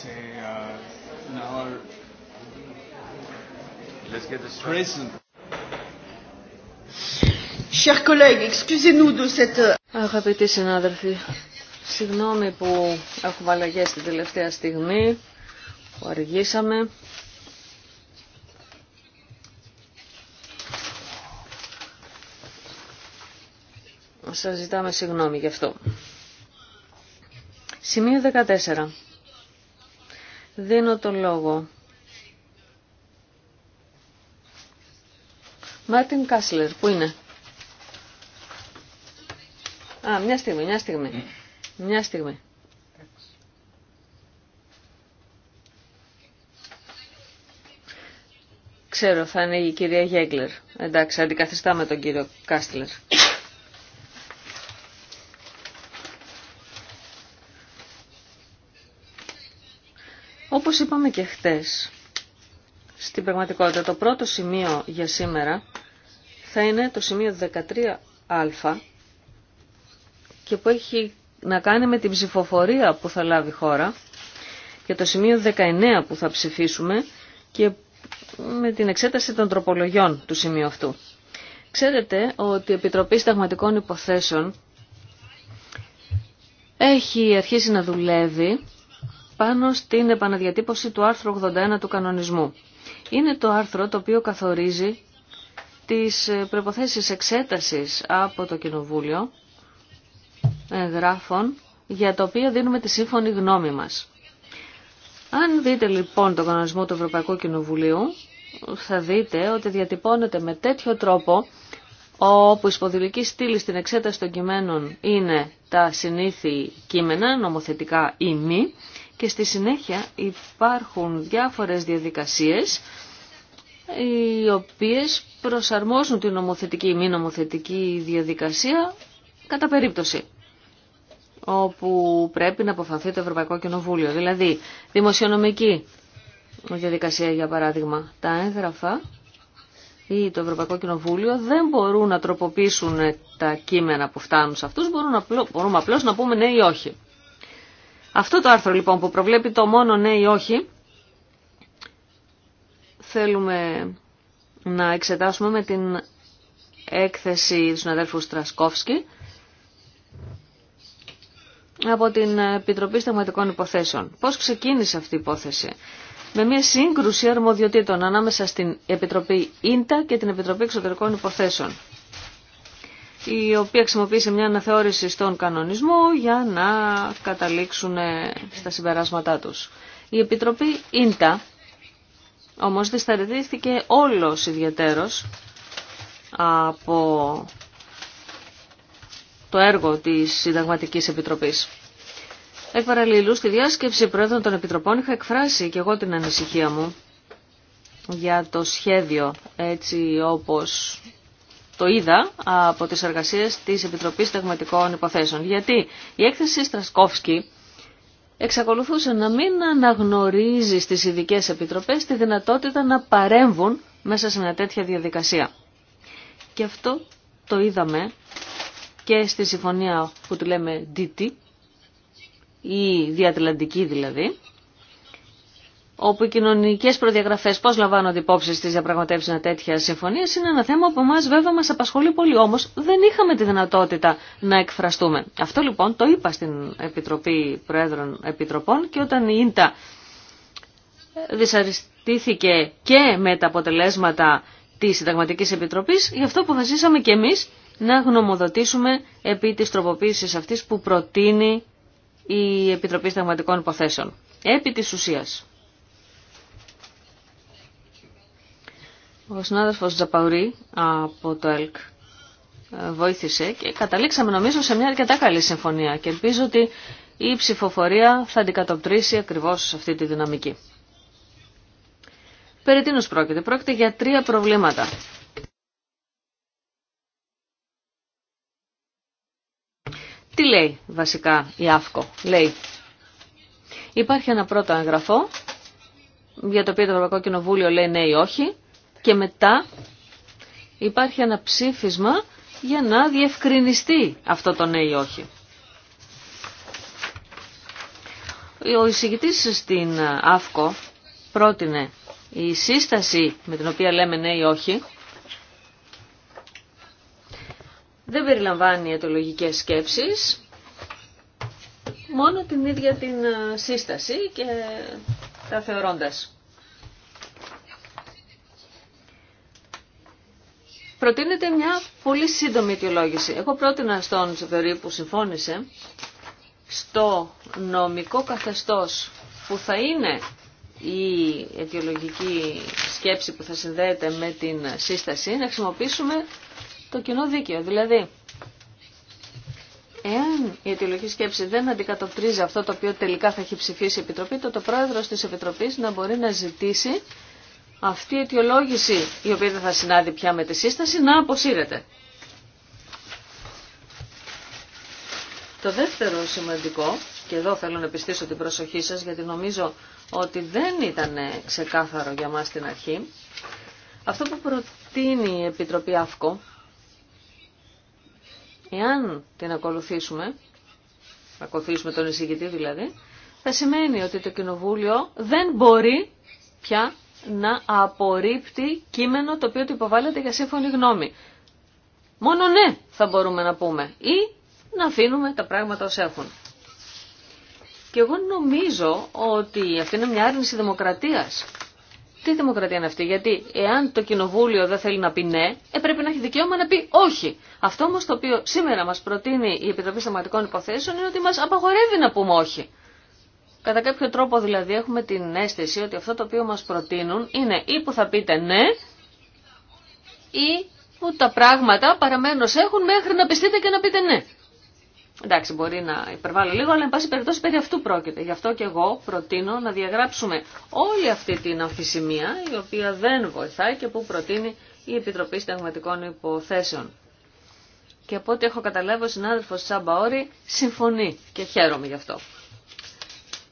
say uh, in our let's get this prison. Chers collègues, excusez-nous de cette. Euh, Αγαπητοί συνάδελφοι, συγγνώμη που έχουμε αλλαγέ την τελευταία στιγμή, που αργήσαμε. Σας ζητάμε συγγνώμη γι' αυτό. Σημείο 14. Δίνω το λόγο. Μάρτιν Κάσλερ, πού είναι? Α, μια στιγμή, μια στιγμή. Μια στιγμή. Ξέρω, θα είναι η κυρία Γέγκλερ. Εντάξει, αντικαθιστάμε τον κύριο Κάσλερ. Όπως είπαμε και χτες, στην πραγματικότητα το πρώτο σημείο για σήμερα θα είναι το σημείο 13α και που έχει να κάνει με την ψηφοφορία που θα λάβει η χώρα και το σημείο 19 που θα ψηφίσουμε και με την εξέταση των τροπολογιών του σημείου αυτού. Ξέρετε ότι η Επιτροπή Σταγματικών Υποθέσεων έχει αρχίσει να δουλεύει πάνω στην επαναδιατύπωση του άρθρου 81 του κανονισμού. Είναι το άρθρο το οποίο καθορίζει τις ε, προϋποθέσεις εξέτασης από το Κοινοβούλιο ε, γράφων για το οποίο δίνουμε τη σύμφωνη γνώμη μας. Αν δείτε λοιπόν τον κανονισμό του Ευρωπαϊκού Κοινοβουλίου, θα δείτε ότι διατυπώνεται με τέτοιο τρόπο όπου η σποδηλική στήλη στην εξέταση των κειμένων είναι τα συνήθη κείμενα, νομοθετικά ή μη, και στη συνέχεια υπάρχουν διάφορες διαδικασίες οι οποίες προσαρμόζουν την νομοθετική ή μη νομοθετική διαδικασία κατά περίπτωση όπου πρέπει να αποφανθεί το Ευρωπαϊκό Κοινοβούλιο. Δηλαδή, δημοσιονομική διαδικασία, για παράδειγμα, τα έγγραφα ή το Ευρωπαϊκό Κοινοβούλιο δεν μπορούν να τροποποιήσουν τα κείμενα που φτάνουν σε αυτούς, μπορούμε απλώς να πούμε ναι ή όχι. Αυτό το άρθρο λοιπόν που προβλέπει το μόνο ναι ή όχι, θέλουμε να εξετάσουμε με την έκθεση του συναδέλφου Στρασκόφσκι από την Επιτροπή Σταγματικών Υποθέσεων. Πώς ξεκίνησε αυτή η υπόθεση. Με μια σύγκρουση αρμοδιοτήτων ανάμεσα στην Επιτροπή Ίντα και την Επιτροπή Εξωτερικών Υποθέσεων η οποία χρησιμοποίησε μια αναθεώρηση στον κανονισμό για να καταλήξουν στα συμπεράσματά τους. Η Επιτροπή Ίντα όμως δυσταρρυθμίστηκε όλος ιδιαίτερος από το έργο της Συνταγματικής Επιτροπής. Εκ παραλληλού, στη διάσκεψη πρόεδρων των Επιτροπών είχα εκφράσει και εγώ την ανησυχία μου για το σχέδιο έτσι όπως το είδα από τις εργασίες της Επιτροπής Ταγματικών Υποθέσεων. Γιατί η έκθεση Στρασκόφσκι εξακολουθούσε να μην αναγνωρίζει στις ειδικέ επιτροπές τη δυνατότητα να παρέμβουν μέσα σε μια τέτοια διαδικασία. Και αυτό το είδαμε και στη συμφωνία που τη λέμε DT, η διατλαντική δηλαδή, όπου οι κοινωνικέ προδιαγραφέ πώ λαμβάνονται υπόψη στι διαπραγματεύσει μια τέτοια συμφωνία είναι ένα θέμα που εμά βέβαια μα απασχολεί πολύ. Όμω δεν είχαμε τη δυνατότητα να εκφραστούμε. Αυτό λοιπόν το είπα στην Επιτροπή Προέδρων Επιτροπών και όταν η ΙΝΤΑ δυσαρεστήθηκε και με τα αποτελέσματα τη Συνταγματική Επιτροπή, γι' αυτό αποφασίσαμε και εμεί να γνωμοδοτήσουμε επί της τροποποίησης αυτή που προτείνει η Επιτροπή Συνταγματικών Υποθέσεων. Επί της ουσίας. Ο συνάδελφος Τζαπαουρή από το ΕΛΚ ε, βοήθησε και καταλήξαμε νομίζω σε μια αρκετά καλή συμφωνία και ελπίζω ότι η ψηφοφορία θα αντικατοπτρίσει ακριβώς αυτή τη δυναμική. Περί τίνος πρόκειται. Πρόκειται για τρία προβλήματα. Τι λέει βασικά η ΑΦΚΟ. Λέει υπάρχει ένα πρώτο εγγραφό για το οποίο το Ευρωπαϊκό Κοινοβούλιο λέει ναι ή όχι και μετά υπάρχει ένα ψήφισμα για να διευκρινιστεί αυτό το ναι ή όχι. Ο εισηγητής στην ΑΦΚΟ πρότεινε η σύσταση με την οποία λέμε ναι ή όχι δεν περιλαμβάνει αιτολογικές σκέψεις, μόνο την ίδια την ε, σύσταση και τα θεωρώντας. προτείνεται μια πολύ σύντομη αιτιολόγηση. Εγώ πρότεινα στον Σεφερή που συμφώνησε στο νομικό καθεστώς που θα είναι η αιτιολογική σκέψη που θα συνδέεται με την σύσταση να χρησιμοποιήσουμε το κοινό δίκαιο. Δηλαδή, εάν η αιτιολογική σκέψη δεν αντικατοπτρίζει αυτό το οποίο τελικά θα έχει ψηφίσει η Επιτροπή, τότε ο πρόεδρος της Επιτροπής να μπορεί να ζητήσει αυτή η αιτιολόγηση, η οποία δεν θα συνάδει πια με τη σύσταση, να αποσύρεται. Το δεύτερο σημαντικό, και εδώ θέλω να επιστήσω την προσοχή σας, γιατί νομίζω ότι δεν ήταν ξεκάθαρο για μας στην αρχή, αυτό που προτείνει η Επιτροπή ΑΦΚΟ, εάν την ακολουθήσουμε, ακολουθήσουμε τον εισηγητή δηλαδή, θα σημαίνει ότι το Κοινοβούλιο δεν μπορεί πια να απορρίπτει κείμενο το οποίο του υποβάλλεται για σύμφωνη γνώμη. Μόνο ναι θα μπορούμε να πούμε ή να αφήνουμε τα πράγματα ως έχουν. Και εγώ νομίζω ότι αυτή είναι μια άρνηση δημοκρατίας. Τι δημοκρατία είναι αυτή, γιατί εάν το κοινοβούλιο δεν θέλει να πει ναι, ε, πρέπει να έχει δικαίωμα να πει όχι. Αυτό όμως το οποίο σήμερα μας προτείνει η Επιτροπή Σταματικών Υποθέσεων είναι ότι μας απαγορεύει να πούμε όχι. Κατά κάποιο τρόπο δηλαδή έχουμε την αίσθηση ότι αυτό το οποίο μας προτείνουν είναι ή που θα πείτε ναι ή που τα πράγματα παραμένω έχουν μέχρι να πιστείτε και να πείτε ναι. Εντάξει, μπορεί να υπερβάλλω λίγο, αλλά εν πάση περιπτώσει περί αυτού πρόκειται. Γι' αυτό και εγώ προτείνω να διαγράψουμε όλη αυτή την αμφισημία, η οποία δεν βοηθάει και που προτείνει η Επιτροπή Συνταγματικών Υποθέσεων. Και από ό,τι έχω καταλάβει, ο συνάδελφος Σαμπαόρη συμφωνεί και χαίρομαι γι' αυτό.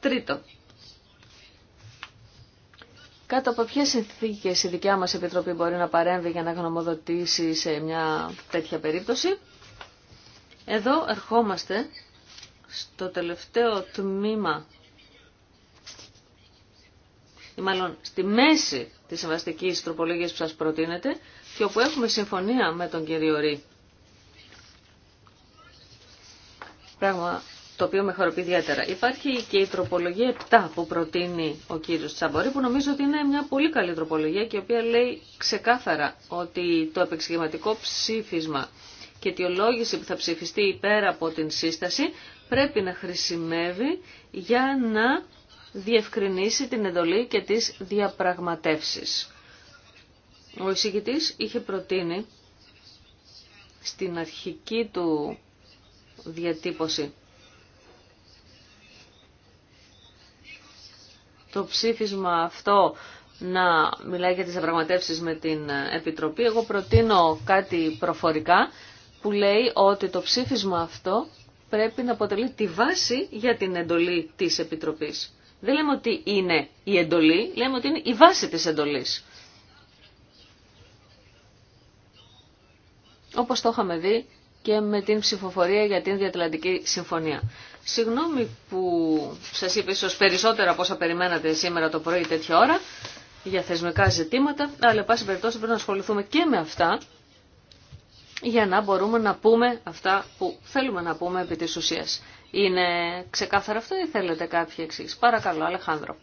Τρίτο. Κάτω από ποιες συνθήκες η δικιά μας Επιτροπή μπορεί να παρέμβει για να γνωμοδοτήσει σε μια τέτοια περίπτωση. Εδώ ερχόμαστε στο τελευταίο τμήμα ή μάλλον στη μέση της συμβαστικής τροπολογίας που σας προτείνεται και όπου έχουμε συμφωνία με τον κύριο Ρή. Πράγμα το οποίο με χαροποιεί ιδιαίτερα. Υπάρχει και η τροπολογία 7 που προτείνει ο κύριος Τσαμπορή, που νομίζω ότι είναι μια πολύ καλή τροπολογία και η οποία λέει ξεκάθαρα ότι το επεξηγηματικό ψήφισμα και τη ολόγηση που θα ψηφιστεί πέρα από την σύσταση πρέπει να χρησιμεύει για να διευκρινίσει την εντολή και τις διαπραγματεύσεις. Ο εισηγητής είχε προτείνει στην αρχική του διατύπωση το ψήφισμα αυτό να μιλάει για τις διαπραγματεύσεις με την Επιτροπή. Εγώ προτείνω κάτι προφορικά που λέει ότι το ψήφισμα αυτό πρέπει να αποτελεί τη βάση για την εντολή της Επιτροπής. Δεν λέμε ότι είναι η εντολή, λέμε ότι είναι η βάση της εντολής. Όπως το είχαμε δει και με την ψηφοφορία για την Διατλαντική Συμφωνία. Συγγνώμη που σας είπα ίσως περισσότερα από όσα περιμένατε σήμερα το πρωί τέτοια ώρα για θεσμικά ζητήματα, αλλά πάση περιπτώσει πρέπει να ασχοληθούμε και με αυτά για να μπορούμε να πούμε αυτά που θέλουμε να πούμε επί της ουσίας. Είναι ξεκάθαρο αυτό ή θέλετε κάποια εξή. Παρακαλώ, Αλεχάνδρο.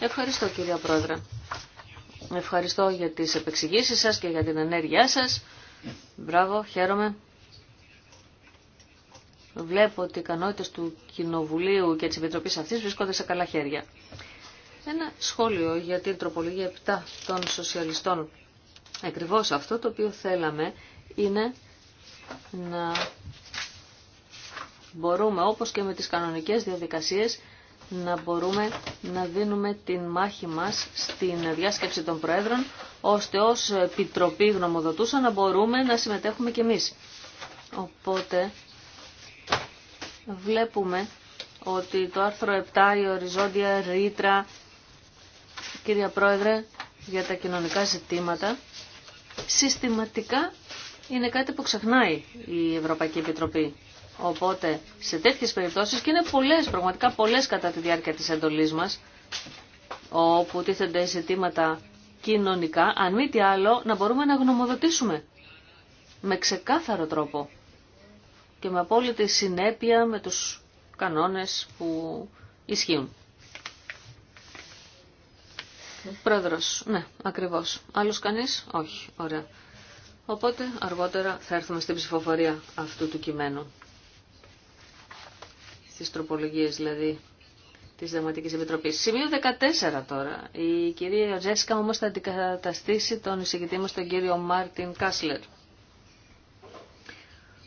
Ευχαριστώ κύριε Πρόεδρε. Ευχαριστώ για τις επεξηγήσεις σας και για την ενέργειά σας. Μπράβο, χαίρομαι βλέπω ότι οι ικανότητες του Κοινοβουλίου και τη επιτροπή αυτή βρίσκονται σε καλά χέρια. Ένα σχόλιο για την τροπολογία 7 των σοσιαλιστών. Ακριβώς αυτό το οποίο θέλαμε είναι να μπορούμε όπως και με τις κανονικές διαδικασίες να μπορούμε να δίνουμε την μάχη μας στην διάσκεψη των Προέδρων ώστε ως επιτροπή γνωμοδοτούσα να μπορούμε να συμμετέχουμε κι εμείς. Οπότε βλέπουμε ότι το άρθρο 7, η οριζόντια ρήτρα, κυρία Πρόεδρε, για τα κοινωνικά ζητήματα, συστηματικά είναι κάτι που ξεχνάει η Ευρωπαϊκή Επιτροπή. Οπότε, σε τέτοιες περιπτώσεις, και είναι πολλές, πραγματικά πολλές κατά τη διάρκεια της εντολής μας, όπου τίθενται ζητήματα κοινωνικά, αν μη τι άλλο, να μπορούμε να γνωμοδοτήσουμε με ξεκάθαρο τρόπο και με απόλυτη συνέπεια με τους κανόνες που ισχύουν. Πρόεδρος, ναι, ακριβώς. Άλλος κανείς, όχι, ωραία. Οπότε αργότερα θα έρθουμε στην ψηφοφορία αυτού του κειμένου. Στις τροπολογίες δηλαδή της Δεματικής Επιτροπής. Σημείο 14 τώρα. Η κυρία Ζέσκα όμως θα αντικαταστήσει τον εισηγητή μας τον κύριο Μάρτιν Κάσλερ.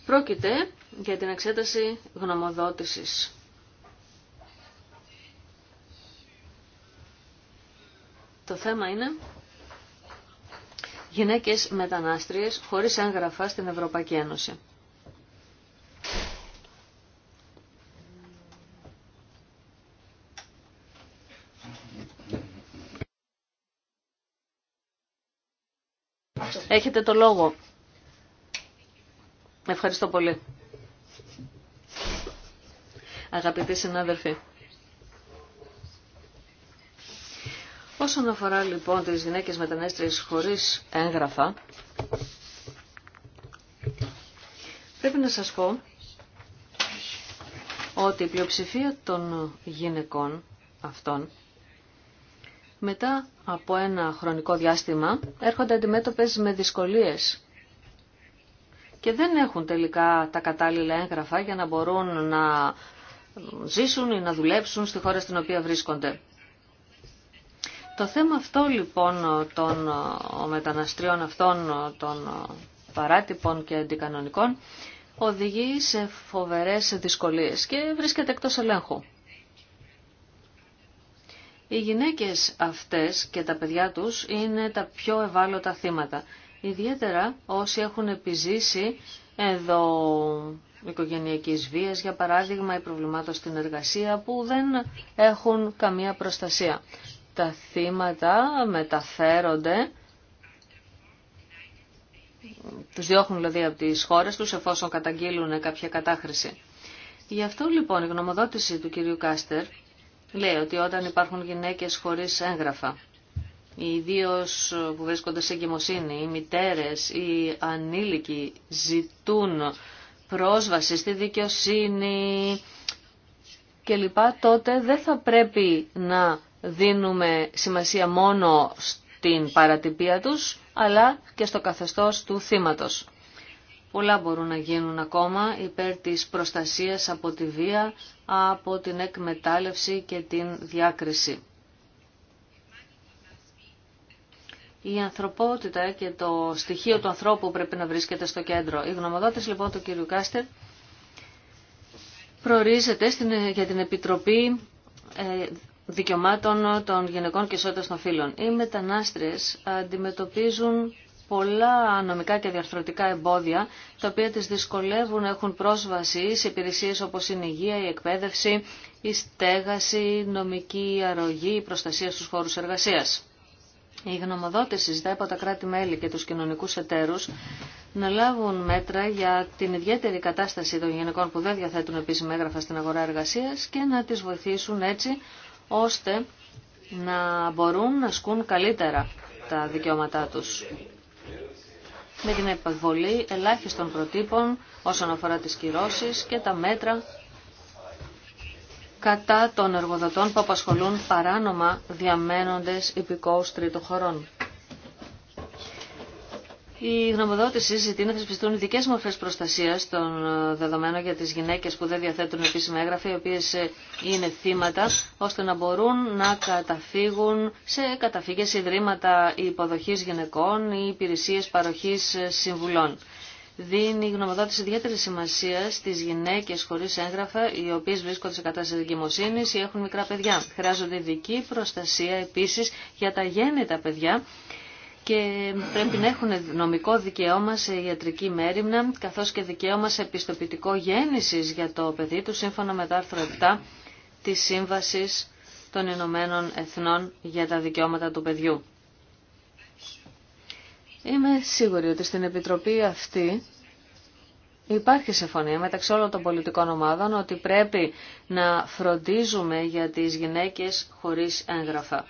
Πρόκειται για την εξέταση γνωμοδότησης. Το θέμα είναι γυναίκες μετανάστριες χωρίς έγγραφα στην Ευρωπαϊκή Ένωση. Έχετε το λόγο. Ευχαριστώ πολύ. Αγαπητοί συνάδελφοι. Όσον αφορά λοιπόν τις γυναίκες μετανέστριες χωρίς έγγραφα, πρέπει να σας πω ότι η πλειοψηφία των γυναικών αυτών μετά από ένα χρονικό διάστημα έρχονται αντιμέτωπες με δυσκολίες και δεν έχουν τελικά τα κατάλληλα έγγραφα για να μπορούν να ζήσουν ή να δουλέψουν στη χώρα στην οποία βρίσκονται. Το θέμα αυτό λοιπόν των ε, μεταναστριών αυτών ε, των ε, παράτυπων και αντικανονικών οδηγεί σε φοβερές δυσκολίες και βρίσκεται εκτός ελέγχου. Οι γυναίκες αυτές και τα παιδιά τους είναι τα πιο ευάλωτα θύματα. Ιδιαίτερα όσοι έχουν επιζήσει εδώ οικογενειακής βίας, για παράδειγμα η προβλημάτων στην εργασία που δεν έχουν καμία προστασία. Τα θύματα μεταφέρονται, τους διώχνουν δηλαδή από τις χώρες τους εφόσον καταγγείλουν κάποια κατάχρηση. Γι' αυτό λοιπόν η γνωμοδότηση του κυρίου Κάστερ λέει ότι όταν υπάρχουν γυναίκες χωρίς έγγραφα ιδίω που βρίσκονται σε εγκυμοσύνη, οι μητέρε, οι ανήλικοι ζητούν πρόσβαση στη δικαιοσύνη κλπ, τότε δεν θα πρέπει να δίνουμε σημασία μόνο στην παρατυπία τους, αλλά και στο καθεστώς του θύματος. Πολλά μπορούν να γίνουν ακόμα υπέρ της προστασίας από τη βία, από την εκμετάλλευση και την διάκριση. η ανθρωπότητα και το στοιχείο του ανθρώπου πρέπει να βρίσκεται στο κέντρο. Η γνωμοδότης λοιπόν του κύριου Κάστερ προορίζεται για την Επιτροπή ε, Δικαιωμάτων των Γυναικών και Ισότητας των Φύλων. Οι μετανάστρες αντιμετωπίζουν πολλά νομικά και διαρθρωτικά εμπόδια, τα οποία τις δυσκολεύουν να έχουν πρόσβαση σε υπηρεσίες όπως είναι η υγεία, η εκπαίδευση, η στέγαση, η νομική αρρωγή, η προστασία στους χώρους εργασίας η γνωμοδότηση ζητάει από τα κράτη-μέλη και τους κοινωνικούς εταίρους να λάβουν μέτρα για την ιδιαίτερη κατάσταση των γυναικών που δεν διαθέτουν επίσημα έγγραφα στην αγορά εργασίας και να τις βοηθήσουν έτσι ώστε να μπορούν να ασκούν καλύτερα τα δικαιώματά τους. Με την επιβολή ελάχιστων προτύπων όσον αφορά τις κυρώσεις και τα μέτρα κατά των εργοδοτών που απασχολούν παράνομα διαμένοντες υπηκόους τρίτων χωρών. Η γνωμοδότηση ζητεί να θεσπιστούν ειδικέ μορφέ προστασία των ε, δεδομένων για τι γυναίκε που δεν διαθέτουν επίσημα έγγραφα, οι οποίε ε, είναι θύματα, ώστε να μπορούν να καταφύγουν σε καταφύγε ιδρύματα υποδοχή γυναικών ή υπηρεσίε παροχή ε, συμβουλών δίνει γνωμοδότηση ιδιαίτερη σημασία στι γυναίκε χωρί έγγραφα, οι οποίε βρίσκονται σε κατάσταση δικαιοσύνη ή έχουν μικρά παιδιά. Χρειάζονται ειδική προστασία επίση για τα γέννητα παιδιά και πρέπει να έχουν νομικό δικαίωμα σε ιατρική μέρημνα, καθώ και δικαίωμα σε επιστοποιητικό γέννηση για το παιδί του, σύμφωνα με το άρθρο 7 τη Σύμβαση των Ηνωμένων Εθνών για τα Δικαιώματα του Παιδιού. Είμαι σίγουρη ότι στην Επιτροπή αυτή υπάρχει συμφωνία μεταξύ όλων των πολιτικών ομάδων ότι πρέπει να φροντίζουμε για τις γυναίκες χωρίς έγγραφα.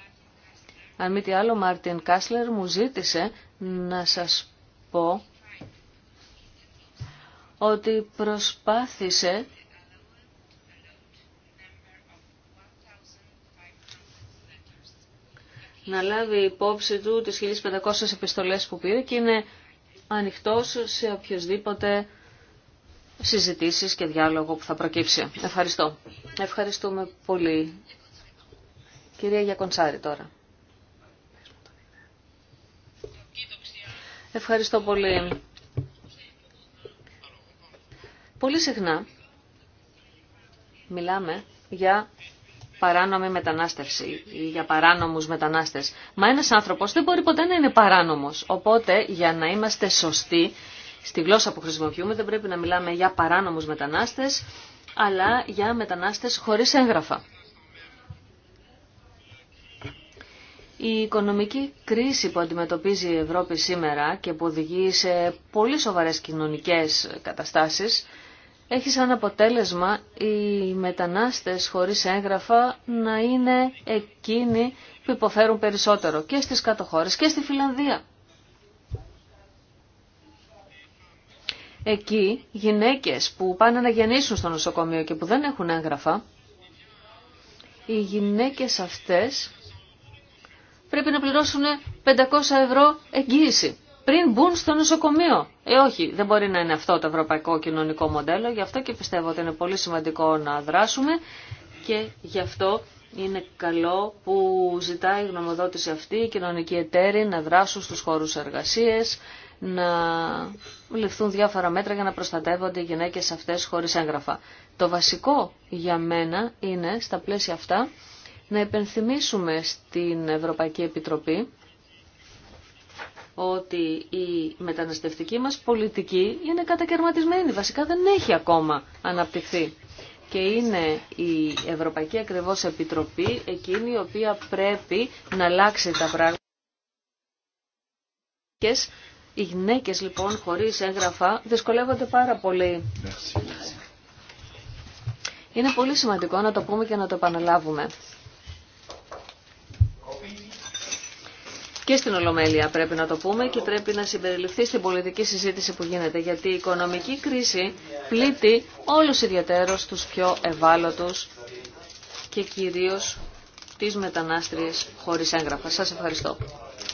Αν μη τι άλλο, Μάρτιν Κάσλερ μου ζήτησε να σας πω ότι προσπάθησε να λάβει υπόψη του τις 1500 επιστολές που πήρε και είναι ανοιχτός σε οποιοδήποτε συζητήσεις και διάλογο που θα προκύψει. Ευχαριστώ. Ευχαριστούμε πολύ. Κυρία Γιακονσάρη τώρα. Ευχαριστώ πολύ. Πολύ συχνά μιλάμε για παράνομη μετανάστευση ή για παράνομους μετανάστες. Μα ένας άνθρωπος δεν μπορεί ποτέ να είναι παράνομος. Οπότε για να είμαστε σωστοί στη γλώσσα που χρησιμοποιούμε δεν πρέπει να μιλάμε για παράνομους μετανάστες αλλά για μετανάστες χωρίς έγγραφα. Η οικονομική κρίση που αντιμετωπίζει η Ευρώπη σήμερα και που οδηγεί σε πολύ σοβαρές κοινωνικές καταστάσεις έχει σαν αποτέλεσμα οι μετανάστες χωρίς έγγραφα να είναι εκείνοι που υποφέρουν περισσότερο και στις κάτω και στη Φιλανδία. Εκεί γυναίκες που πάνε να γεννήσουν στο νοσοκομείο και που δεν έχουν έγγραφα, οι γυναίκες αυτές πρέπει να πληρώσουν 500 ευρώ εγγύηση πριν μπουν στο νοσοκομείο. Ε, όχι, δεν μπορεί να είναι αυτό το ευρωπαϊκό κοινωνικό μοντέλο, γι' αυτό και πιστεύω ότι είναι πολύ σημαντικό να δράσουμε και γι' αυτό είναι καλό που ζητάει η γνωμοδότηση αυτή, οι κοινωνικοί εταίροι να δράσουν στους χώρους εργασίες, να ληφθούν διάφορα μέτρα για να προστατεύονται οι γυναίκες αυτές χωρίς έγγραφα. Το βασικό για μένα είναι στα πλαίσια αυτά να επενθυμίσουμε στην Ευρωπαϊκή Επιτροπή ότι η μεταναστευτική μας πολιτική είναι κατακαιρματισμένη. Βασικά δεν έχει ακόμα αναπτυχθεί. Και είναι η Ευρωπαϊκή Ακριβώς Επιτροπή εκείνη η οποία πρέπει να αλλάξει τα πράγματα. Οι γυναίκε, λοιπόν χωρίς έγγραφα δυσκολεύονται πάρα πολύ. Είναι πολύ σημαντικό να το πούμε και να το επαναλάβουμε. και στην Ολομέλεια πρέπει να το πούμε και πρέπει να συμπεριληφθεί στην πολιτική συζήτηση που γίνεται γιατί η οικονομική κρίση πλήττει όλους ιδιαίτερως τους πιο ευάλωτους και κυρίως τις μετανάστριες χωρίς έγγραφα. Σας ευχαριστώ.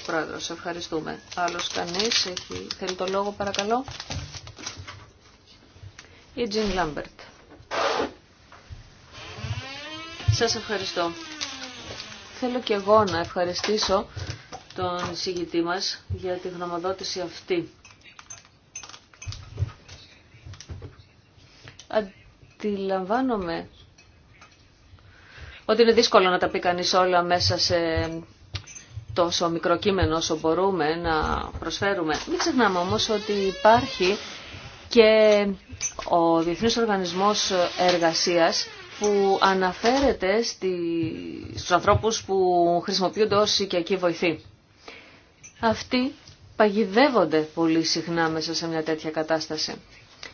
Πρόεδρος, ευχαριστούμε. Άλλο κανείς θέλει το λόγο παρακαλώ. Η Τζιν Λάμπερτ. Σας ευχαριστώ. Θέλω και εγώ να ευχαριστήσω τον εισηγητή μας για τη γνωμοδότηση αυτή. Αντιλαμβάνομαι ότι είναι δύσκολο να τα πει κανείς όλα μέσα σε τόσο μικρό κείμενο όσο μπορούμε να προσφέρουμε. Μην ξεχνάμε όμως ότι υπάρχει και ο Διεθνής Οργανισμός Εργασίας που αναφέρεται στους ανθρώπους που χρησιμοποιούνται ως οικιακή βοηθή αυτοί παγιδεύονται πολύ συχνά μέσα σε μια τέτοια κατάσταση.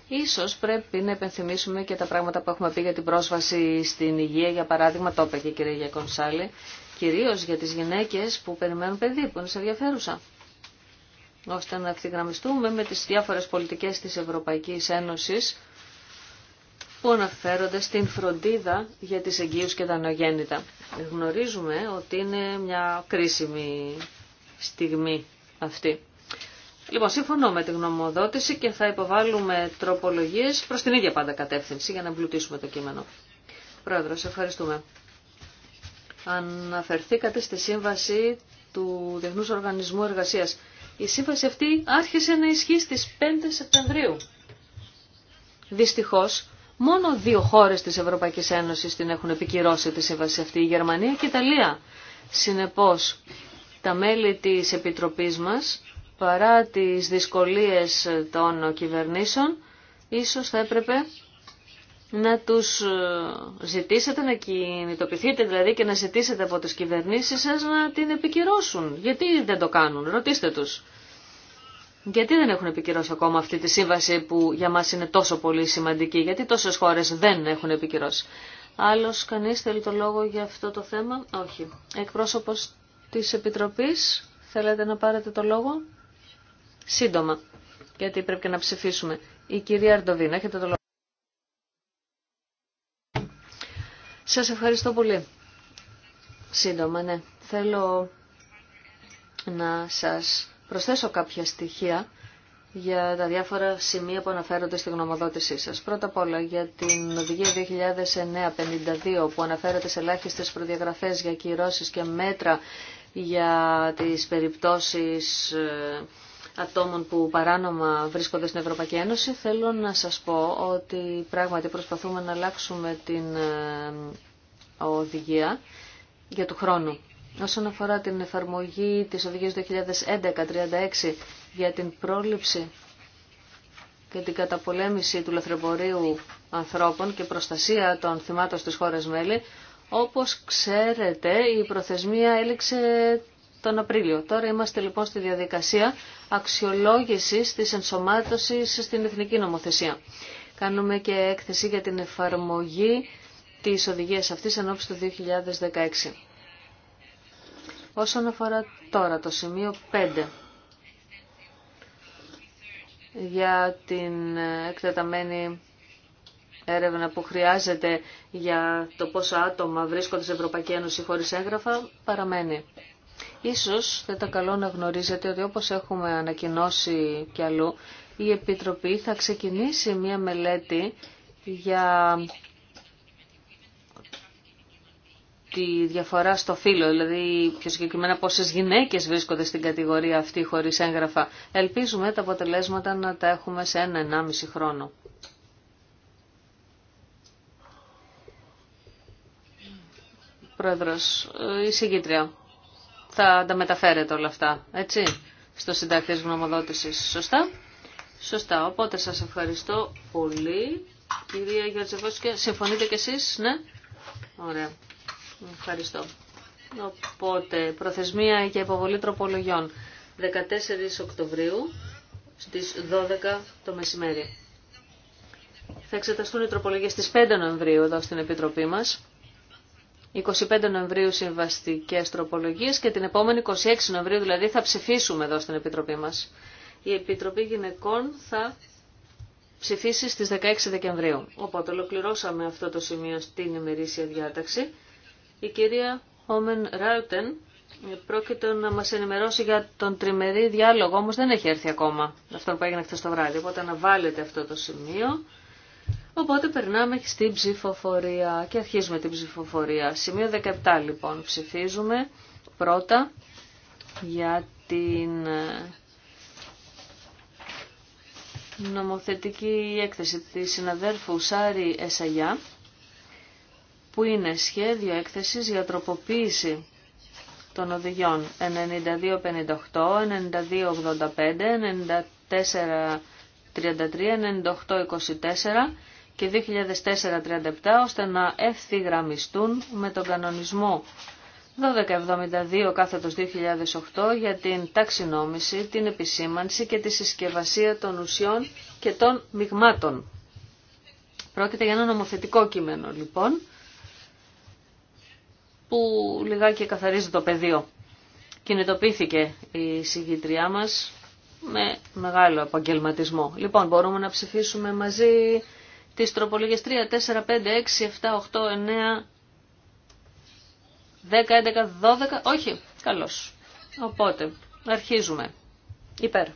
Ίσως πρέπει να επενθυμίσουμε και τα πράγματα που έχουμε πει για την πρόσβαση στην υγεία, για παράδειγμα, το είπε και η κυρία Γιακονσάλη, κυρίως για τις γυναίκες που περιμένουν παιδί, που είναι σε ενδιαφέρουσα ώστε να ευθυγραμμιστούμε με τις διάφορες πολιτικές της Ευρωπαϊκής Ένωσης που αναφέρονται στην φροντίδα για τις εγγύους και τα νεογέννητα. Γνωρίζουμε ότι είναι μια κρίσιμη στιγμή αυτή. Λοιπόν, συμφωνώ με την γνωμοδότηση και θα υποβάλουμε τροπολογίες προς την ίδια πάντα κατεύθυνση για να εμπλουτίσουμε το κείμενο. σε ευχαριστούμε. Αναφερθήκατε στη σύμβαση του Διεθνούς Οργανισμού Εργασίας. Η σύμβαση αυτή άρχισε να ισχύει στις 5 Σεπτεμβρίου. Δυστυχώς, μόνο δύο χώρες της Ευρωπαϊκής Ένωσης την έχουν επικυρώσει τη σύμβαση αυτή, η Γερμανία και η Ιταλία. Συνεπώς, τα μέλη της Επιτροπής μας, παρά τις δυσκολίες των κυβερνήσεων, ίσως θα έπρεπε να τους ε, ζητήσετε, να κινητοποιηθείτε δηλαδή και να ζητήσετε από τις κυβερνήσεις σας να την επικυρώσουν. Γιατί δεν το κάνουν, ρωτήστε τους. Γιατί δεν έχουν επικυρώσει ακόμα αυτή τη σύμβαση που για μας είναι τόσο πολύ σημαντική, γιατί τόσες χώρες δεν έχουν επικυρώσει. Άλλος κανείς θέλει το λόγο για αυτό το θέμα, όχι. Εκπρόσωπος της Επιτροπής. Θέλετε να πάρετε το λόγο. Σύντομα, γιατί πρέπει και να ψηφίσουμε. Η κυρία Αρντοβίνα, έχετε το λόγο. Σας ευχαριστώ πολύ. Σύντομα, ναι. Θέλω να σας προσθέσω κάποια στοιχεία για τα διάφορα σημεία που αναφέρονται στη γνωμοδότησή σας. Πρώτα απ' όλα για την οδηγία 2009-52 που αναφέρεται σε ελάχιστες προδιαγραφές για κυρώσεις και μέτρα για τις περιπτώσεις ε, ατόμων που παράνομα βρίσκονται στην Ευρωπαϊκή Ένωση, θέλω να σας πω ότι πράγματι προσπαθούμε να αλλάξουμε την ε, οδηγία για του χρόνου. Όσον αφορά την εφαρμογή της οδηγίας 2011-36 για την πρόληψη και την καταπολέμηση του λαθρεμπορίου ανθρώπων και προστασία των θυμάτων στις χώρες μέλη, όπως ξέρετε, η προθεσμία έληξε τον Απρίλιο. Τώρα είμαστε λοιπόν στη διαδικασία αξιολόγησης της ενσωμάτωσης στην Εθνική Νομοθεσία. Κάνουμε και έκθεση για την εφαρμογή της οδηγίας αυτής εν του 2016. Όσον αφορά τώρα το σημείο 5 για την εκτεταμένη έρευνα που χρειάζεται για το πόσα άτομα βρίσκονται σε Ευρωπαϊκή Ένωση χωρίς έγγραφα παραμένει. Ίσως θα ήταν καλό να γνωρίζετε ότι όπως έχουμε ανακοινώσει κι αλλού, η Επιτροπή θα ξεκινήσει μια μελέτη για τη διαφορά στο φύλλο, δηλαδή πιο συγκεκριμένα πόσες γυναίκες βρίσκονται στην κατηγορία αυτή χωρίς έγγραφα. Ελπίζουμε τα αποτελέσματα να τα έχουμε σε ένα-ενάμιση χρόνο. Πρόεδρος, ε, η συγκήτρια. Θα τα μεταφέρετε όλα αυτά, έτσι, στο συντάκτη της γνωμοδότησης. Σωστά. Σωστά. Οπότε σας ευχαριστώ πολύ, κυρία Γιώργη Συμφωνείτε κι εσείς, ναι. Ωραία. Ευχαριστώ. Οπότε, προθεσμία για υποβολή τροπολογιών. 14 Οκτωβρίου στις 12 το μεσημέρι. Θα εξεταστούν οι τροπολογίες στις 5 Νοεμβρίου εδώ στην Επιτροπή μας 25 Νοεμβρίου συμβαστικές τροπολογίες και την επόμενη 26 Νοεμβρίου δηλαδή θα ψηφίσουμε εδώ στην Επιτροπή μας. Η Επιτροπή Γυναικών θα ψηφίσει στις 16 Δεκεμβρίου. Οπότε ολοκληρώσαμε αυτό το σημείο στην ημερήσια διάταξη. Η κυρία Όμεν Ράουτεν πρόκειται να μας ενημερώσει για τον τριμερή διάλογο, όμως δεν έχει έρθει ακόμα αυτό που έγινε χθε το βράδυ. Οπότε βάλετε αυτό το σημείο. Οπότε περνάμε στην ψηφοφορία και αρχίζουμε την ψηφοφορία. Σημείο 17 λοιπόν ψηφίζουμε πρώτα για την ε, νομοθετική έκθεση της συναδέρφου Σάρι Εσαγιά που είναι σχέδιο έκθεσης για τροποποίηση των οδηγιών 9258, 9285, 9433, 9824 και 2004-37 ώστε να ευθυγραμμιστούν με τον κανονισμό 1272 κάθετος 2008 για την ταξινόμηση, την επισήμανση και τη συσκευασία των ουσιών και των μειγμάτων. Πρόκειται για ένα νομοθετικό κείμενο λοιπόν που λιγάκι καθαρίζει το πεδίο. Κινητοποιήθηκε η συγγητριά μας με μεγάλο επαγγελματισμό. Λοιπόν, μπορούμε να ψηφίσουμε μαζί τις τροπολογίες 3, 4, 5, 6, 7, 8, 9, 10, 11, 12, όχι, καλώς. Οπότε, αρχίζουμε. Υπέρ.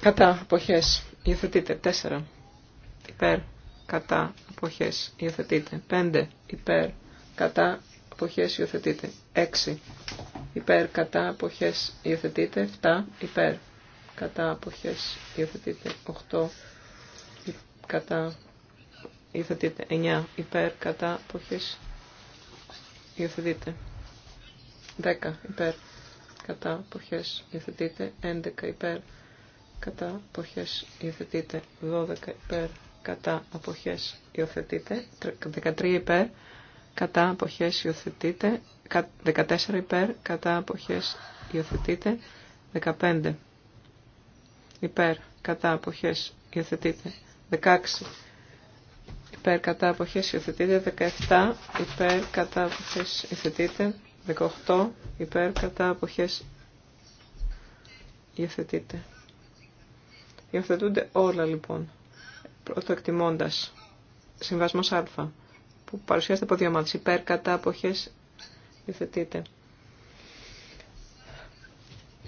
Κατά αποχές υιοθετείτε 4. Υπέρ. Κατά αποχές υιοθετείτε 5. Υπέρ. Κατά αποχές υιοθετείτε 6. Υπέρ. Κατά αποχές υιοθετείτε 7. Υπέρ. Κατά αποχές υιοθετείτε 8 κατά υιοθετείτε. 9 υπέρ κατά αποχές υιοθετείτε. 10 υπέρ κατά αποχές υιοθετείτε, 11 υπέρ κατά αποχές υιοθετείτε, 12 υπέρ κατά αποχές υιοθετείτε. 13 υπέρ κατά αποχές υιοθετείτε. 14 υπέρ κατά αποχές υιοθετείτε. 15 υπέρ κατά αποχές υιοθετείτε. 16 υπέρ κατά αποχές υιοθετείται, 17 υπέρ κατά αποχές 18 υπέρ κατά αποχές υιοθετείται. Υιοθετούνται όλα λοιπόν, πρώτο εκτιμώντας, συμβασμός α, που παρουσιάζεται από δύο μάτς, υπέρ κατά αποχές υιοθετείται.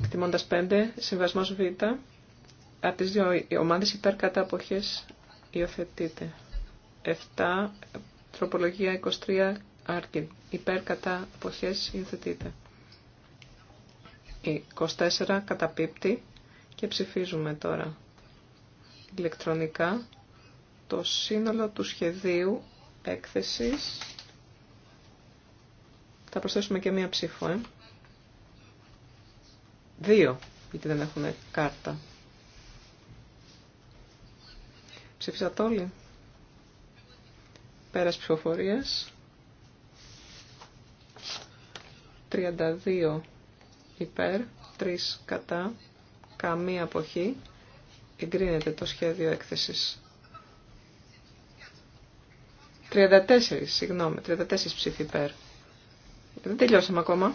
Εκτιμώντας 5, συμβασμός β, από τις δύο ομάδες υπέρ κατά αποχές Υιοθετείται. 7. Τροπολογία 23. Άρκιν. Υπέρ κατά αποχές υιοθετείται. Ε, 24. Καταπίπτει. Και ψηφίζουμε τώρα ηλεκτρονικά το σύνολο του σχεδίου έκθεσης. Θα προσθέσουμε και μία ψήφο, ε. Δύο, γιατί δεν έχουμε κάρτα. Ψήφισατε όλοι. Πέρας ψηφοφορίας. 32 υπέρ, 3 κατά, καμία αποχή. Εγκρίνεται το σχέδιο έκθεσης. 34, συγγνώμη, 34 ψήφι υπέρ. Δεν τελειώσαμε ακόμα.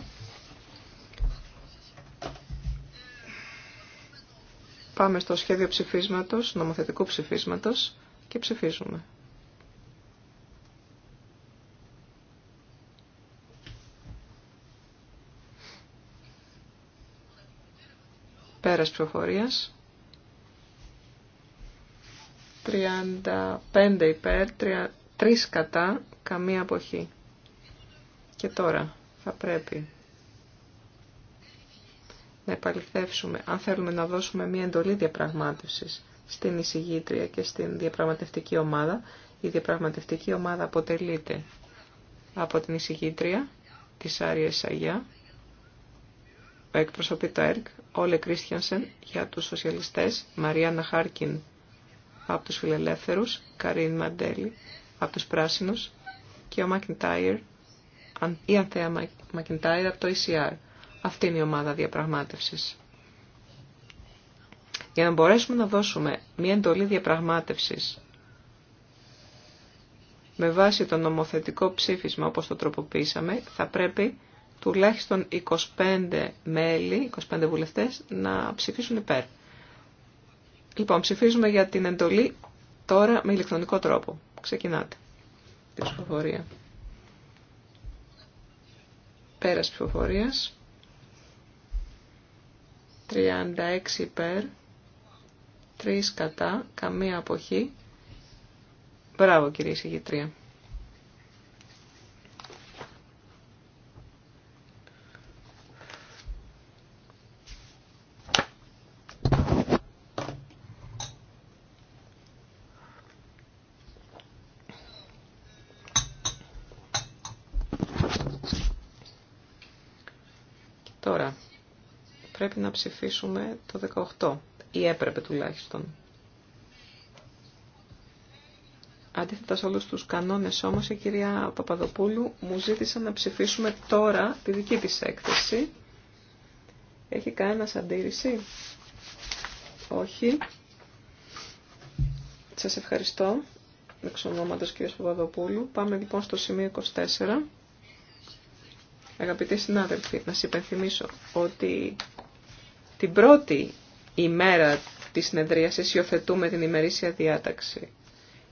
Πάμε στο σχέδιο ψηφίσματος, νομοθετικού ψηφίσματος και ψηφίζουμε. Πέρας ψηφοφορίας. 35 υπέρ, 3 κατά, καμία αποχή. Και τώρα θα πρέπει να επαληθεύσουμε αν θέλουμε να δώσουμε μια εντολή διαπραγμάτευσης στην εισηγήτρια και στην διαπραγματευτική ομάδα. Η διαπραγματευτική ομάδα αποτελείται από την εισηγήτρια της Άρια Σαγιά, εκπροσωπεί το ΕΡΚ, Όλε Κρίστιανσεν για τους σοσιαλιστές, Μαριάννα Χάρκιν από τους φιλελεύθερους, Καρίν Μαντέλη από τους πράσινους και ο Μακιντάιρ, η Ανθέα Μακιντάιρ από το ECR. Αυτή είναι η ομάδα διαπραγμάτευσης. Για να μπορέσουμε να δώσουμε μια εντολή διαπραγμάτευσης με βάση το νομοθετικό ψήφισμα όπως το τροποποίησαμε, θα πρέπει τουλάχιστον 25 μέλη, 25 βουλευτές, να ψηφίσουν υπέρ. Λοιπόν, ψηφίζουμε για την εντολή τώρα με ηλεκτρονικό τρόπο. Ξεκινάτε. Τη ψηφοφορία. Πέρας ψηφοφορίας. 36 υπέρ, 3 κατά, καμία αποχή. Μπράβο κυρία ηγητρία. ψηφίσουμε το 18 ή έπρεπε τουλάχιστον. Αντίθετα σε όλους τους κανόνες όμως η κυρία Παπαδοπούλου μου ζήτησε να ψηφίσουμε τώρα τη δική της έκθεση. Έχει κανένα αντίρρηση? Όχι. Σας ευχαριστώ. Εξ ονόματος Παπαδοπούλου. Πάμε λοιπόν στο σημείο 24. Αγαπητοί συνάδελφοι, να σας υπενθυμίσω ότι την πρώτη ημέρα της συνεδρίασης υιοθετούμε την ημερήσια διάταξη.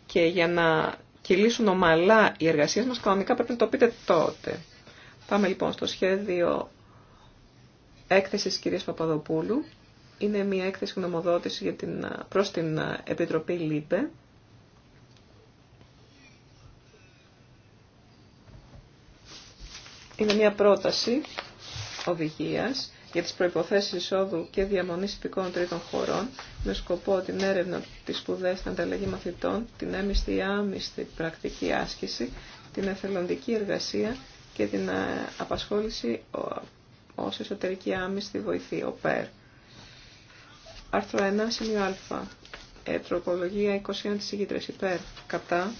Και για να κυλήσουν ομαλά οι εργασίες μας, κανονικά πρέπει να το πείτε τότε. Πάμε λοιπόν στο σχέδιο έκθεσης κυρίας Παπαδοπούλου. Είναι μια έκθεση γνωμοδότηση για την, προς την Επιτροπή ΛΥΠΕ. Είναι μια πρόταση οδηγίας για τις προϋποθέσεις εισόδου και διαμονής υπηκών τρίτων χωρών με σκοπό την έρευνα, της σπουδέ στην ανταλλαγή μαθητών, την έμιστη ή πρακτική άσκηση, την εθελοντική εργασία και την ε, απασχόληση ως εσωτερική άμυστη βοηθή, ο ΠΕΡ. Άρθρο 1, σημείο α. ετροπολογία τροπολογία 21 της ηγήτρες υπέρ, κατά,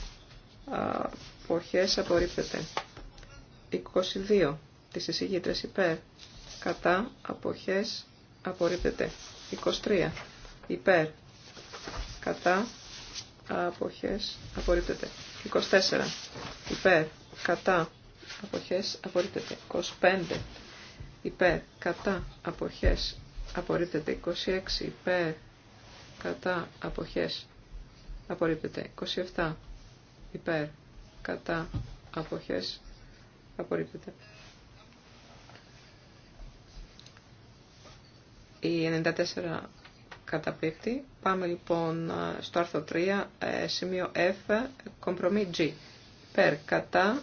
πορχές απορρίπτεται. 22 της εισηγήτρες υπέρ, κατά αποχές απορρίπτεται. 23. Υπέρ κατά αποχές απορρίπτεται. 24. Υπέρ κατά αποχές απορρίπτεται. 25. Υπέρ κατά αποχές απορρίπτεται. 26. Υπέρ κατά αποχές απορρίπτεται. 27. Υπέρ κατά αποχές απορρίπτεται. Η 94 καταπίπτει. Πάμε λοιπόν στο άρθρο 3, ε, σημείο F, κομπρομή G. Περ, κατά,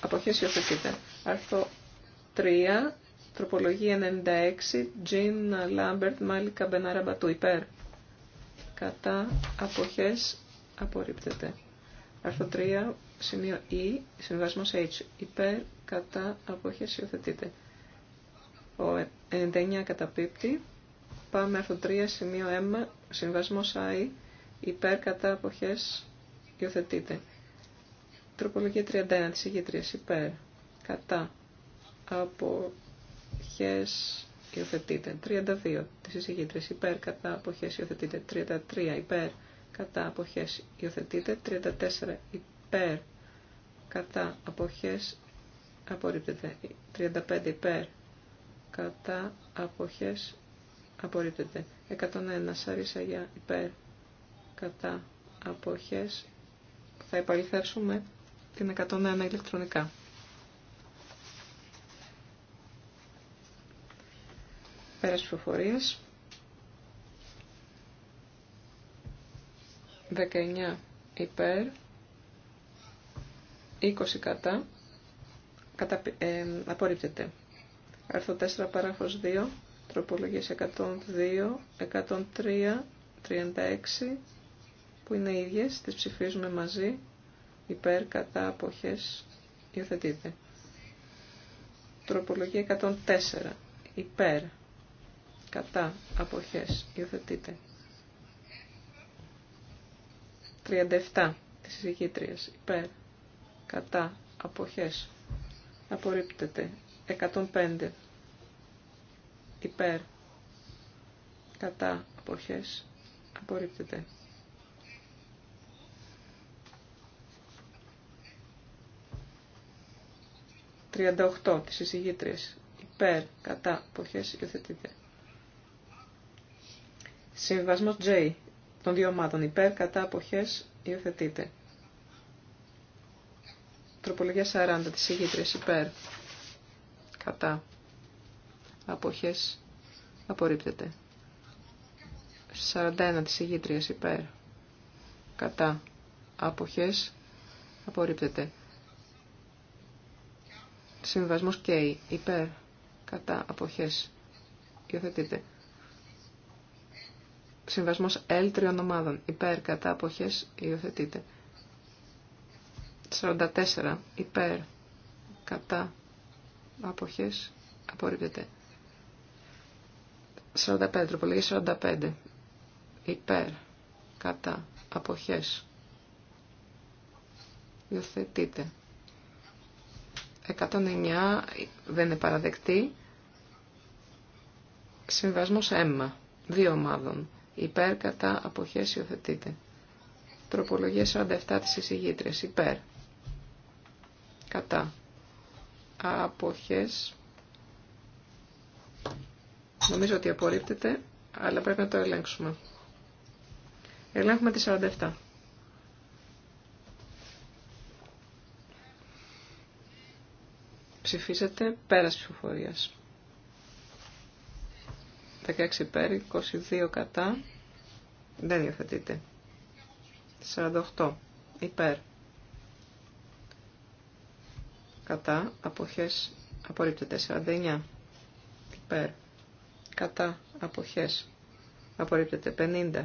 αποχές υιοθετείται. Άρθρο 3, τροπολογία 96, Jean Λάμπερτ Μάλικα Μπενάρα Μπατού, υπέρ. Κατά, αποχές, απορρίπτεται. Άρθρο 3, σημείο E, συμβασμός H, υπέρ, κατά, αποχές υιοθετείται. Ο ε, 99 καταπίπτει. Πάμε άρθρο 3, σημείο M, συμβασμό I, υπέρ κατά αποχές υιοθετείται. Τροπολογία 31 της ηγετρίας υπέρ κατά αποχές υιοθετείται. 32 της ηγετρίας υπέρ κατά αποχές υιοθετείται. 33 υπέρ κατά αποχές υιοθετείται. 34 υπέρ κατά αποχές απορρίπτεται. 35 υπέρ κατά αποχές απορρίπτεται. 101 σαρίσα για υπέρ κατά αποχές θα επαληθεύσουμε την 101 ηλεκτρονικά. Πέρας ψηφοφορίας. 19 υπέρ, 20 κατά, κατά ε, απορρίπτεται. Άρθρο 4 παράγραφος 2. Τροπολογίες 102, 103, 36 που είναι ίδιες. Τις ψηφίζουμε μαζί. Υπέρ, κατά, αποχές. Υιοθετείτε. Τροπολογία 104. Υπέρ, κατά, αποχές. Υιοθετείτε. 37 της εισηγήτριας. Υπέρ, κατά, αποχές. Απορρίπτεται. 105 υπέρ κατά αποχές απορρίπτεται. ...38 της εισηγήτριας υπέρ κατά αποχές υιοθετείται. Συμβασμός J των δύο ομάδων υπέρ κατά αποχές υιοθετείται. Τροπολογία 40 της εισηγήτριας υπέρ κατά αποχές απορρίπτεται. 41 της ηγήτριας υπέρ κατά αποχές απορρίπτεται. Συμβασμός K υπέρ κατά αποχές υιοθετείται. Συμβασμός L τριών ομάδων υπέρ κατά αποχές υιοθετείται. 44 υπέρ κατά αποχές απορρίπτεται. 45, τροπολογία 45, υπέρ, κατά, αποχές, υιοθετείται. 109 δεν είναι παραδεκτή. Συμβασμός αίμα, δύο ομάδων, υπέρ, κατά, αποχές, υιοθετείται. Τροπολογία 47 της εισηγήτρες, υπέρ, κατά, αποχές. Νομίζω ότι απορρίπτεται, αλλά πρέπει να το ελέγξουμε. Ελέγχουμε τη 47. Ψηφίσατε πέρας ψηφοφορίας. 16 πέρι 22 κατά. Δεν υιοθετείται. 48 υπέρ κατά αποχές απορρίπτεται 49 υπέρ κατά αποχές απορρίπτεται 50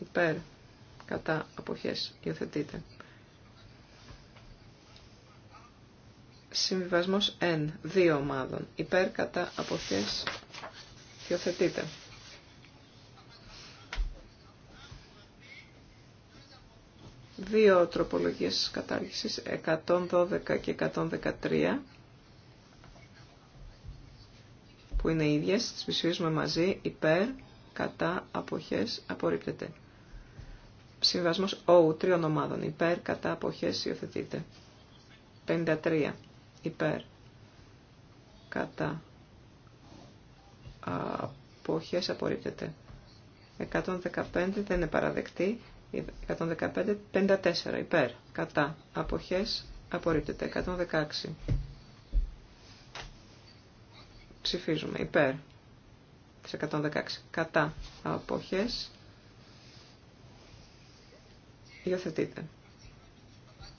υπέρ κατά αποχές υιοθετείται συμβιβασμός N δύο ομάδων υπέρ κατά αποχές υιοθετείται δύο τροπολογίες κατάργησης, 112 και 113, που είναι ίδιες, τις ψηφίζουμε μαζί, υπέρ, κατά, αποχές, απορρίπτεται. Συμβασμός O, τριών ομάδων, υπέρ, κατά, αποχές, υιοθετείται. 53, υπέρ, κατά, αποχές, απορρίπτεται. 115 δεν είναι παραδεκτή. 115, 54 υπέρ, κατά, αποχές, απορρίπτεται, 116. Ψηφίζουμε υπέρ, σε 116, κατά, αποχές, υιοθετείται.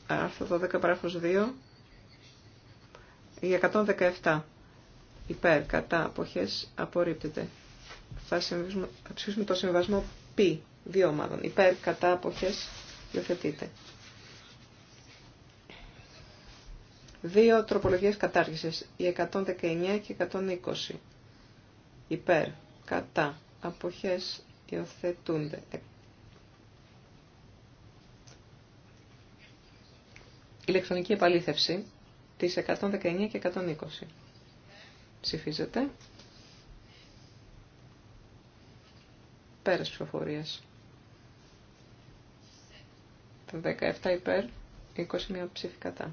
Άρθρο 12, παράγραφος 2, η 117, υπέρ, κατά, αποχές, απορρίπτεται. Θα, θα ψηφίσουμε το συμβασμό π δύο ομάδων. Υπέρ, κατά, αποχές, υιοθετείται. Δύο τροπολογίες κατάργησης, οι 119 και 120. Υπέρ, κατά, αποχές, υιοθετούνται. Ηλεκτρονική επαλήθευση της 119 και 120. Ψηφίζεται. Πέρας ψηφοφορίας. 17 υπέρ, 21 ψήφι κατά.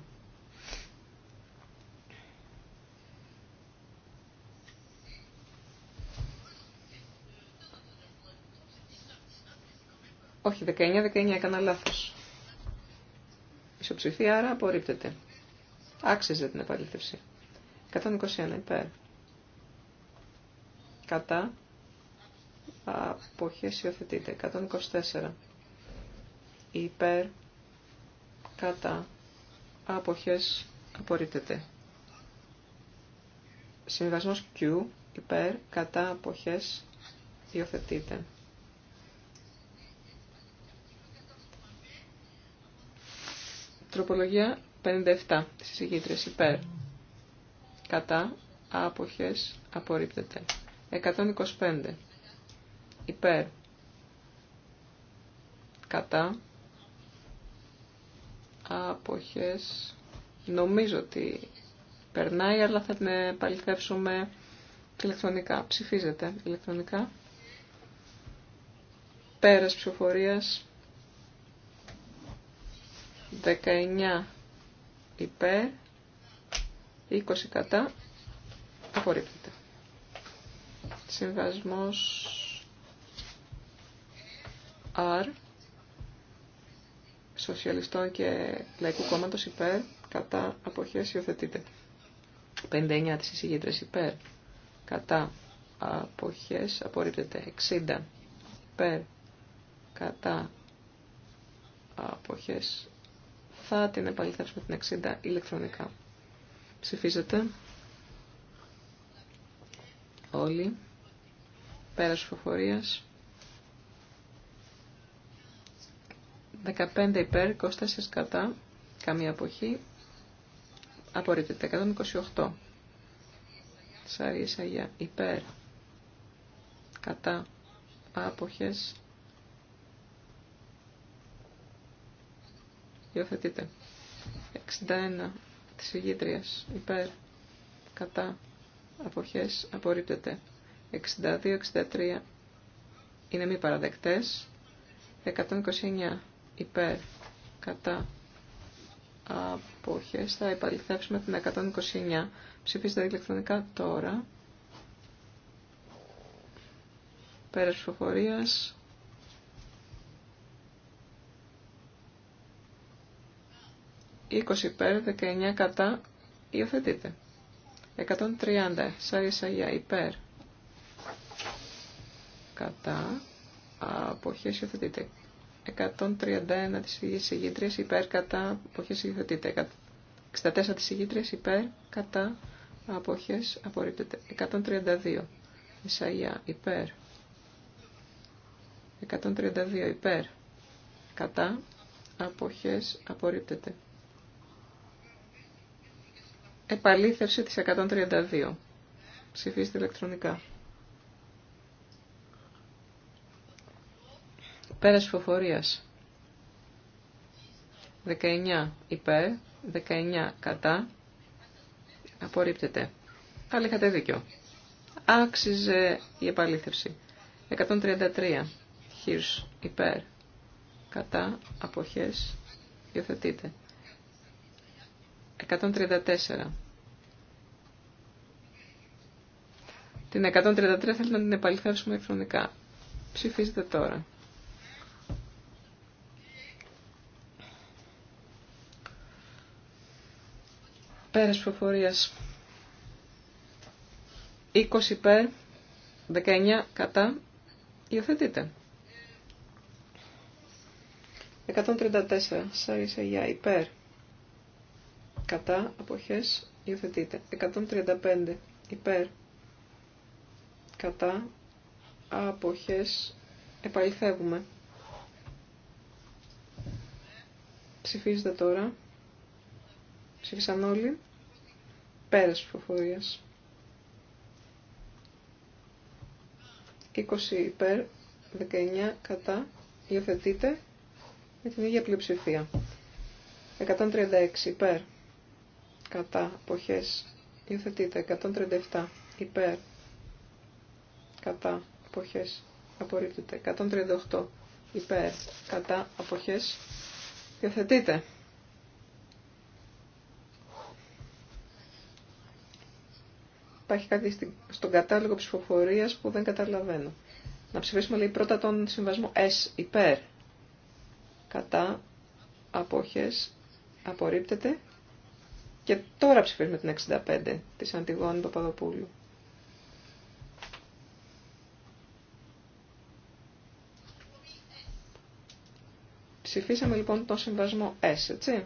Όχι, 19, 19 έκανα λαθο Ισοψηφία, άρα απορρίπτεται. Άξιζε την επαλήθευση. 121 υπέρ. Κατά. Αποχέσιοθετείται. 124 υπέρ κατά άποχες απορρίπτεται. Συμβασμός Q υπέρ κατά άποχες υιοθετείται. Τροπολογία 57 της εισηγήτρες υπέρ κατά άποχες απορρίπτεται. 125 υπέρ κατά αποχές νομίζω ότι περνάει αλλά θα την επαληθεύσουμε ηλεκτρονικά. Ψηφίζεται ηλεκτρονικά. Πέρας ψηφοφορίας 19 υπέρ 20 κατά απορρίπτεται. Συμβασμός R Σοσιαλιστών και Λαϊκού Κόμματος υπέρ, κατά αποχές υιοθετείται. 59 της εισηγήτρες υπέρ, κατά αποχές απορρίπτεται. 60 υπέρ, κατά αποχές. Θα την επαληθεύσουμε την 60 ηλεκτρονικά. Ψηφίζετε. Όλοι. Πέρας ψηφοφορίας. 15 υπέρ, 24 κατά, καμία αποχή. Απορρίπτεται. 128. Σαρίσα για υπέρ, κατά, άποχες. Υιοθετείτε. 61 της ηγήτριας υπέρ, κατά, αποχές. Απορρίπτεται. 62-63 είναι μη παραδεκτές. 129 υπέρ κατά αποχές θα επαληθεύσουμε την 129 ψηφίστε ηλεκτρονικά τώρα πέρας ψηφοφορίας «20 υπέρ, 19 κατά, υιοθετείτε». 130, σάρι σαγιά, υπέρ, κατά, αποχές υιοθετείτε. 131 της φυγής ηγήτριας υπέρ κατά αποχές υιοθετείται. 64 της ηγήτριας υπέρ κατά αποχές απορρίπτεται. 132 Ισαΐα υπέρ. 132 υπέρ. Κατά αποχές απορρίπτεται. Επαλήθευση της 132. Ψηφίστε ηλεκτρονικά. Πέρας φοφορίας 19 υπέρ, 19 κατά. Απορρίπτεται. Πάλι είχατε δίκιο. Άξιζε η επαλήθευση. 133. Χίρς υπέρ. Κατά. Αποχές. Υιοθετείτε. 134. Την 133 θέλετε να την επαληθεύσουμε ηλεκτρονικά. Ψηφίζετε τώρα. Πέρας προφορίας. 20 υπέρ, 19 κατά, υιοθετείτε. 134, σάρισα για υπέρ, κατά, αποχές, υιοθετείτε. 135, υπέρ, κατά, αποχές, επαληθεύουμε. Ψηφίζετε τώρα. Ψήφισαν όλοι. Πέρας ψηφοφορίας. 20 υπέρ, 19 κατά, υιοθετείτε με την ίδια πλειοψηφία. 136 υπέρ, κατά, αποχές, υιοθετείται. 137 υπέρ, κατά, αποχές, απορρίπτεται. 138 υπέρ, κατά, αποχές, υιοθετείται. Υπάρχει κάτι στον κατάλογο ψηφοφορία που δεν καταλαβαίνω. Να ψηφίσουμε λέει πρώτα τον συμβασμό S υπέρ. Κατά απόχε. απορρίπτεται. Και τώρα ψηφίσουμε την 65 της Αντιγόνη Παπαδοπούλου. Ψηφίσαμε λοιπόν τον συμβασμό S, έτσι.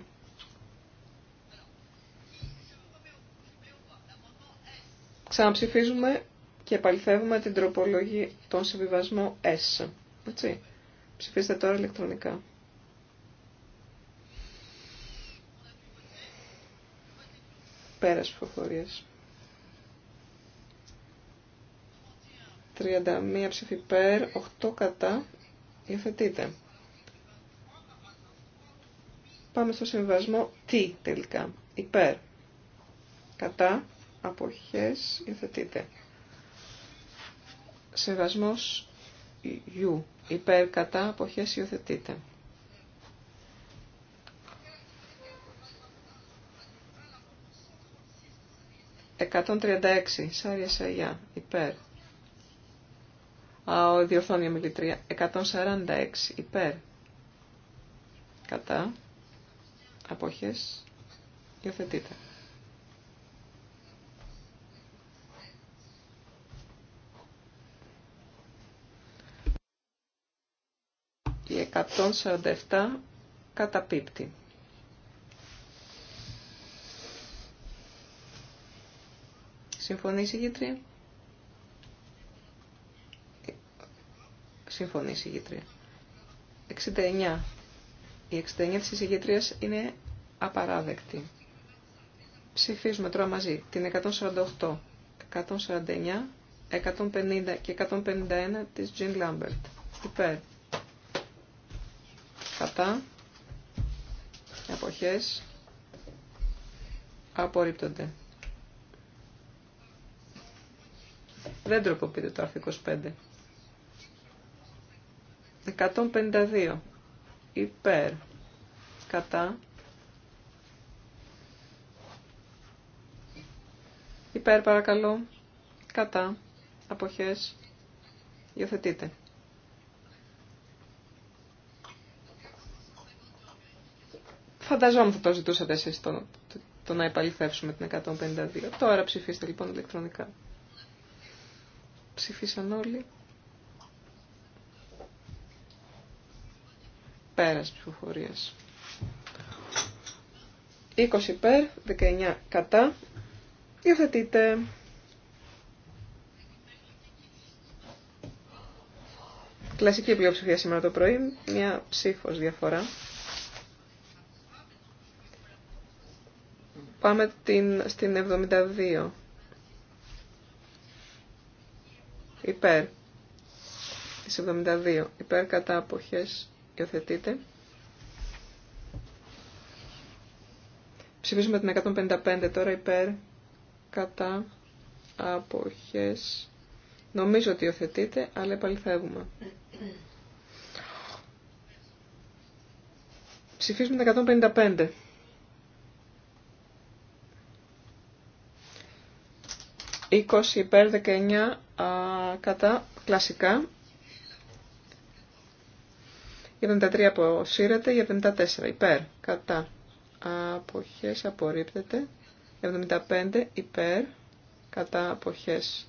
Ξαναψηφίζουμε και επαληθεύουμε την τροπολογή των συμβιβασμό S. Έτσι. Ψηφίστε τώρα ηλεκτρονικά. Πέρας ψηφοφορίας. 31 ψήφι ΠΕΡ, 8 κατά, υιοθετείτε. Πάμε στο συμβιβασμό τι τελικά. Υπέρ. Κατά αποχές Υιοθετείτε. Σεβασμός γιου, υπέρ κατά αποχές Υιοθετείτε. Εκατόν Σάρια Σαγιά, υπέρ. Α, ο διορθώνει 146, υπέρ. Κατά. Αποχές. Υιοθετείτε. 147 καταπίπτει. Συμφωνεί η Συμφωνεί η 69. Η 69 της συγκήτριας είναι απαράδεκτη. Ψηφίζουμε τώρα μαζί την 148, 149, 150 και 151 της Jean Lambert. Υπέρ κατά αποχές απορρίπτονται. Δεν τροποποιείται το άρθρο 25. 152. Υπέρ. Κατά. Υπέρ παρακαλώ. Κατά. Αποχές. Υιοθετείτε. φανταζόμουν θα το ζητούσατε εσείς το, το, το να επαληθεύσουμε την 152. Τώρα ψηφίστε λοιπόν ηλεκτρονικά. Ψηφίσαν όλοι. Πέρας ψηφοφορίας. 20 υπέρ, 19 κατά. Υιοθετείτε. Κλασική πλειοψηφία σήμερα το πρωί, μια ψήφος διαφορά. Πάμε την, στην 72. Υπέρ. Της 72. Υπέρ κατά αποχές υιοθετείτε. Ψηφίζουμε την 155 τώρα υπέρ κατά αποχές. Νομίζω ότι υιοθετείτε, αλλά επαληθεύουμε. Ψηφίζουμε την 155. 20 υπέρ 19 α, κατά κλασικά. Για 73 αποσύρεται, για 54 υπέρ κατά αποχές απορρίπτεται. 75 υπέρ κατά αποχές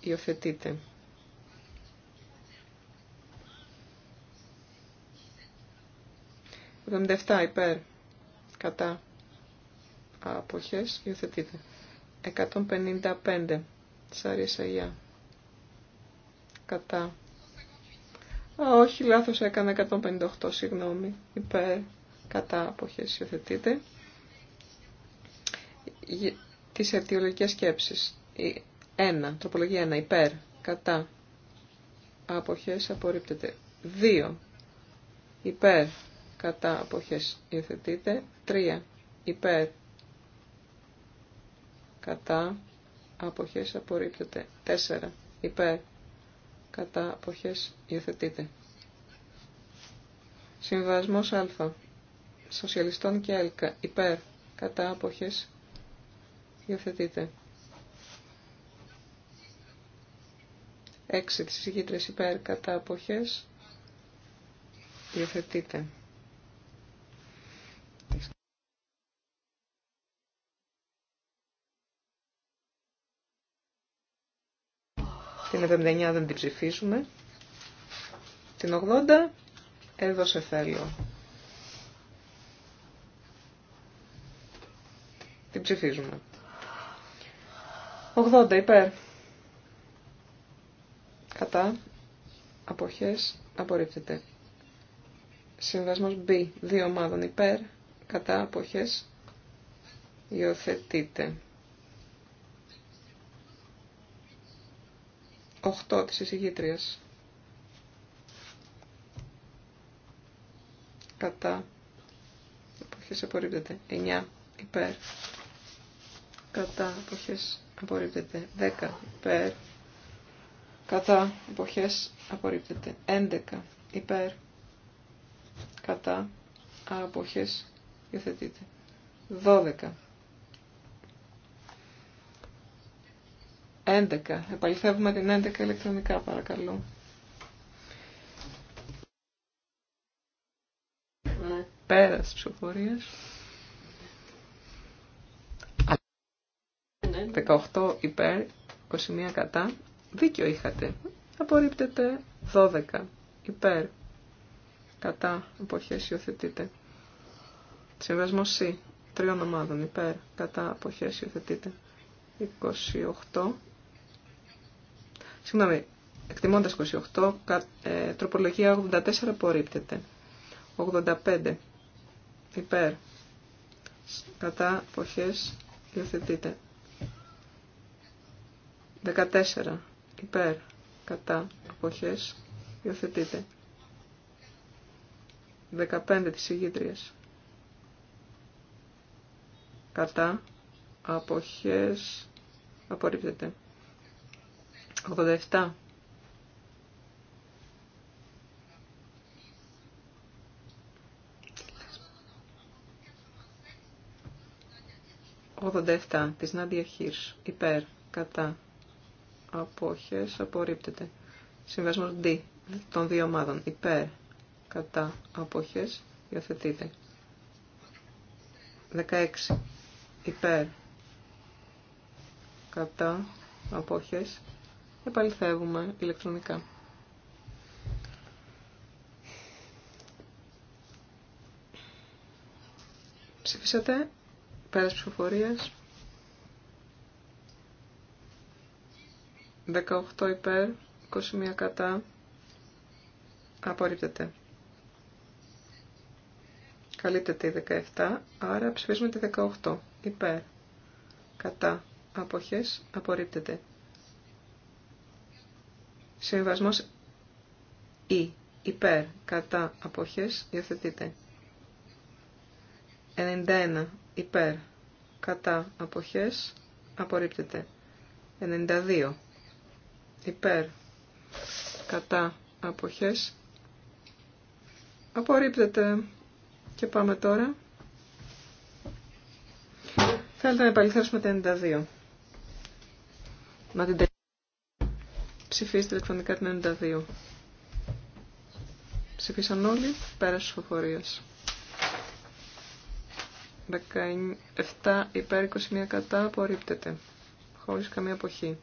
υιοθετείται. Δεν 77 υπέρ κατά αποχές υιοθετείται. 155. Σαρίσα Αγιά. Κατά. Α, όχι, λάθος έκανα 158, συγγνώμη. Υπέρ, κατά, αποχές, υιοθετείτε. Τις αιτιολογικές σκέψεις. 1, τροπολογία 1, υπέρ, κατά, αποχές, απορρίπτεται. 2, υπέρ, κατά, αποχές, υιοθετείτε. 3, υπέρ, κατά αποχές απορρίπτεται. 4 υπέρ κατά αποχές υιοθετείται. Συμβασμός α. Σοσιαλιστών και ΕΛΚΑ υπέρ κατά αποχές υιοθετείται. 6 Τις ηγήτρες υπέρ κατά αποχές υιοθετείται. Την 79 δεν την ψηφίσουμε. Την 80 έδωσε σε θέλω. Την ψηφίζουμε. 80 υπέρ. Κατά. Αποχές. Απορρίπτεται. Συμβασμός B. Δύο ομάδων υπέρ. Κατά. Αποχές. Υιοθετείται. 8 της εισηγήτριας. Κατά. Εποχές απορρίπτεται. 9 υπέρ. Κατά. Εποχές απορρίπτεται. 10 υπέρ. Κατά. Εποχές απορρίπτεται. 11 υπέρ. Κατά. Αποχές υιοθετείται. 12 11. Επαληθεύουμε την 11 ηλεκτρονικά παρακαλώ. Ναι. Πέρας ψηφοφορίας. 18 υπέρ, 21 κατά. Δίκιο είχατε. Απορρίπτεται 12 υπέρ, κατά, εποχές υιοθετείτε. Συμβασμό C, τριών ομάδων υπέρ, κατά, εποχές υιοθετείτε. 28 Συγγνώμη, εκτιμώντας 28, ε, τροπολογία 84 απορρίπτεται. 85 υπέρ κατά αποχές υιοθετείται. 14 υπέρ κατά αποχές υιοθετείται. 15 της ηγήτριας κατά αποχές απορρίπτεται. 87. «87» της Νάντια Χίρς, υπέρ, κατά, απόχες, απορρίπτεται. Συμβασμός D των δύο ομάδων, υπέρ, κατά, απόχες, υιοθετείται. 16. Υπέρ, κατά, απόχες, επαληθεύουμε ηλεκτρονικά. Ψηφίσατε πέρας ψηφοφορίας. 18 υπέρ, 21 κατά. Απορρίπτεται. Καλύπτεται η 17, άρα ψηφίζουμε τη 18. Υπέρ. Κατά. Αποχές. Απορρίπτεται. Συμβασμός Ή. Υπέρ. Κατά. Αποχές. Υιοθετείται. 91. Υπέρ. Κατά. Αποχές. Απορρίπτεται. 92. Υπέρ. Κατά. Αποχές. Απορρίπτεται. Και πάμε τώρα. Θέλετε να επαληθέσουμε το 92. Να την Ψηφίστε ηλεκτρονικά την 92. Ψηφίσαν όλοι πέρασε τη φοφορίες. 17 υπέρ 21 κατά απορρίπτεται. Χωρίς καμία αποχή.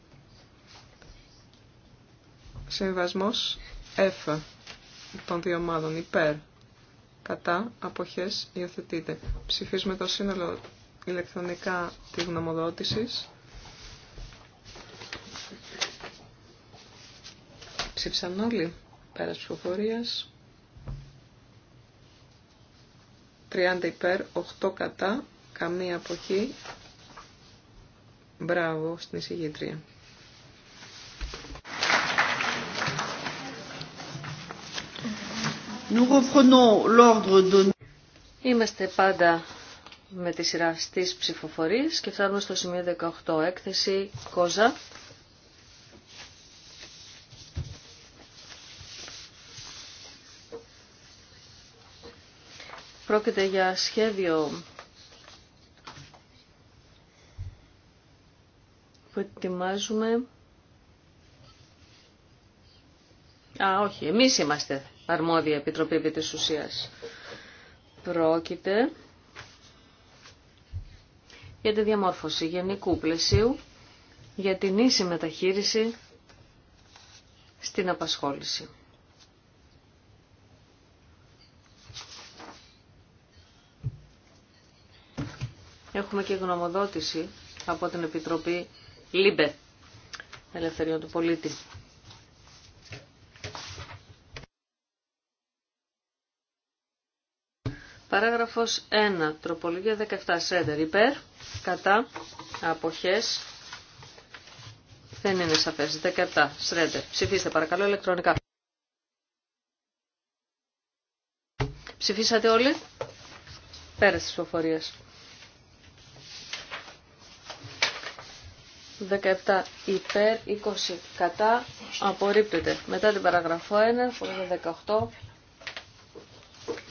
Συμβασμός F των δύο ομάδων υπέρ. Κατά αποχές υιοθετείται. Ψηφίζουμε το σύνολο ηλεκτρονικά τη γνωμοδότησης. Ψήφισαν όλοι. Πέρας ψηφοφορία. 30 υπέρ, 8 κατά, καμία αποχή. Μπράβο στην εισηγήτρια. Είμαστε πάντα με τη σειρά στις ψηφοφορίες και φτάνουμε στο σημείο 18 έκθεση Κόζα. Πρόκειται για σχέδιο που ετοιμάζουμε. Α, όχι, εμείς είμαστε αρμόδια Επιτροπή επί της ουσίας. Πρόκειται για τη διαμόρφωση γενικού πλαισίου για την ίση μεταχείριση στην απασχόληση. Έχουμε και γνωμοδότηση από την Επιτροπή ΛΥΜΠΕ, ελευθερία του Πολίτη. Παράγραφος 1. Τροπολογία 17. Σέντερ. Υπέρ. Κατά. Αποχές. Δεν είναι σαφές. 17. Σρέντερ. Ψηφίστε παρακαλώ ηλεκτρονικά. Ψηφίσατε όλοι. Πέρασε τη ψηφοφορίας. 17 υπέρ, 20 κατά, απορρίπτεται. Μετά την παραγραφό 1, 18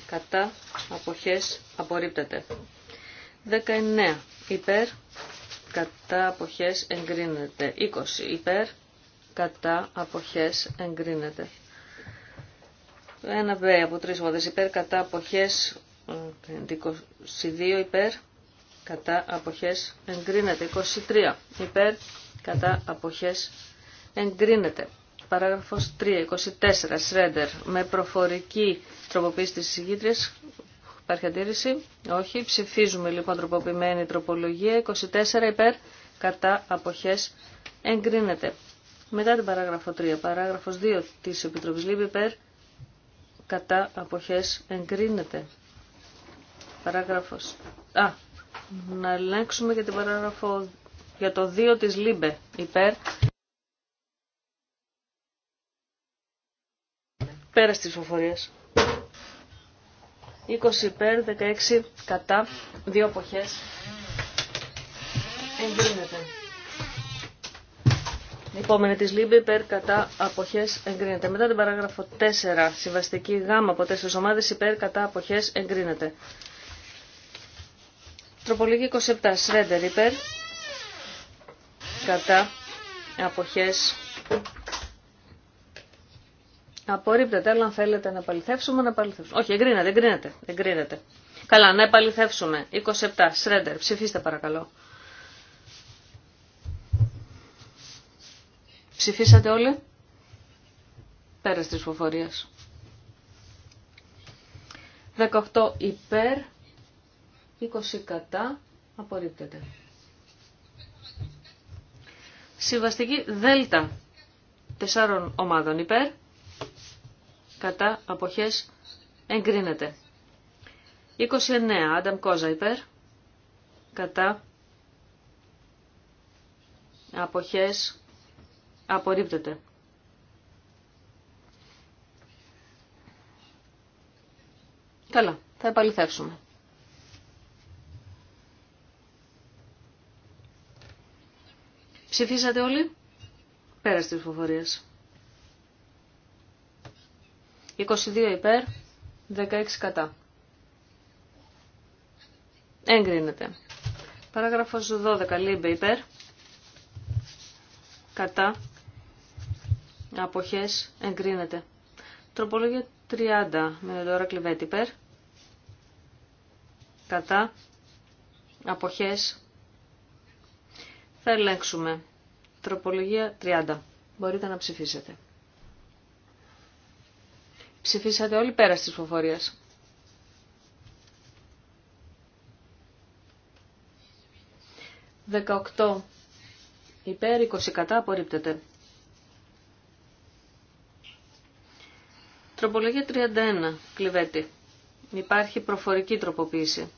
κατά, αποχές, απορρίπτεται. 19 υπέρ, κατά, αποχές, εγκρίνεται. 20 υπέρ, κατά, αποχές, εγκρίνεται. Ένα β από τρεις ομάδες υπέρ, κατά, αποχές, 22 ε, υπέρ, κατά αποχές εγκρίνεται. 23 υπέρ κατά αποχές εγκρίνεται. Παράγραφος 3, 24, Σρέντερ, με προφορική τροποποίηση της συγκήτριας, υπάρχει αντίρρηση, όχι, ψηφίζουμε λοιπόν τροποποιημένη τροπολογία, 24 υπέρ, κατά αποχές εγκρίνεται. Μετά την παράγραφο 3, παράγραφος 2 της Επιτροπής Λίμπη κατά αποχές εγκρίνεται. Παράγραφος... Α, να αλλάξουμε για την παράγραφο για το 2 της Λίμπε υπέρ. Πέρα στις φοφορίες 20 υπέρ, 16 κατά, 2 αποχές. Εγκρίνεται. Επόμενη της Λίμπη υπέρ κατά αποχές εγκρίνεται. Μετά την παράγραφο 4, συμβαστική γάμα από 4 ομάδες υπέρ κατά αποχές εγκρίνεται. Τροπολογία 27. Σρέντερ υπέρ. Κατά. Αποχές. Απορρίπτεται, αλλά αν θέλετε να επαληθεύσουμε, να επαληθεύσουμε. Όχι, εγκρίνεται, εγκρίνεται, εγκρίνεται. Καλά, να επαληθεύσουμε. 27. Σρέντερ, ψηφίστε παρακαλώ. Ψηφίσατε όλοι. Πέρα τη ψηφοφορία. 18 υπέρ, 20 κατά, απορρίπτεται. Συμβαστική δέλτα τεσσάρων ομάδων υπέρ, κατά αποχές εγκρίνεται. 29. Άνταμ Κόζα υπέρ, κατά αποχές απορρίπτεται. Καλά, θα επαληθεύσουμε. Ψηφίσατε όλοι. Πέρασε τη ψηφοφορία. 22 υπέρ, 16 κατά. Εγκρίνεται. Παράγραφος 12. Λίμπε υπέρ. Κατά. Αποχές. Εγκρίνεται. Τροπολογία 30. Με ώρα κλειβέτη υπέρ. Κατά. Αποχές. Θα ελέγξουμε. Τροπολογία 30. Μπορείτε να ψηφίσετε. Ψηφίσατε όλοι πέρα της φοφορίες. 18 υπέρ, 20 κατά, απορρίπτεται. Τροπολογία 31, κλειβέτη. Υπάρχει προφορική τροποποίηση.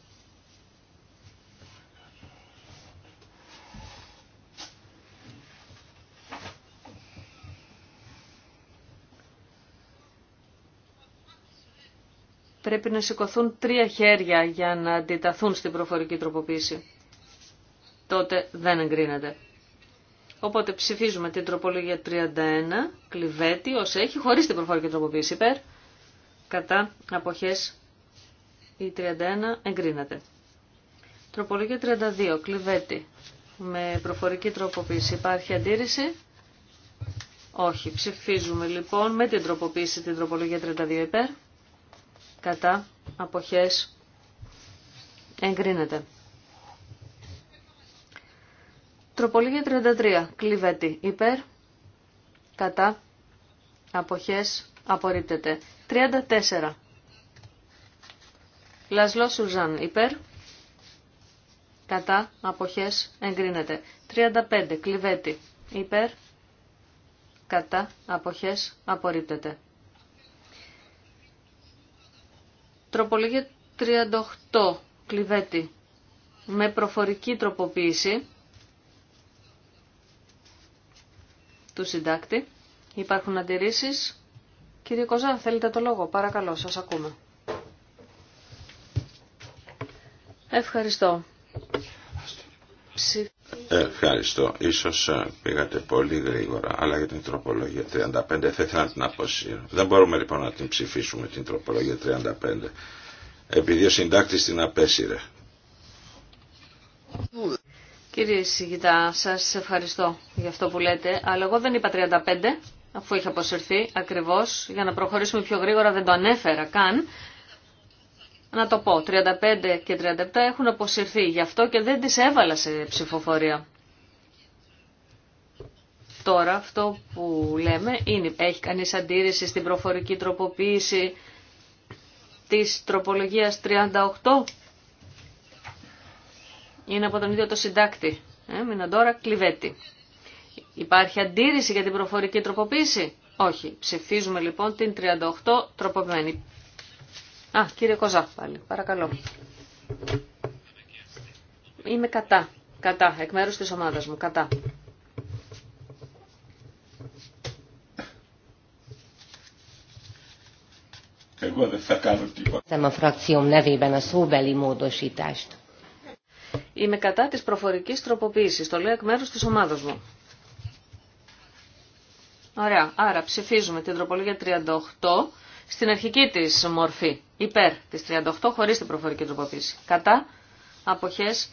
πρέπει να σηκωθούν τρία χέρια για να αντιταθούν στην προφορική τροποποίηση. Τότε δεν εγκρίνεται. Οπότε ψηφίζουμε την τροπολογία 31, κλειβέτη, ως έχει, χωρίς την προφορική τροποποίηση υπέρ, κατά αποχές η 31 εγκρίνεται. Τροπολογία 32, κλειβέτη, με προφορική τροποποίηση. Υπάρχει αντίρρηση. Όχι. Ψηφίζουμε λοιπόν με την τροποποίηση την τροπολογία 32 υπέρ κατά αποχές εγκρίνεται. Τροπολίγια 33. Κλειβέτη. Υπέρ. Κατά. Αποχές. Απορρίπτεται. 34. Λασλό Σουζάν. Υπέρ. Κατά. Αποχές. Εγκρίνεται. 35. Κλειβέτη. Υπέρ. Κατά. Αποχές. Απορρίπτεται. Τροπολογία 38, κλειβέτη, με προφορική τροποποίηση του συντάκτη. Υπάρχουν αντιρρήσεις. Κύριε Κοζά, θέλετε το λόγο. Παρακαλώ, σας ακούμε. Ευχαριστώ. Ευχαριστώ. Ίσως ε, πήγατε πολύ γρήγορα, αλλά για την τροπολογία 35 θα ήθελα να την αποσύρω. Δεν μπορούμε λοιπόν να την ψηφίσουμε την τροπολογία 35, επειδή ο συντάκτης την απέσυρε. Κύριε Σιγητά, σας ευχαριστώ για αυτό που λέτε, αλλά εγώ δεν είπα 35, αφού είχε αποσυρθεί ακριβώς, για να προχωρήσουμε πιο γρήγορα δεν το ανέφερα καν, να το πω, 35 και 37 έχουν αποσυρθεί, γι' αυτό και δεν τις έβαλα σε ψηφοφορία. Τώρα αυτό που λέμε είναι, έχει κανείς αντίρρηση στην προφορική τροποποίηση της τροπολογίας 38. Είναι από τον ίδιο το συντάκτη, ε, τώρα Κλειβέτη. Υπάρχει αντίρρηση για την προφορική τροποποίηση. Όχι. Ψηφίζουμε λοιπόν την 38 τροποποιημένη. Α, κύριε Κοζά πάλι, παρακαλώ. Είμαι κατά, κατά, εκ μέρους της ομάδας μου, κατά. Εγώ δεν θα κάνω τίποτα. Είμαι κατά της προφορικής τροποποίησης, το λέω εκ μέρους της ομάδας μου. Ωραία, άρα ψηφίζουμε την τροπολογία 38 στην αρχική της μορφή, υπέρ της 38, χωρί την προφορική τροποποίηση. Κατά, αποχές,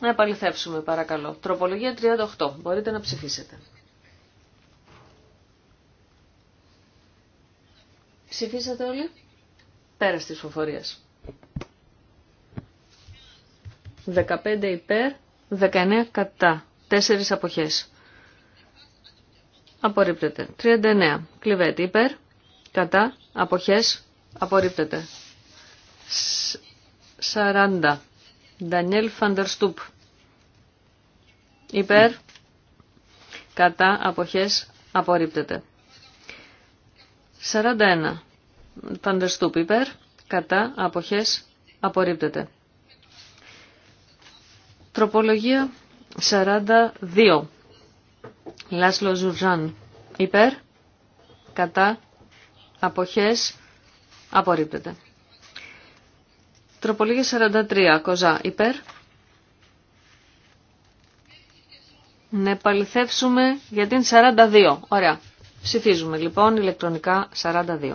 να επαληθεύσουμε παρακαλώ. Τροπολογία 38, μπορείτε να ψηφίσετε. Ψηφίσατε όλοι. Πέρα τη φοφορίας. 15 υπέρ, 19 κατά, 4 αποχές. Απορρίπτεται. 39. Κλειβέτη υπέρ κατά αποχές απορρίπτεται. 40. Ντανιέλ Φαντερστούπ. Υπέρ. Κατά αποχές απορρίπτεται. 41. Φαντερστούπ υπέρ. Κατά αποχές απορρίπτεται. Τροπολογία 42. Λάσλο Ζουρζάν. Υπέρ. Κατά αποχές απορρίπτεται. Τροπολίγη 43, κοζά, υπέρ. Να επαληθεύσουμε για την 42. Ωραία. Ψηφίζουμε λοιπόν ηλεκτρονικά 42.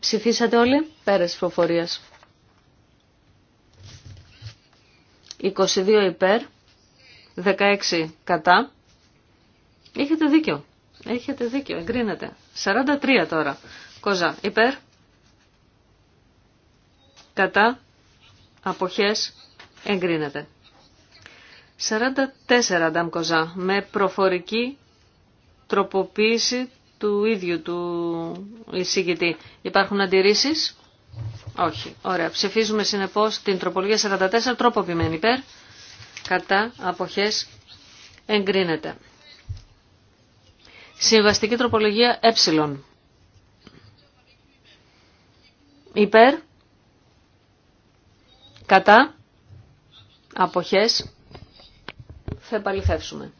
Ψηφίσατε όλοι, πέρες προφορίας. 22 υπέρ, 16 κατά, Έχετε δίκιο. Έχετε δίκιο. Εγκρίνεται. 43 τώρα. Κοζά. Υπέρ. Κατά. Αποχές. Εγκρίνεται. 44 Αντάμ Κοζά. Με προφορική τροποποίηση του ίδιου του εισηγητή. Υπάρχουν αντιρρήσεις. Όχι. Ωραία. Ψηφίζουμε συνεπώς την τροπολογία 44 τροποποιημένη υπέρ. Κατά. Αποχές. Εγκρίνεται. Συμβαστική τροπολογία ε. Υπέρ. Κατά. Αποχές. Θα επαληθεύσουμε.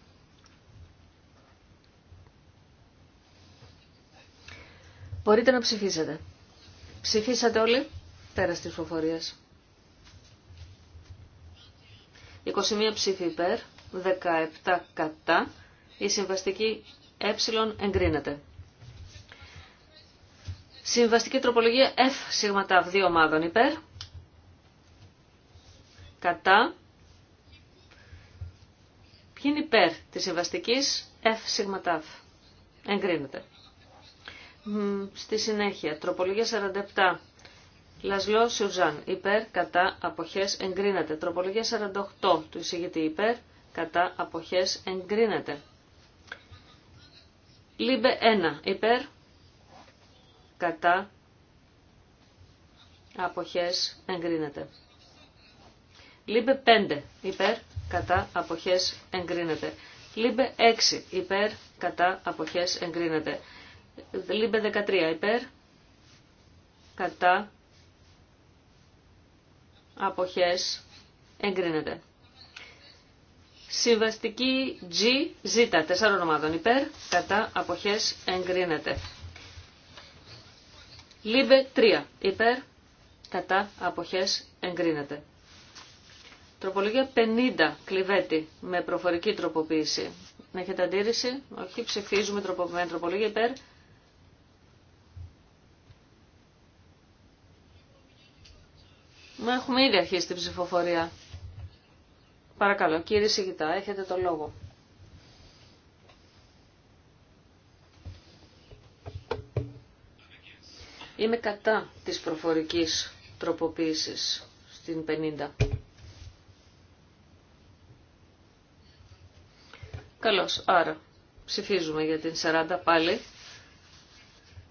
Μπορείτε να ψηφίσετε. Ψηφίσατε όλοι. Πέρα της φοφορίες. 21 ψήφοι υπέρ, 17 κατά. Η συμβαστική ε εγκρίνεται. Συμβαστική τροπολογία F σιγματά δύο ομάδων υπέρ. Κατά. Ποιοι είναι υπέρ της συμβαστική F σιγματάφ Εγκρίνεται. Στη συνέχεια, τροπολογία 47. Λασλό Σιουζάν, υπέρ, κατά, αποχές, εγκρίνεται. Τροπολογία 48, του εισηγητή υπέρ, κατά, αποχές, εγκρίνεται. Λίμπε 1 υπέρ, κατά, αποχές εγκρίνεται. Λίμπε 5 υπέρ, κατά, αποχές εγκρίνεται. Λίμπε 6 υπέρ, κατά, αποχές εγκρίνεται. Λίμπε 13 υπέρ, κατά, αποχές εγκρίνεται. Συμβαστική G, Z, τεσσάρων ομάδων υπέρ, κατά αποχές εγκρίνεται. Λίμπε 3, υπέρ, κατά αποχές εγκρίνεται. Τροπολογία 50, κλειβέτη, με προφορική τροποποίηση. Να έχετε αντίρρηση, όχι, ψηφίζουμε με τροπολογία υπέρ. Μα έχουμε ήδη αρχίσει την ψηφοφορία. Παρακαλώ, κύριε Σιγητά, έχετε το λόγο. Είμαι κατά της προφορικής τροποποίησης στην 50. Καλώς, άρα ψηφίζουμε για την 40 πάλι.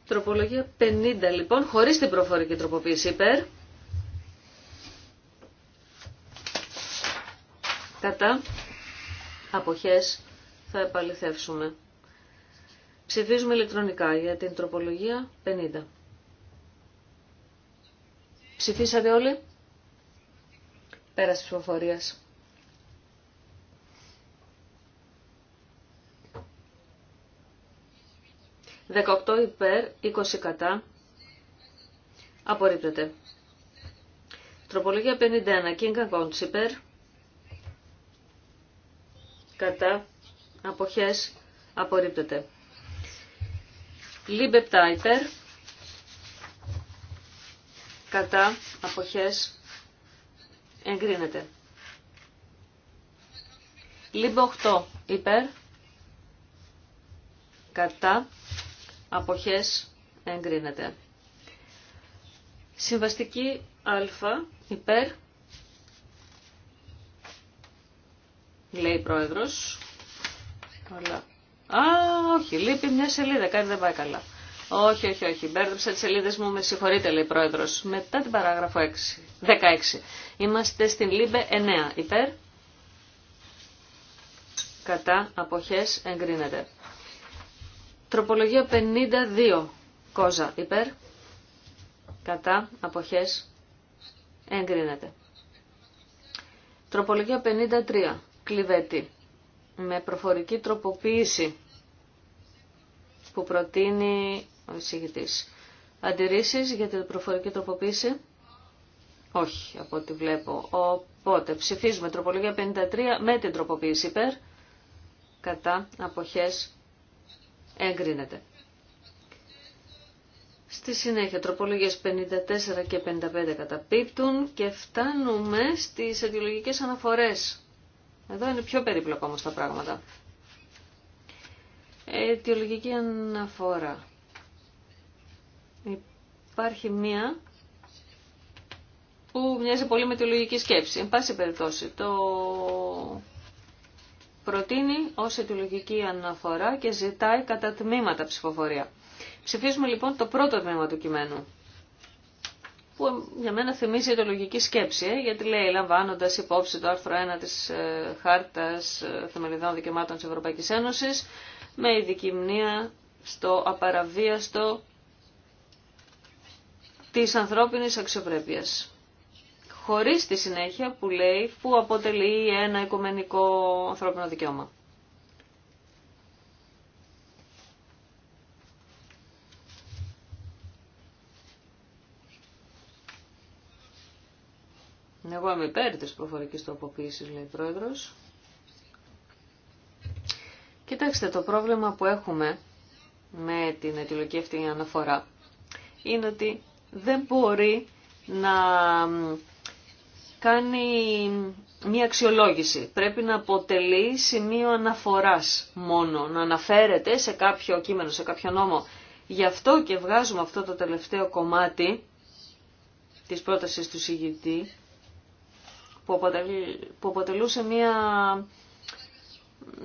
Τροπολογία 50 λοιπόν, χωρίς την προφορική τροποποίηση υπέρ. κατά αποχές θα επαληθεύσουμε. Ψηφίζουμε ηλεκτρονικά για την τροπολογία 50. Ψηφίσατε όλοι. Πέρας ψηφοφορίας. 18 υπέρ, 20 κατά. Απορρίπτεται. Τροπολογία 51. κίνκα Κόντς υπέρ κατά αποχές απορρίπτεται. Λίμπε υπέρ κατά αποχές εγκρίνεται. Λίμπε 8 υπέρ κατά αποχές εγκρίνεται. Συμβαστική α υπέρ λέει η πρόεδρος. Α, όχι, λείπει μια σελίδα, κάτι δεν πάει καλά. Όχι, όχι, όχι, μπέρδεψα τις σελίδες μου, με συγχωρείτε, λέει η πρόεδρος. Μετά την παράγραφο 6, 16. Είμαστε στην Λίμπε 9, υπέρ. Κατά απόχέ, εγκρίνεται. Τροπολογία 52, κόζα, υπέρ. Κατά αποχές εγκρίνεται. Τροπολογία 53. Κλειβέτη με προφορική τροποποίηση που προτείνει ο εισηγητής. Αντιρρήσεις για την προφορική τροποποίηση. Όχι, από ό,τι βλέπω. Οπότε ψηφίζουμε τροπολογία 53 με την τροποποίηση υπέρ. Κατά αποχές εγκρίνεται. Στη συνέχεια τροπολογίες 54 και 55 καταπίπτουν και φτάνουμε στις αιτιολογικές αναφορές. Εδώ είναι πιο περίπλοκο όμως τα πράγματα. Αιτιολογική αναφορά. Υπάρχει μία που μοιάζει πολύ με τη σκέψη. Εν πάση περιπτώσει, το προτείνει ως αιτιολογική αναφορά και ζητάει κατά τμήματα ψηφοφορία. Ψηφίζουμε λοιπόν το πρώτο τμήμα του κειμένου που για μένα θυμίζει το λογική σκέψη, ε, γιατί λέει λαμβάνοντα υπόψη το άρθρο 1 της ε, Χάρτας ε, Θεμελιδών Δικαιωμάτων της Ευρωπαϊκής Ένωσης, με ειδική μνήμα στο απαραβίαστο της ανθρώπινης αξιοπρέπειας. Χωρίς τη συνέχεια που λέει που αποτελεί ένα οικομενικό ανθρώπινο δικαίωμα. Εγώ είμαι υπέρ της προφορικής τροποποίησης, λέει ο Πρόεδρος. Κοιτάξτε, το πρόβλημα που έχουμε με την αιτιολογική αυτή αναφορά είναι ότι δεν μπορεί να κάνει μία αξιολόγηση. Πρέπει να αποτελεί σημείο αναφοράς μόνο, να αναφέρεται σε κάποιο κείμενο, σε κάποιο νόμο. Γι' αυτό και βγάζουμε αυτό το τελευταίο κομμάτι της πρότασης του συγητή, που αποτελούσε μια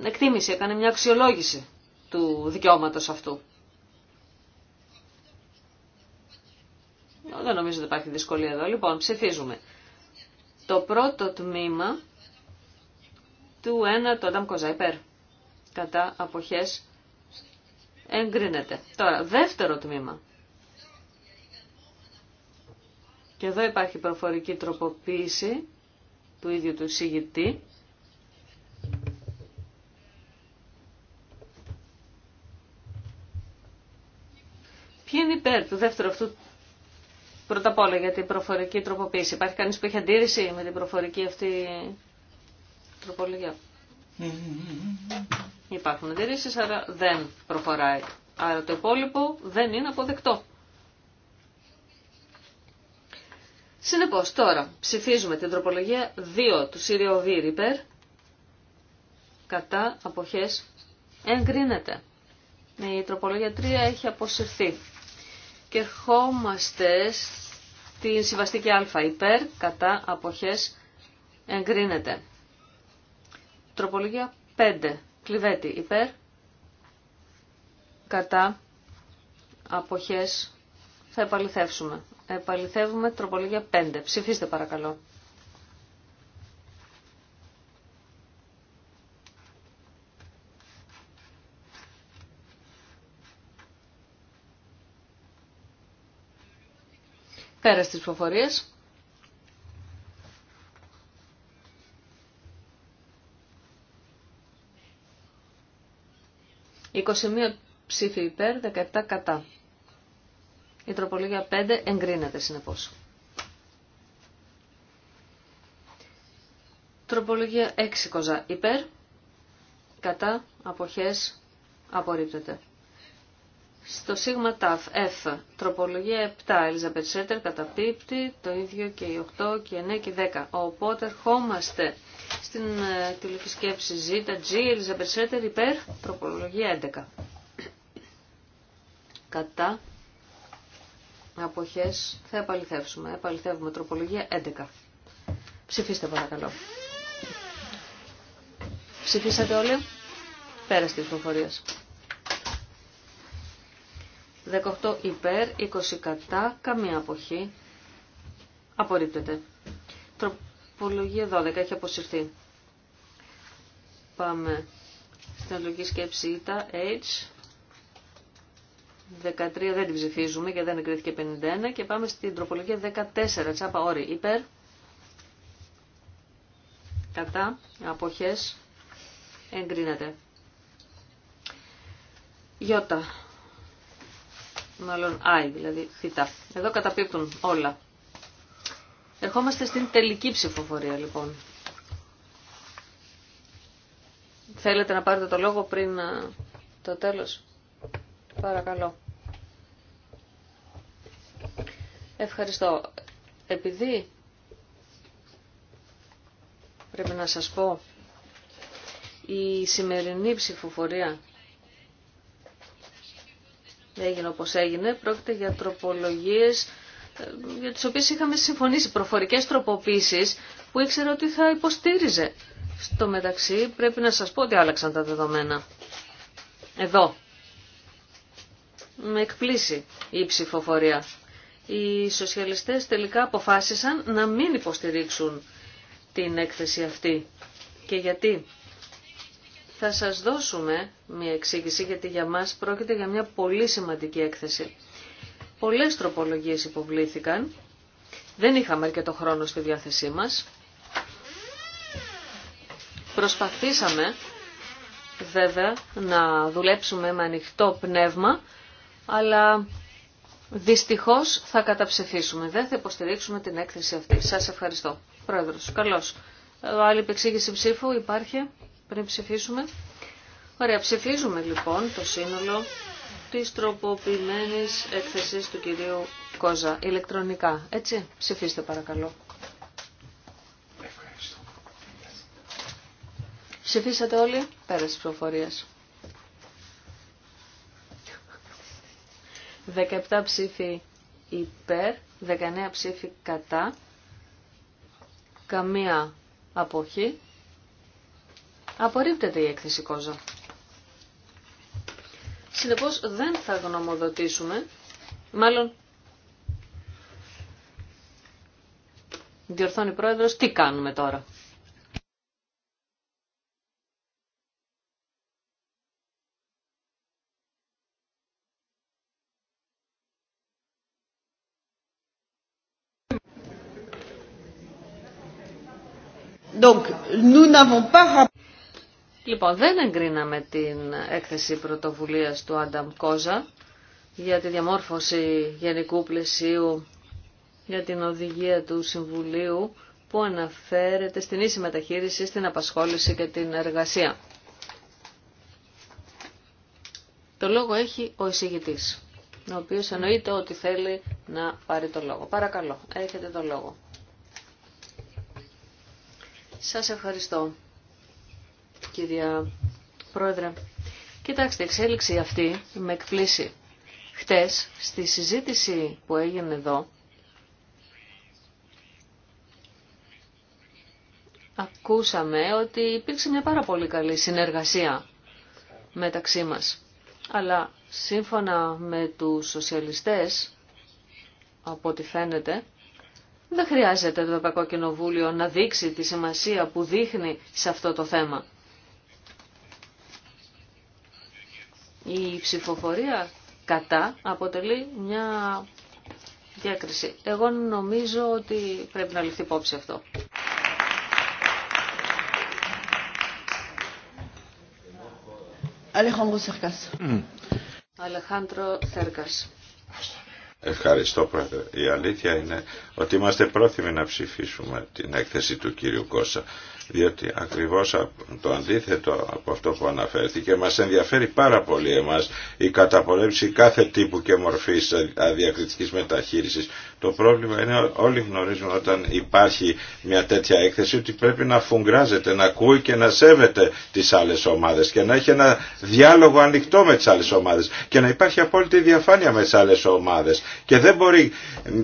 εκτίμηση, έκανε μια αξιολόγηση του δικαιώματος αυτού. Δεν νομίζω ότι υπάρχει δυσκολία εδώ. Λοιπόν, ψηφίζουμε. Το πρώτο τμήμα του ένα το Αντάμ Κατά αποχές εγκρίνεται. Τώρα, δεύτερο τμήμα. Και εδώ υπάρχει προφορική τροποποίηση του ίδιου του εισηγητή. Ποιοι είναι υπέρ του δεύτερου αυτού πρώτα απ' όλα για την προφορική τροποποίηση. Υπάρχει κανείς που έχει αντίρρηση με την προφορική αυτή τροπολογία. Υπάρχουν αντιρρήσεις, άρα δεν προφοράει Άρα το υπόλοιπο δεν είναι αποδεκτό. Συνεπώς τώρα ψηφίζουμε την τροπολογία 2 του Σύριο κατά αποχές εγκρίνεται. Ναι, η τροπολογία 3 έχει αποσυρθεί. Και ερχόμαστε στην συμβαστική α υπέρ κατά αποχές εγκρίνεται. Τροπολογία 5 κλειβέτη υπέρ κατά αποχές θα επαληθεύσουμε επαληθεύουμε τροπολογία 5. Ψηφίστε παρακαλώ. Πέρα στις ψηφοφορίες. 21 ψήφι υπέρ, 17 κατά. Η τροπολογία 5 εγκρίνεται συνεπώ. Τροπολογία 6 κοζά υπέρ, κατά, αποχές, απορρίπτεται. Στο σίγμα ταφ, F, τροπολογία 7, Ελίζα κατά καταπίπτει, το ίδιο και η 8 και η 9 και η 10. Οπότε ερχόμαστε στην ε, σκέψη Z, G, Ελίζα Μπερσέτερ, υπέρ, τροπολογία 11. Κατά, αποχές θα επαληθεύσουμε. Επαληθεύουμε τροπολογία 11. Ψηφίστε παρακαλώ. Ψηφίσατε όλοι. Πέρα τη ψηφοφορία. 18 υπέρ, 20 κατά, καμία αποχή. Απορρίπτεται. Τροπολογία 12 έχει αποσυρθεί. Πάμε στην αλλογή σκέψη H 13 δεν την ψηφίζουμε και δεν εγκρίθηκε 51 και πάμε στην τροπολογία 14, τσάπα όρη, υπέρ, κατά, αποχές, εγκρίνεται. Ιώτα, μάλλον Άι, δηλαδή θήτα. Εδώ καταπίπτουν όλα. Ερχόμαστε στην τελική ψηφοφορία λοιπόν. Θέλετε να πάρετε το λόγο πριν ε, το τέλος. Παρακαλώ. Ευχαριστώ. Επειδή πρέπει να σας πω η σημερινή ψηφοφορία έγινε όπως έγινε, πρόκειται για τροπολογίες ε, για τις οποίες είχαμε συμφωνήσει, προφορικές τροποποίησεις που ήξερα ότι θα υποστήριζε. Στο μεταξύ πρέπει να σας πω ότι άλλαξαν τα δεδομένα. Εδώ με εκπλήσει η ψηφοφορία. Οι σοσιαλιστές τελικά αποφάσισαν να μην υποστηρίξουν την έκθεση αυτή. Και γιατί. Θα σας δώσουμε μια εξήγηση γιατί για μας πρόκειται για μια πολύ σημαντική έκθεση. Πολλές τροπολογίες υποβλήθηκαν. Δεν είχαμε αρκετό χρόνο στη διάθεσή μας. Προσπαθήσαμε βέβαια να δουλέψουμε με ανοιχτό πνεύμα αλλά δυστυχώς θα καταψηφίσουμε. Δεν θα υποστηρίξουμε την έκθεση αυτή. Σας ευχαριστώ. Πρόεδρος, καλώς. Ε, άλλη επεξήγηση ψήφου υπάρχει πριν ψηφίσουμε. Ωραία, ψηφίζουμε λοιπόν το σύνολο της τροποποιημένης έκθεσης του κυρίου Κόζα ηλεκτρονικά. Έτσι, ψηφίστε παρακαλώ. Ευχαριστώ. Ψηφίσατε όλοι πέρα της προφορίας. 17 ψήφοι υπέρ, 19 ψήφοι κατά, καμία αποχή. Απορρίπτεται η έκθεση Κόζα. Συνεπώς δεν θα γνωμοδοτήσουμε, μάλλον διορθώνει πρόεδρος, τι κάνουμε τώρα. Λοιπόν, δεν εγκρίναμε την έκθεση πρωτοβουλίας του Άνταμ Κόζα για τη διαμόρφωση γενικού πλαισίου για την οδηγία του Συμβουλίου που αναφέρεται στην ίση μεταχείριση, στην απασχόληση και την εργασία. Το λόγο έχει ο εισηγητής, ο οποίος εννοείται ότι θέλει να πάρει το λόγο. Παρακαλώ, έχετε το λόγο. Σας ευχαριστώ, κυρία Πρόεδρε. Κοιτάξτε, η εξέλιξη αυτή με εκπλήσει. Χτες, στη συζήτηση που έγινε εδώ, ακούσαμε ότι υπήρξε μια πάρα πολύ καλή συνεργασία μεταξύ μας. Αλλά σύμφωνα με τους σοσιαλιστές, από ό,τι φαίνεται, δεν χρειάζεται το Ευρωπαϊκό Κοινοβούλιο να δείξει τη σημασία που δείχνει σε αυτό το θέμα. Η ψηφοφορία κατά αποτελεί μια διάκριση. Εγώ νομίζω ότι πρέπει να ληφθεί υπόψη αυτό. Αλεχάντρο Θέρκας. Αλεχάντρο Θέρκας. Ευχαριστώ πρόεδρε. Η αλήθεια είναι ότι είμαστε πρόθυμοι να ψηφίσουμε την έκθεση του κύριου Κώστα. διότι ακριβώς το αντίθετο από αυτό που αναφέρθηκε μας ενδιαφέρει πάρα πολύ εμάς η καταπολέμηση κάθε τύπου και μορφής αδιακριτικής μεταχείρισης. Το πρόβλημα είναι όλοι γνωρίζουμε όταν υπάρχει μια τέτοια έκθεση ότι πρέπει να φουγκράζεται, να ακούει και να σέβεται τις άλλες ομάδες και να έχει ένα διάλογο ανοιχτό με τις άλλες ομάδες και να υπάρχει απόλυτη διαφάνεια με τις άλλες ομάδες και δεν μπορεί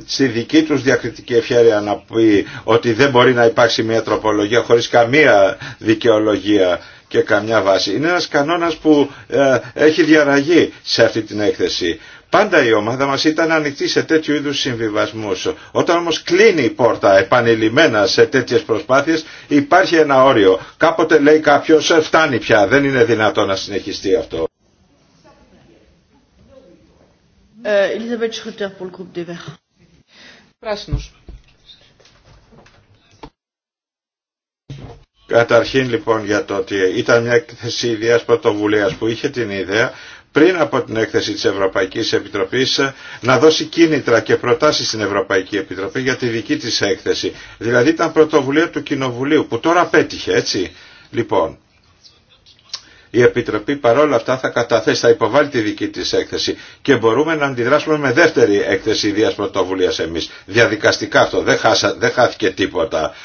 στη δική τους διακριτική ευχαίρεια να πει ότι δεν μπορεί να υπάρξει μια τροπολογία χωρίς καμία δικαιολογία και καμιά βάση. Είναι ένας κανόνας που ε, έχει διαραγεί σε αυτή την έκθεση. Πάντα η ομάδα μας ήταν ανοιχτή σε τέτοιου είδους συμβιβασμούς. Όταν όμως κλείνει η πόρτα επανειλημμένα σε τέτοιες προσπάθειες υπάρχει ένα όριο. Κάποτε λέει κάποιος «Ε, φτάνει πια, δεν είναι δυνατό να συνεχιστεί αυτό. Euh, Elisabeth Καταρχήν λοιπόν για το ότι ήταν μια έκθεση ιδέας πρωτοβουλία που είχε την ιδέα πριν από την έκθεση της Ευρωπαϊκής Επιτροπής να δώσει κίνητρα και προτάσεις στην Ευρωπαϊκή Επιτροπή για τη δική της έκθεση. Δηλαδή ήταν πρωτοβουλία του Κοινοβουλίου που τώρα πέτυχε έτσι. Λοιπόν, η Επιτροπή παρόλα αυτά θα καταθέσει, θα υποβάλει τη δική της έκθεση και μπορούμε να αντιδράσουμε με δεύτερη έκθεση ιδίας πρωτοβουλίας εμείς. Διαδικαστικά αυτό, δεν, χάσα, δεν χάθηκε τίποτα.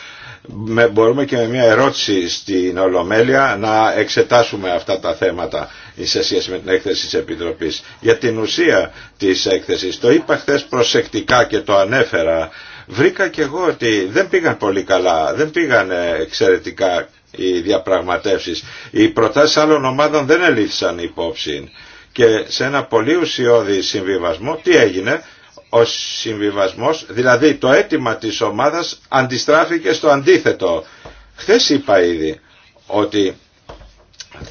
Με, μπορούμε και με μια ερώτηση στην Ολομέλεια να εξετάσουμε αυτά τα θέματα σε σχέση με την έκθεση της Επιτροπής. Για την ουσία της έκθεσης, το είπα χθε προσεκτικά και το ανέφερα, βρήκα και εγώ ότι δεν πήγαν πολύ καλά, δεν πήγαν εξαιρετικά οι διαπραγματεύσεις. Οι προτάσεις άλλων ομάδων δεν ελήφθησαν υπόψη. Και σε ένα πολύ ουσιώδη συμβιβασμό, τι έγινε, ο συμβιβασμός, δηλαδή το αίτημα της ομάδας αντιστράφηκε στο αντίθετο. Χθες είπα ήδη ότι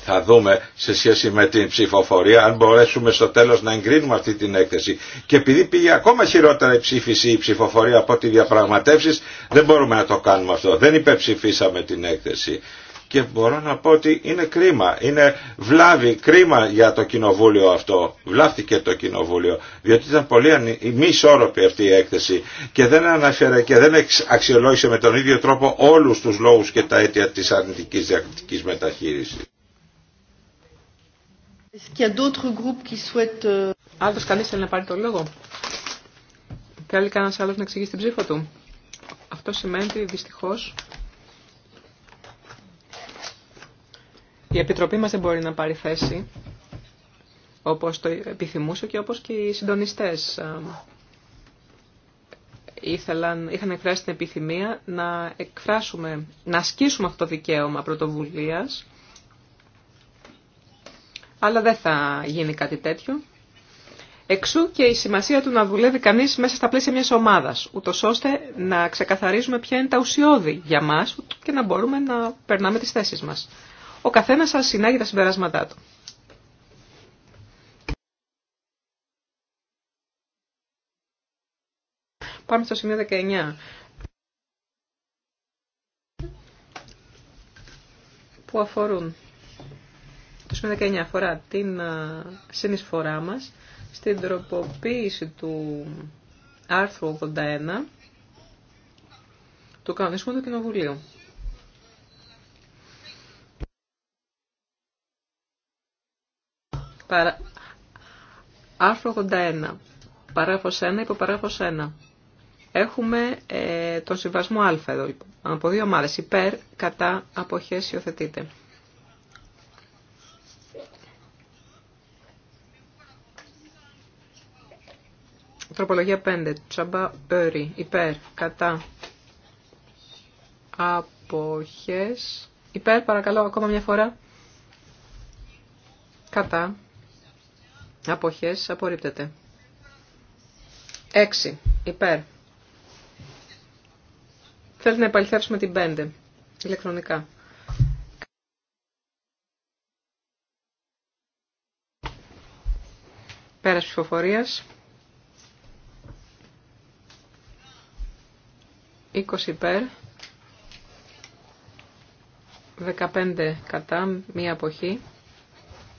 θα δούμε σε σχέση με την ψηφοφορία αν μπορέσουμε στο τέλος να εγκρίνουμε αυτή την έκθεση. Και επειδή πήγε ακόμα χειρότερα η ψήφιση ή η ψηφοφορια από ό,τι διαπραγματεύσεις δεν μπορούμε να το κάνουμε αυτό. Δεν υπεψηφίσαμε την έκθεση. Και μπορώ να πω ότι είναι κρίμα, είναι βλάβη, κρίμα για το κοινοβούλιο αυτό. Βλάφτηκε το κοινοβούλιο, διότι ήταν πολύ μη ισόρροπη αυτή η έκθεση και δεν αναφέρε και δεν αξιολόγησε με τον ίδιο τρόπο όλους τους λόγους και τα αίτια της αρνητικής διακριτικής μεταχείρισης. Euh, άλλος κανείς θέλει να πάρει το λόγο. Θέλει κανένας άλλος να εξηγήσει την ψήφο του. Αυτό σημαίνει ότι δυστυχώς η Επιτροπή μας δεν μπορεί να πάρει θέση όπως το επιθυμούσε και όπως και οι συντονιστές ε, ήθελαν, είχαν εκφράσει την επιθυμία να εκφράσουμε, να ασκήσουμε αυτό το δικαίωμα πρωτοβουλίας αλλά δεν θα γίνει κάτι τέτοιο. Εξού και η σημασία του να δουλεύει κανείς μέσα στα πλαίσια μιας ομάδας, ούτω ώστε να ξεκαθαρίζουμε ποια είναι τα ουσιώδη για μας και να μπορούμε να περνάμε τις θέσεις μας. Ο καθένας σας συνάγει τα συμπεράσματά του. Πάμε στο σημείο 19. Που αφορούν Σημείο 19 αφορά την ε, συνεισφορά μας στην τροποποίηση του άρθρου 81 του κανονισμού του Κοινοβουλίου. Παρα... Άρθρο 81, παράγραφος 1, υποπαράγραφος 1. Έχουμε ε, τον συμβασμό α εδώ Από δύο ομάδες υπέρ, κατά, αποχές, υιοθετείται. Τροπολογία 5. Τσαμπά πέρι. Υπέρ. Κατά. Αποχές. Υπέρ, παρακαλώ, ακόμα μια φορά. Κατά. Αποχές. Απορρίπτεται. 6. Υπέρ. Θέλετε να επαληθεύσουμε την 5. Ηλεκτρονικά. Πέρας ψηφοφορίας. 20 υπέρ, 15 κατά, μία αποχή.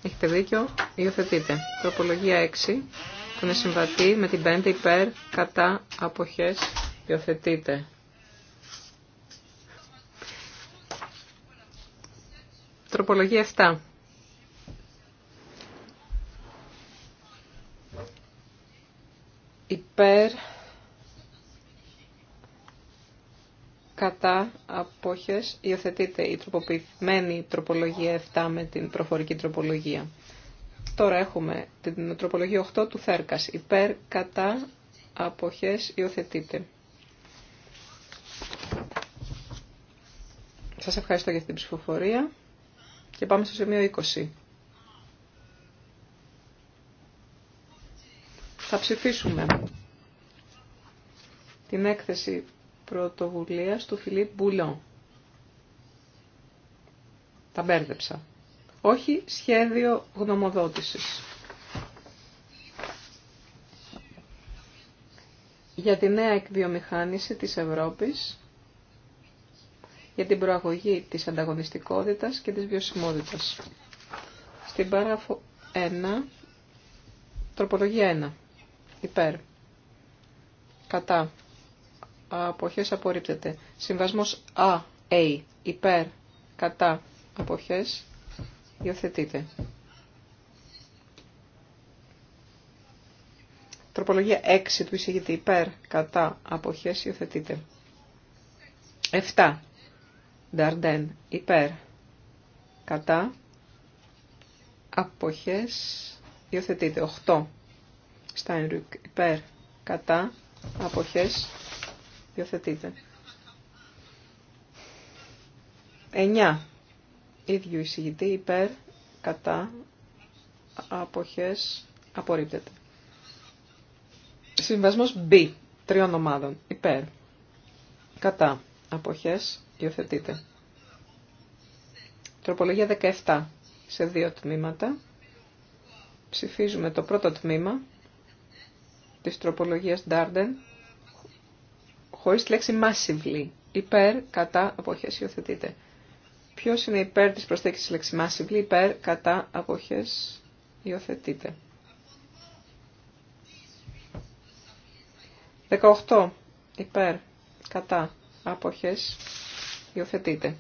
Έχετε δίκιο, υιοθετείτε. Τροπολογία 6, που είναι συμβατή με την 5 υπέρ, κατά, αποχές, υιοθετείτε. Τροπολογία 7. Υπέρ, κατά απόχες υιοθετείται η τροποποιημένη τροπολογία 7 με την προφορική τροπολογία. Τώρα έχουμε την τροπολογία 8 του Θέρκας. Υπέρ κατά αποχές υιοθετείται. Σας ευχαριστώ για την ψηφοφορία και πάμε στο σημείο 20. Θα ψηφίσουμε την έκθεση Πρωτοβουλία του Φιλίπ Μπουλόν. Τα μπέρδεψα. Όχι σχέδιο γνωμοδότησης. Για τη νέα εκβιομηχάνηση της Ευρώπης, για την προαγωγή της ανταγωνιστικότητας και της βιωσιμότητας. Στην παράγραφο 1, τροπολογία 1, υπέρ, κατά, αποχές απορρίπτεται. Συμβασμός Α, α, υπέρ, κατά, αποχές, υιοθετείται. Τροπολογία 6 του εισηγητή υπέρ, κατά, αποχές, υιοθετείται. 7. Νταρντέν, υπέρ, κατά, αποχές, υιοθετείται. 8. Στάινρουκ, υπέρ, κατά, αποχές, Υιοθετείτε. 9. Ίδιου εισηγητή υπέρ, κατά, αποχές, απορρίπτεται. Συμβασμός B. Τριών ομάδων. Υπέρ. Κατά. Αποχές. Υιοθετείται. Τροπολογία 17. Σε δύο τμήματα. Ψηφίζουμε το πρώτο τμήμα της τροπολογίας Darden χωρίς τη λέξη massively. Υπέρ, κατά, αποχές, υιοθετείτε. Ποιος είναι υπέρ της προσθέκη της λέξη massively, υπέρ, κατά, αποχές, υιοθετείται. 18. Υπέρ, κατά, άποχες, υιοθετείτε.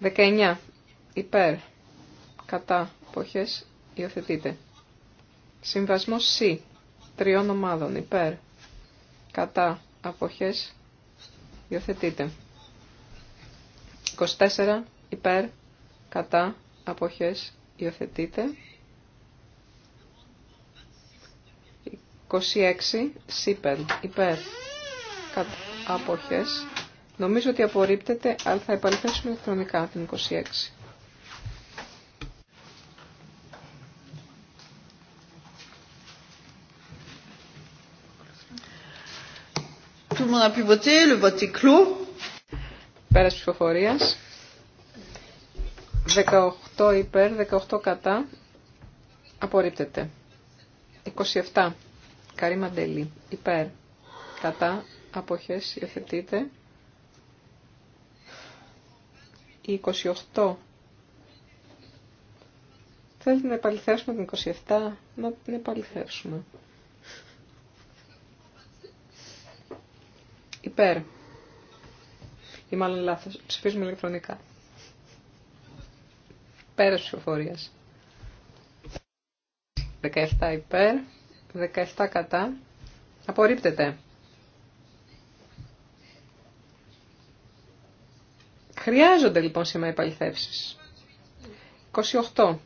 19. Υπέρ, κατά, άποχες, υιοθετείτε. Συμβασμός C, τριών ομάδων, υπέρ, κατά, αποχές υιοθετείτε. 24 υπέρ κατά αποχές υιοθετείτε. 26 σύπερ υπέρ κατά αποχές. Νομίζω ότι απορρίπτεται, αλλά θα επαληθέσουμε ηλεκτρονικά την 26. tout le a le vote est clos. 18 υπέρ, 18 κατά. Απορρίπτεται. 27. Καρή Μαντελή. Υπέρ. Κατά. Αποχές. Υιοθετείται. 28. Θέλετε να επαληθεύσουμε την 27. Να την επαληθεύσουμε. Υπέρ. Ή μάλλον λάθος. Ψηφίζουμε ηλεκτρονικά. Πέρας ψηφοφορία. 17 υπέρ, 17 κατά. Απορρίπτεται. Χρειάζονται λοιπόν σήμερα οι 28.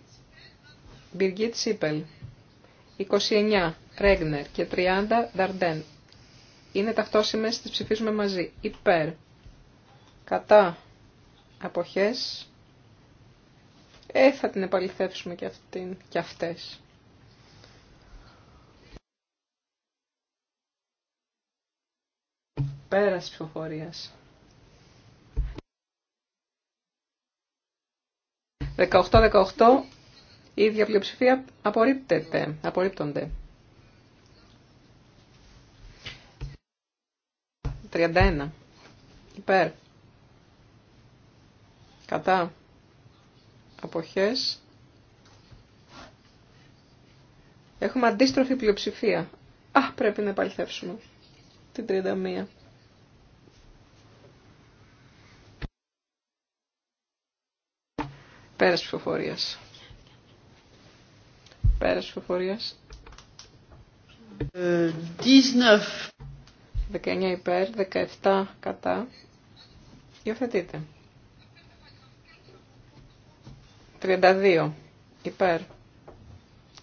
Μπιργκίτ Σίπελ. 29. Ρέγνερ και 30. Δαρντέν είναι ταυτόσημες, τις ψηφίζουμε μαζί. Υπέρ, κατά, αποχές, ε, θα την επαληθεύσουμε και, αυτήν, και αυτές. Πέρας ψηφοφορίας. 18-18, η ίδια πλειοψηφία απορρίπτεται, απορρίπτονται. 31. Υπέρ. Κατά. Αποχές. Έχουμε αντίστροφη πλειοψηφία. Α, πρέπει να επαληθεύσουμε την 31. Πέρας ψηφοφορίας. Πέρας ψηφοφορίας. Ε, 19 υπέρ, 17 κατά. Υιοθετείτε. 32 υπέρ,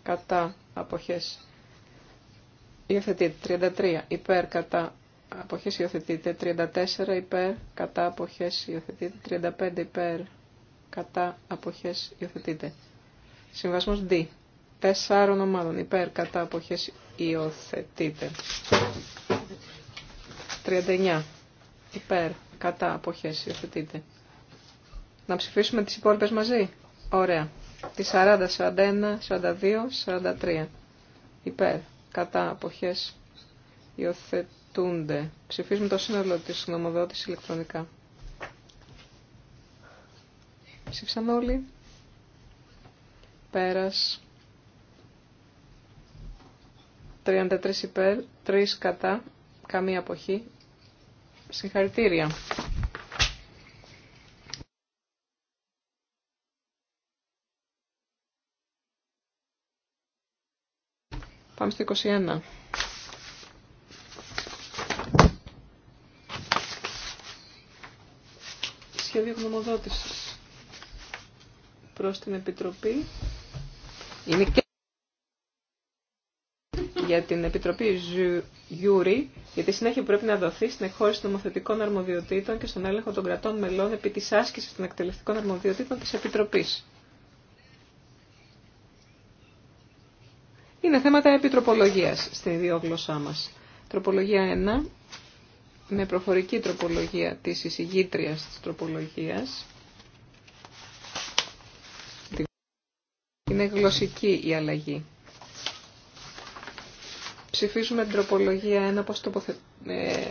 κατά, αποχές. Υιοθετείτε. 33 υπέρ, κατά, αποχές υιοθετείτε. 34 υπέρ, κατά, αποχές υιοθετείτε. 35 υπέρ, κατά, αποχές υιοθετείτε. Συμβασμός D. Τεσσάρων ομάδων υπέρ, κατά, αποχές υιοθετείτε. 39. Υπέρ. Κατά. Αποχές. Υιοθετείτε. Να ψηφίσουμε τις υπόλοιπες μαζί. Ωραία. Τη 40, 41, 42, 43. Υπέρ. Κατά. Αποχές. Υιοθετούνται. Ψηφίζουμε το σύνολο της νομοδότησης ηλεκτρονικά. Ψήφισαν όλοι. Πέρας. 33 υπέρ, 3 κατά, καμία αποχή, Συγχαρητήρια. Πάμε στο 21. Σχέδιο γνωμοδότησης προς την Επιτροπή. Είναι και για την Επιτροπή Γιούρι για τη συνέχεια που πρέπει να δοθεί στην εκχώρηση των νομοθετικών αρμοδιοτήτων και στον έλεγχο των κρατών μελών επί της άσκηση των εκτελεστικών αρμοδιοτήτων της Επιτροπής. Είναι θέματα επιτροπολογίας στην ιδιόγλωσσά μας. Τροπολογία 1, με προφορική τροπολογία της εισηγήτριας της τροπολογίας. Είναι γλωσσική η αλλαγή. Ψηφίζουμε την τροπολογία 1 πώς τοποθε... ε,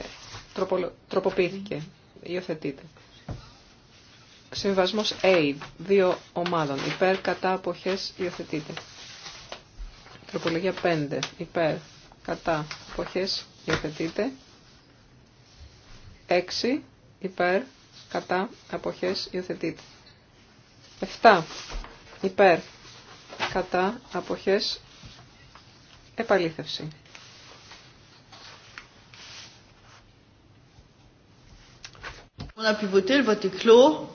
τροπολο... τροποποιήθηκε, υιοθετείται. Συμβασμός A, δύο ομάδων, υπέρ, κατά, αποχές, υιοθετείται. Τροπολογία 5, υπέρ, κατά, αποχές, υιοθετείται. 6, υπέρ, κατά, αποχές, υιοθετείται. 7, υπέρ, κατά, αποχές, επαλήθευση. On a pu voter, le vote est clos.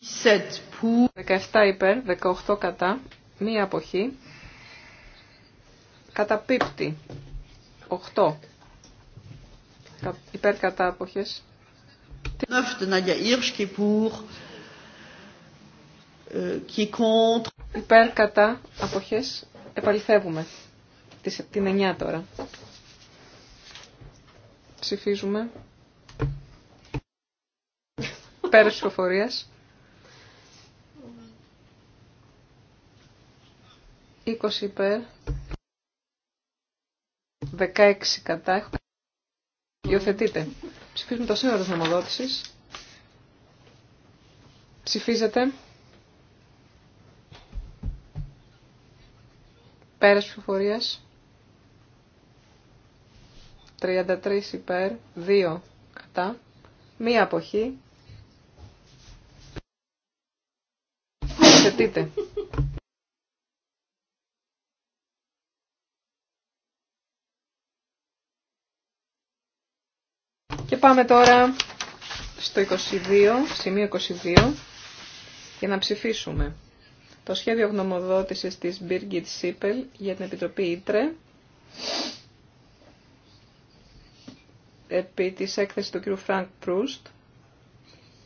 17 pour. 17 υπέρ, 18 κατά, μία αποχή. Καταπίπτει. 8. Υπέρ κατά αποχές. 9 de Nadia Hirsch qui est pour, euh, qui est contre. Υπέρ κατά αποχές. Επαληθεύουμε. Την 9 τώρα. Ψηφίζουμε. Πέρας ψηφοφορίας. 20 υπέρ. 16 κατά. Υιοθετείτε. Ψηφίζουμε το σύνολο της νομοδότησης. Ψηφίζετε. Πέρας ψηφοφορίας. 33 υπέρ, 2 κατά, μία αποχή. Θετείτε. Και πάμε τώρα στο 22, σημείο 22, για να ψηφίσουμε το σχέδιο γνωμοδότησης της Birgit Σίπελ για την Επιτροπή Ήτρε επί της έκθεσης του κ. Φρανκ Προύστ.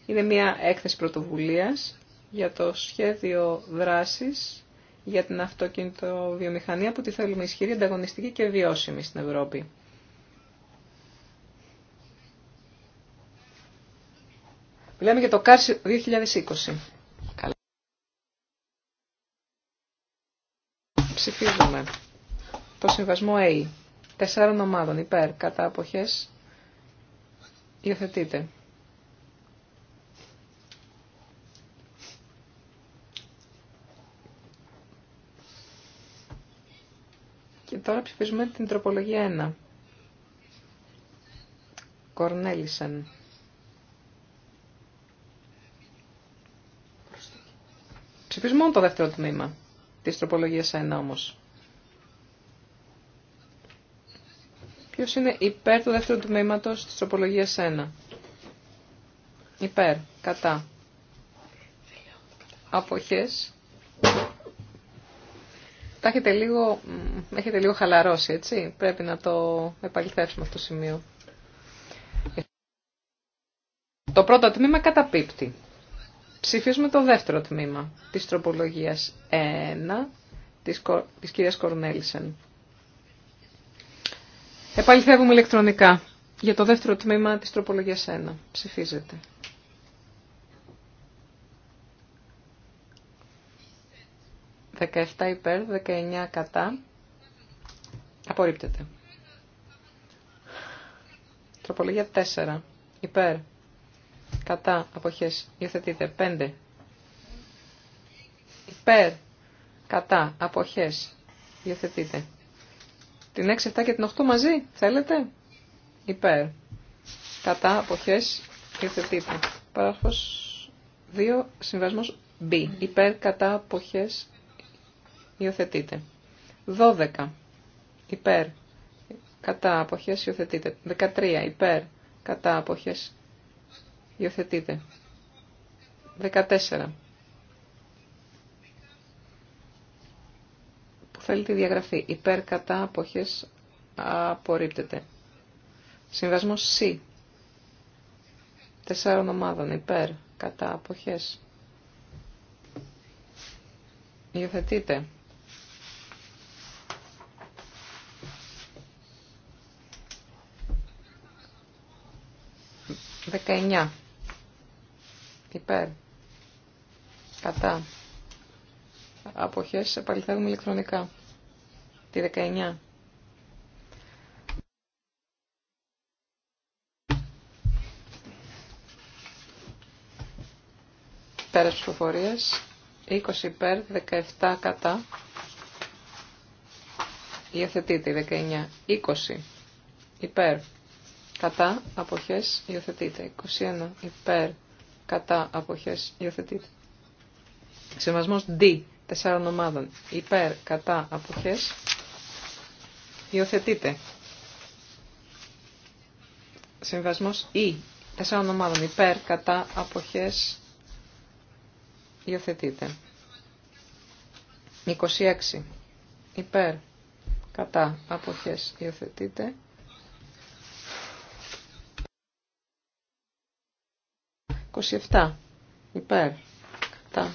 Είναι μια έκθεση πρωτοβουλίας για το σχέδιο δράσης για την βιομηχανία που τη θέλουμε ισχυρή, ανταγωνιστική και βιώσιμη στην Ευρώπη. Μιλάμε για το ΚΑΡΣ 2020. Ψηφίζουμε το συμβασμό A. Τεσσάρων ομάδων υπέρ κατά αποχές Υιοθετείτε. Και τώρα ψηφίζουμε την τροπολογία 1. Κορνέλισεν. Ψηφίζουμε μόνο το δεύτερο τμήμα της τροπολογίας 1 όμως. Ποιο είναι υπέρ του δεύτερου τμήματο τη τροπολογία 1. Υπέρ. Κατά. αποχέ. Τα έχετε λίγο, έχετε λίγο χαλαρώσει, έτσι. Πρέπει να το επαληθεύσουμε αυτό το σημείο. Το πρώτο τμήμα καταπίπτει. Ψηφίζουμε το δεύτερο τμήμα της τροπολογίας 1 της, της κυρίας Κορνέλισεν. Επαληθεύουμε ηλεκτρονικά. Για το δεύτερο τμήμα της τροπολογίας 1. Ψηφίζεται. 17 υπέρ, 19 κατά. Απορρίπτεται. Τροπολογία 4. Υπέρ. Κατά. Αποχές. Υιοθετείται. 5. Υπέρ. Κατά. Αποχές. Υιοθετείται. Την 6, 7 και την 8 μαζί, θέλετε. Υπέρ. Κατά αποχές υιοθετείτε. Παράγραφος 2, συμβασμός B. Υπέρ, κατά αποχές υιοθετείτε. 12. Υπέρ. Κατά αποχές υιοθετείτε. 13. Υπέρ. Κατά αποχές υιοθετείτε. 14. θέλει τη διαγραφή. Υπέρ κατά αποχές απορρίπτεται. Συμβασμός C. Τεσσάρων ομάδων. Υπέρ κατά αποχές. Υιοθετείτε. Δεκαεννιά. Υπέρ. Κατά αποχές επαληθεύουμε ηλεκτρονικά. Τη 19. Πέρας ψηφοφορίας, 20 υπέρ, 17 κατά. Υιοθετείται 19. 20 υπέρ, κατά, αποχές, υιοθετείται. 21 υπέρ, κατά, αποχές, υιοθετείτε. Συμβασμός D τεσσάρων ομάδων υπέρ κατά αποχές υιοθετείται. Συμβασμός Ή τεσσάρων ομάδων υπέρ κατά αποχές υιοθετείται. 26 υπέρ κατά αποχές υιοθετείται. Υπέρ, κατά,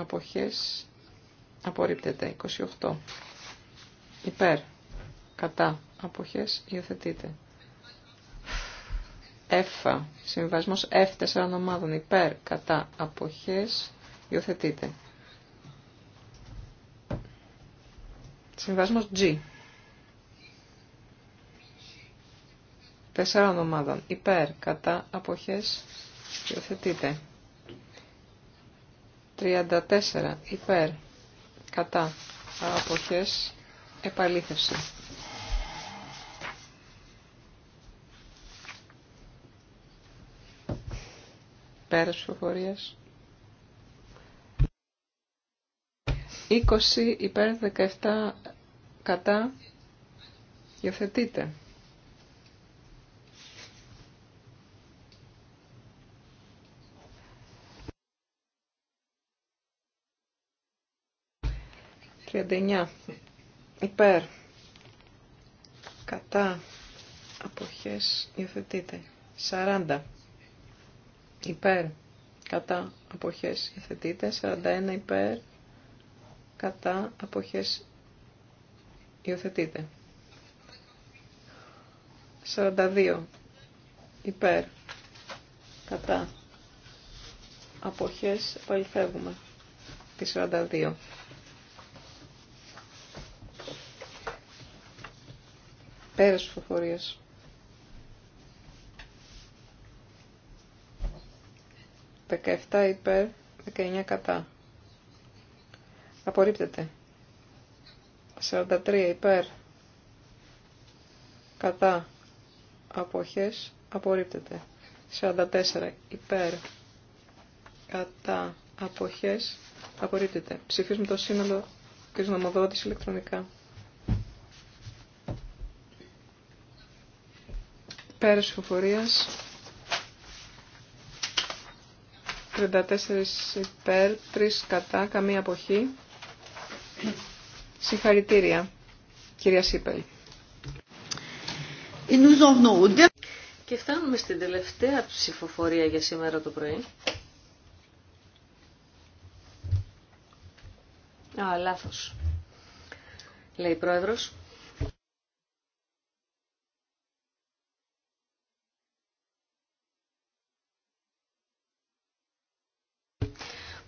αποχές απορρίπτεται. 28 υπέρ κατά αποχές υιοθετείται. Εφα, συμβασμός F4 ομάδων υπέρ κατά αποχές υιοθετείται. Συμβασμός G. Τεσσάρων ομάδων υπέρ κατά αποχές υιοθετείται. 34 υπέρ κατά αποχές επαλήθευση. Πέρας ψηφοφορίας. 20 υπέρ 17 κατά Υιοθετείτε. 39 υπέρ κατά αποχές υιοθετείται 40 υπέρ κατά αποχές υιοθετείται 41 υπέρ κατά αποχές υιοθετείται 42 υπέρ κατά αποχές παληθεύουμε τη 42 Πέρας ψηφοφορίας. Δεκαεφτά υπέρ, 19 κατά. Απορρίπτεται. 43 υπέρ. Κατά. Αποχές. Απορρίπτεται. 44 υπέρ. Κατά. Αποχές. Απορρίπτεται. Ψηφίζουμε το σύνολο της νομοδότης ηλεκτρονικά. Πέρας ψηφοφορία. 34 υπέρ, 3 κατά, καμία αποχή. Συγχαρητήρια, κυρία Σίπελ. Και φτάνουμε στην τελευταία ψηφοφορία για σήμερα το πρωί. Α, λάθος. Λέει πρόεδρος.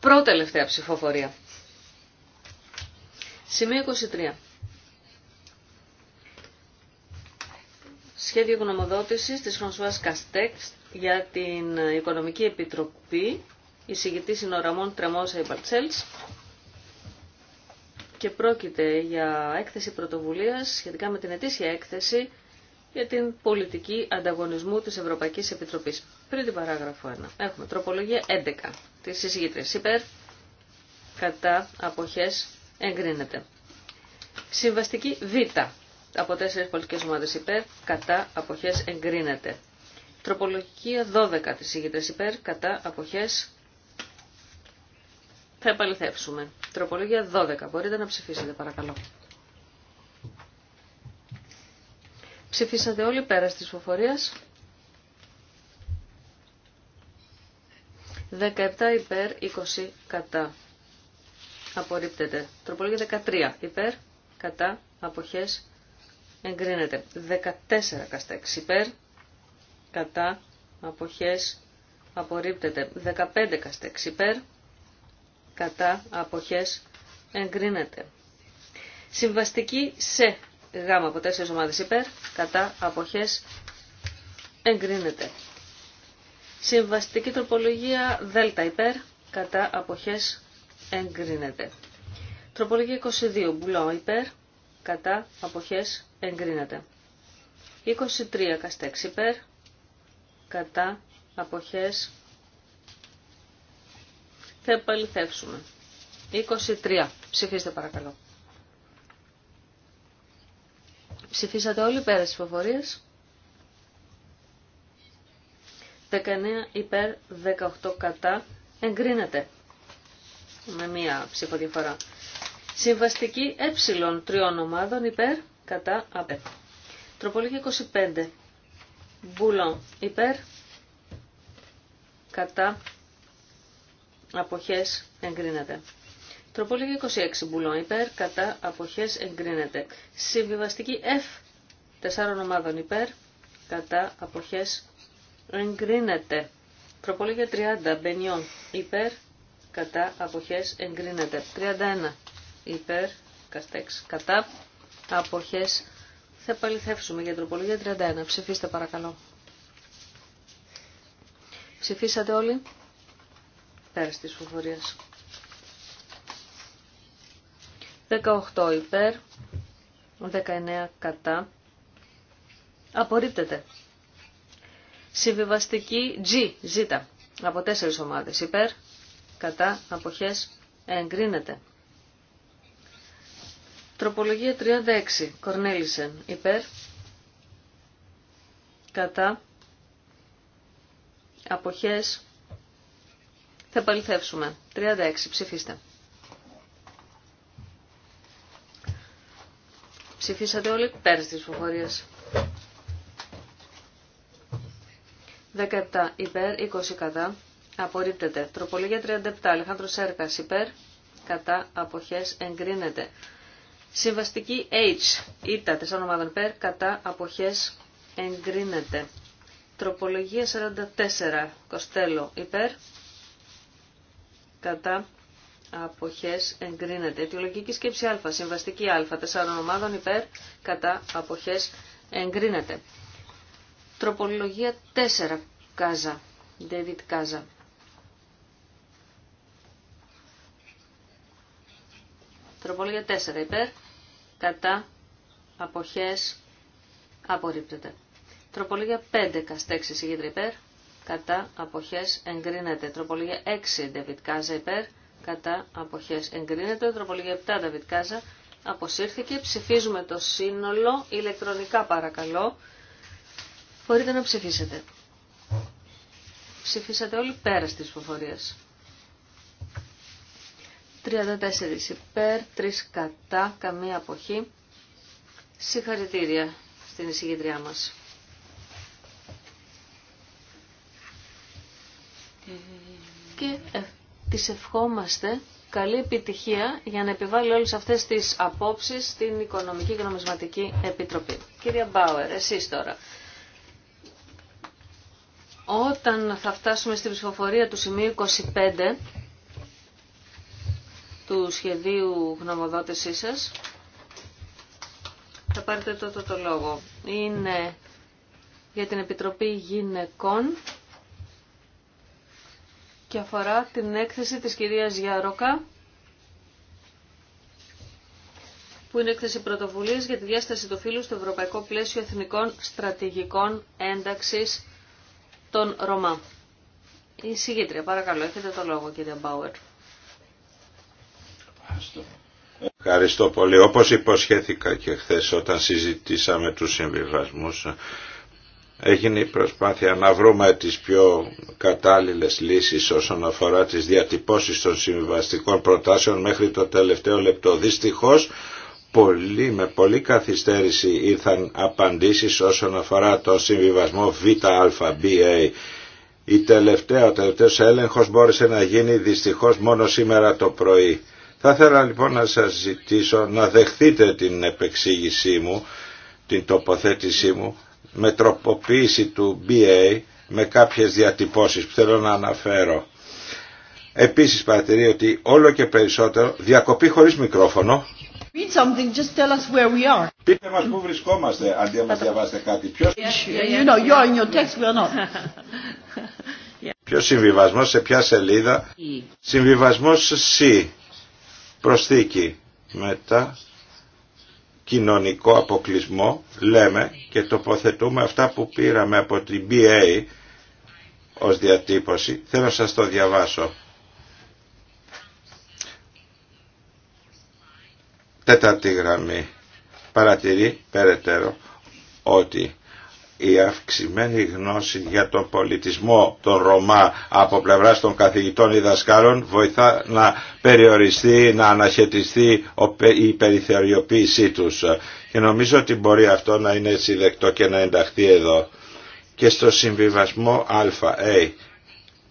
Πρώτη τελευταία ψηφοφορία. Σημείο 23. Σχέδιο γνωμοδότησης της Φρανσουάς Καστέξ για την Οικονομική Επιτροπή. Η συνοραμών είναι ο Τρεμόσα και πρόκειται για έκθεση πρωτοβουλίας σχετικά με την ετήσια έκθεση για την πολιτική ανταγωνισμού της Ευρωπαϊκής Επιτροπής. Πριν την παράγραφο 1. Έχουμε τροπολογία 11 της εισηγήτριας. Υπέρ, κατά, αποχές, εγκρίνεται. Συμβαστική Β. Από τέσσερις πολιτικές ομάδες υπέρ, κατά, αποχές, εγκρίνεται. Τροπολογία 12 τη εισηγήτριας υπέρ, κατά, αποχές, θα επαληθεύσουμε. Τροπολογία 12. Μπορείτε να ψηφίσετε παρακαλώ. Ψηφίσατε όλοι πέρα της ψηφοφορίας. 17 υπέρ, 20 κατά. Απορρίπτεται. Τροπολογία 13 υπέρ, κατά, αποχές, εγκρίνεται. 14 6 υπέρ, κατά, αποχές, απορρίπτεται. 15 6 υπέρ, κατά, αποχές, εγκρίνεται. Συμβαστική σε γάμα από 4 ομάδες υπέρ, κατά, αποχές, εγκρίνεται. Συμβαστική τροπολογία Δέλτα υπέρ, κατά αποχές εγκρίνεται. Τροπολογία 22 Μπουλό υπέρ, κατά αποχές εγκρίνεται. 23 Καστέξ υπέρ, κατά αποχές θα επαληθεύσουμε. 23. Ψηφίστε παρακαλώ. Ψηφίσατε όλοι πέρα στις 19 υπέρ 18 κατά εγκρίνεται με μία ψηφοδιαφορά. Συμβαστική ε τριών ομάδων υπέρ κατά απέ. Τροπολογία 25. Μπούλον υπέρ κατά αποχές εγκρίνεται. Τροπολογία 26. Μπουλόν υπέρ κατά αποχές εγκρίνεται. Συμβιβαστική F τεσσάρων ομάδων υπέρ κατά αποχές εγκρίνεται. Τροπολογία 30, Μπενιόν, υπέρ, κατά, αποχές, εγκρίνεται. 31, υπέρ, καστέξ, κατά, αποχές, θα επαληθεύσουμε για τροπολογία 31. Ψηφίστε παρακαλώ. Ψηφίσατε όλοι. Πέρας της φοβορίας. 18 υπέρ, 19 κατά. Απορρίπτεται. Συμβιβαστική G, Z, από τέσσερις ομάδες. Υπέρ, κατά, αποχές, εγκρίνεται. Τροπολογία 36, Κορνέλισεν, υπέρ, κατά, αποχές, θα επαληθεύσουμε. 36, ψηφίστε. Ψηφίσατε όλοι πέρα της ψηφοφορίας. 17 υπέρ, 20 κατά. Απορρίπτεται. Τροπολογία 37. Αλεχάνδρο Σέρκα υπέρ. Κατά αποχέ εγκρίνεται. Συμβαστική H. Ήτα τεσσάρων ομάδων υπέρ. Κατά αποχέ εγκρίνεται. Τροπολογία 44. Κοστέλο υπέρ. Κατά αποχέ εγκρίνεται. Αιτιολογική σκέψη Α. Συμβαστική Α. Τεσσάρων ομάδων υπέρ. Κατά αποχέ εγκρίνεται. Τροπολογία 4. Κάζα. David Κάζα. Τροπολογία 4. Υπέρ. Κατά. Αποχές. Απορρίπτεται. Τροπολογία 5. Καστέξη Σιγήτρη υπέρ. Κατά. Αποχές. Εγκρίνεται. Τροπολογία 6. David Κάζα υπέρ. Κατά. Αποχές. Εγκρίνεται. Τροπολογία 7. David Κάζα. Αποσύρθηκε. Ψηφίζουμε το σύνολο. Ηλεκτρονικά παρακαλώ. Μπορείτε να ψηφίσετε. Ψηφίσατε όλοι πέρα της ψηφοφορίας. 34 υπέρ, 3 κατά, καμία αποχή. Συγχαρητήρια στην εισηγητριά μας. Και ε, τις ευχόμαστε καλή επιτυχία για να επιβάλλει όλες αυτές τις απόψεις στην Οικονομική και Νομισματική Επιτροπή. Κυρία Μπάουερ, εσείς τώρα. Όταν θα φτάσουμε στην ψηφοφορία του σημείου 25 του σχεδίου γνωμοδότησής σας, θα πάρετε τότε το λόγο. Είναι για την Επιτροπή Γυναικών και αφορά την έκθεση της κυρίας Γιάροκα που είναι έκθεση πρωτοβουλίας για τη διάσταση του φύλου στο ευρωπαϊκό πλαίσιο εθνικών στρατηγικών ένταξης τον Ρωμά. Η συγγήτρια, παρακαλώ, έχετε το λόγο κύριε Μπάουερ. Ευχαριστώ πολύ. Όπως υποσχέθηκα και χθε όταν συζητήσαμε τους συμβιβασμούς, έγινε η προσπάθεια να βρούμε τις πιο κατάλληλες λύσεις όσον αφορά τις διατυπώσεις των συμβιβαστικών προτάσεων μέχρι το τελευταίο λεπτό. Δυστυχώς πολύ, με πολύ καθυστέρηση ήρθαν απαντήσεις όσον αφορά το συμβιβασμό ΒΑ. Η τελευταία, ο τελευταίος έλεγχος μπόρεσε να γίνει δυστυχώς μόνο σήμερα το πρωί. Θα ήθελα λοιπόν να σας ζητήσω να δεχθείτε την επεξήγησή μου, την τοποθέτησή μου, με τροποποίηση του BA, με κάποιες διατυπώσεις που θέλω να αναφέρω. Επίσης παρατηρεί ότι όλο και περισσότερο διακοπή χωρίς μικρόφωνο. Read something, just tell us where we are. Πείτε μας πού βρισκόμαστε, αντί να μας διαβάσετε κάτι. Ποιος... You know, you are in your text, we are not. Ποιος συμβιβασμός, σε ποια σελίδα. Συμβιβασμός C. Προσθήκη. Μετά κοινωνικό αποκλεισμό λέμε και τοποθετούμε αυτά που πήραμε από την BA ως διατύπωση. Θέλω να σας το διαβάσω. Τέταρτη γραμμή παρατηρεί περαιτέρω ότι η αυξημένη γνώση για τον πολιτισμό των Ρωμά από πλευράς των καθηγητών ή δασκάλων βοηθά να περιοριστεί, να αναχαιτιστεί η περιθεωριοποίησή τους. Και νομίζω ότι μπορεί αυτό να είναι συνδεκτό και να ενταχθεί εδώ. Και στο συμβιβασμό ΑΕ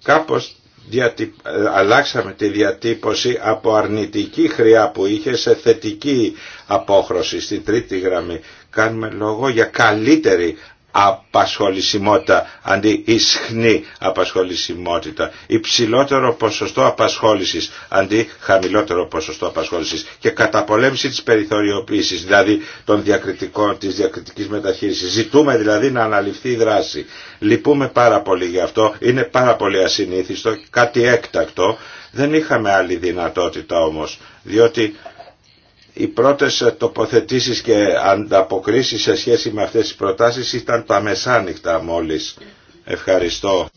κάπως διατυ... Ε, αλλάξαμε τη διατύπωση από αρνητική χρειά που είχε σε θετική απόχρωση στη τρίτη γραμμή. Κάνουμε λόγο για καλύτερη απασχολησιμότητα αντί ισχνή απασχολησιμότητα. Υψηλότερο ποσοστό απασχόλησης αντί χαμηλότερο ποσοστό απασχόλησης και καταπολέμηση της περιθωριοποίησης, δηλαδή των διακριτικών, της διακριτικής μεταχείρισης. Ζητούμε δηλαδή να αναλυφθεί η δράση. Λυπούμε πάρα πολύ γι' αυτό, είναι πάρα πολύ ασυνήθιστο, κάτι έκτακτο. Δεν είχαμε άλλη δυνατότητα όμως, διότι οι πρώτες τοποθετήσεις και ανταποκρίσεις σε σχέση με αυτές τις προτάσεις ήταν τα μεσάνυχτα μόλις. Ευχαριστώ.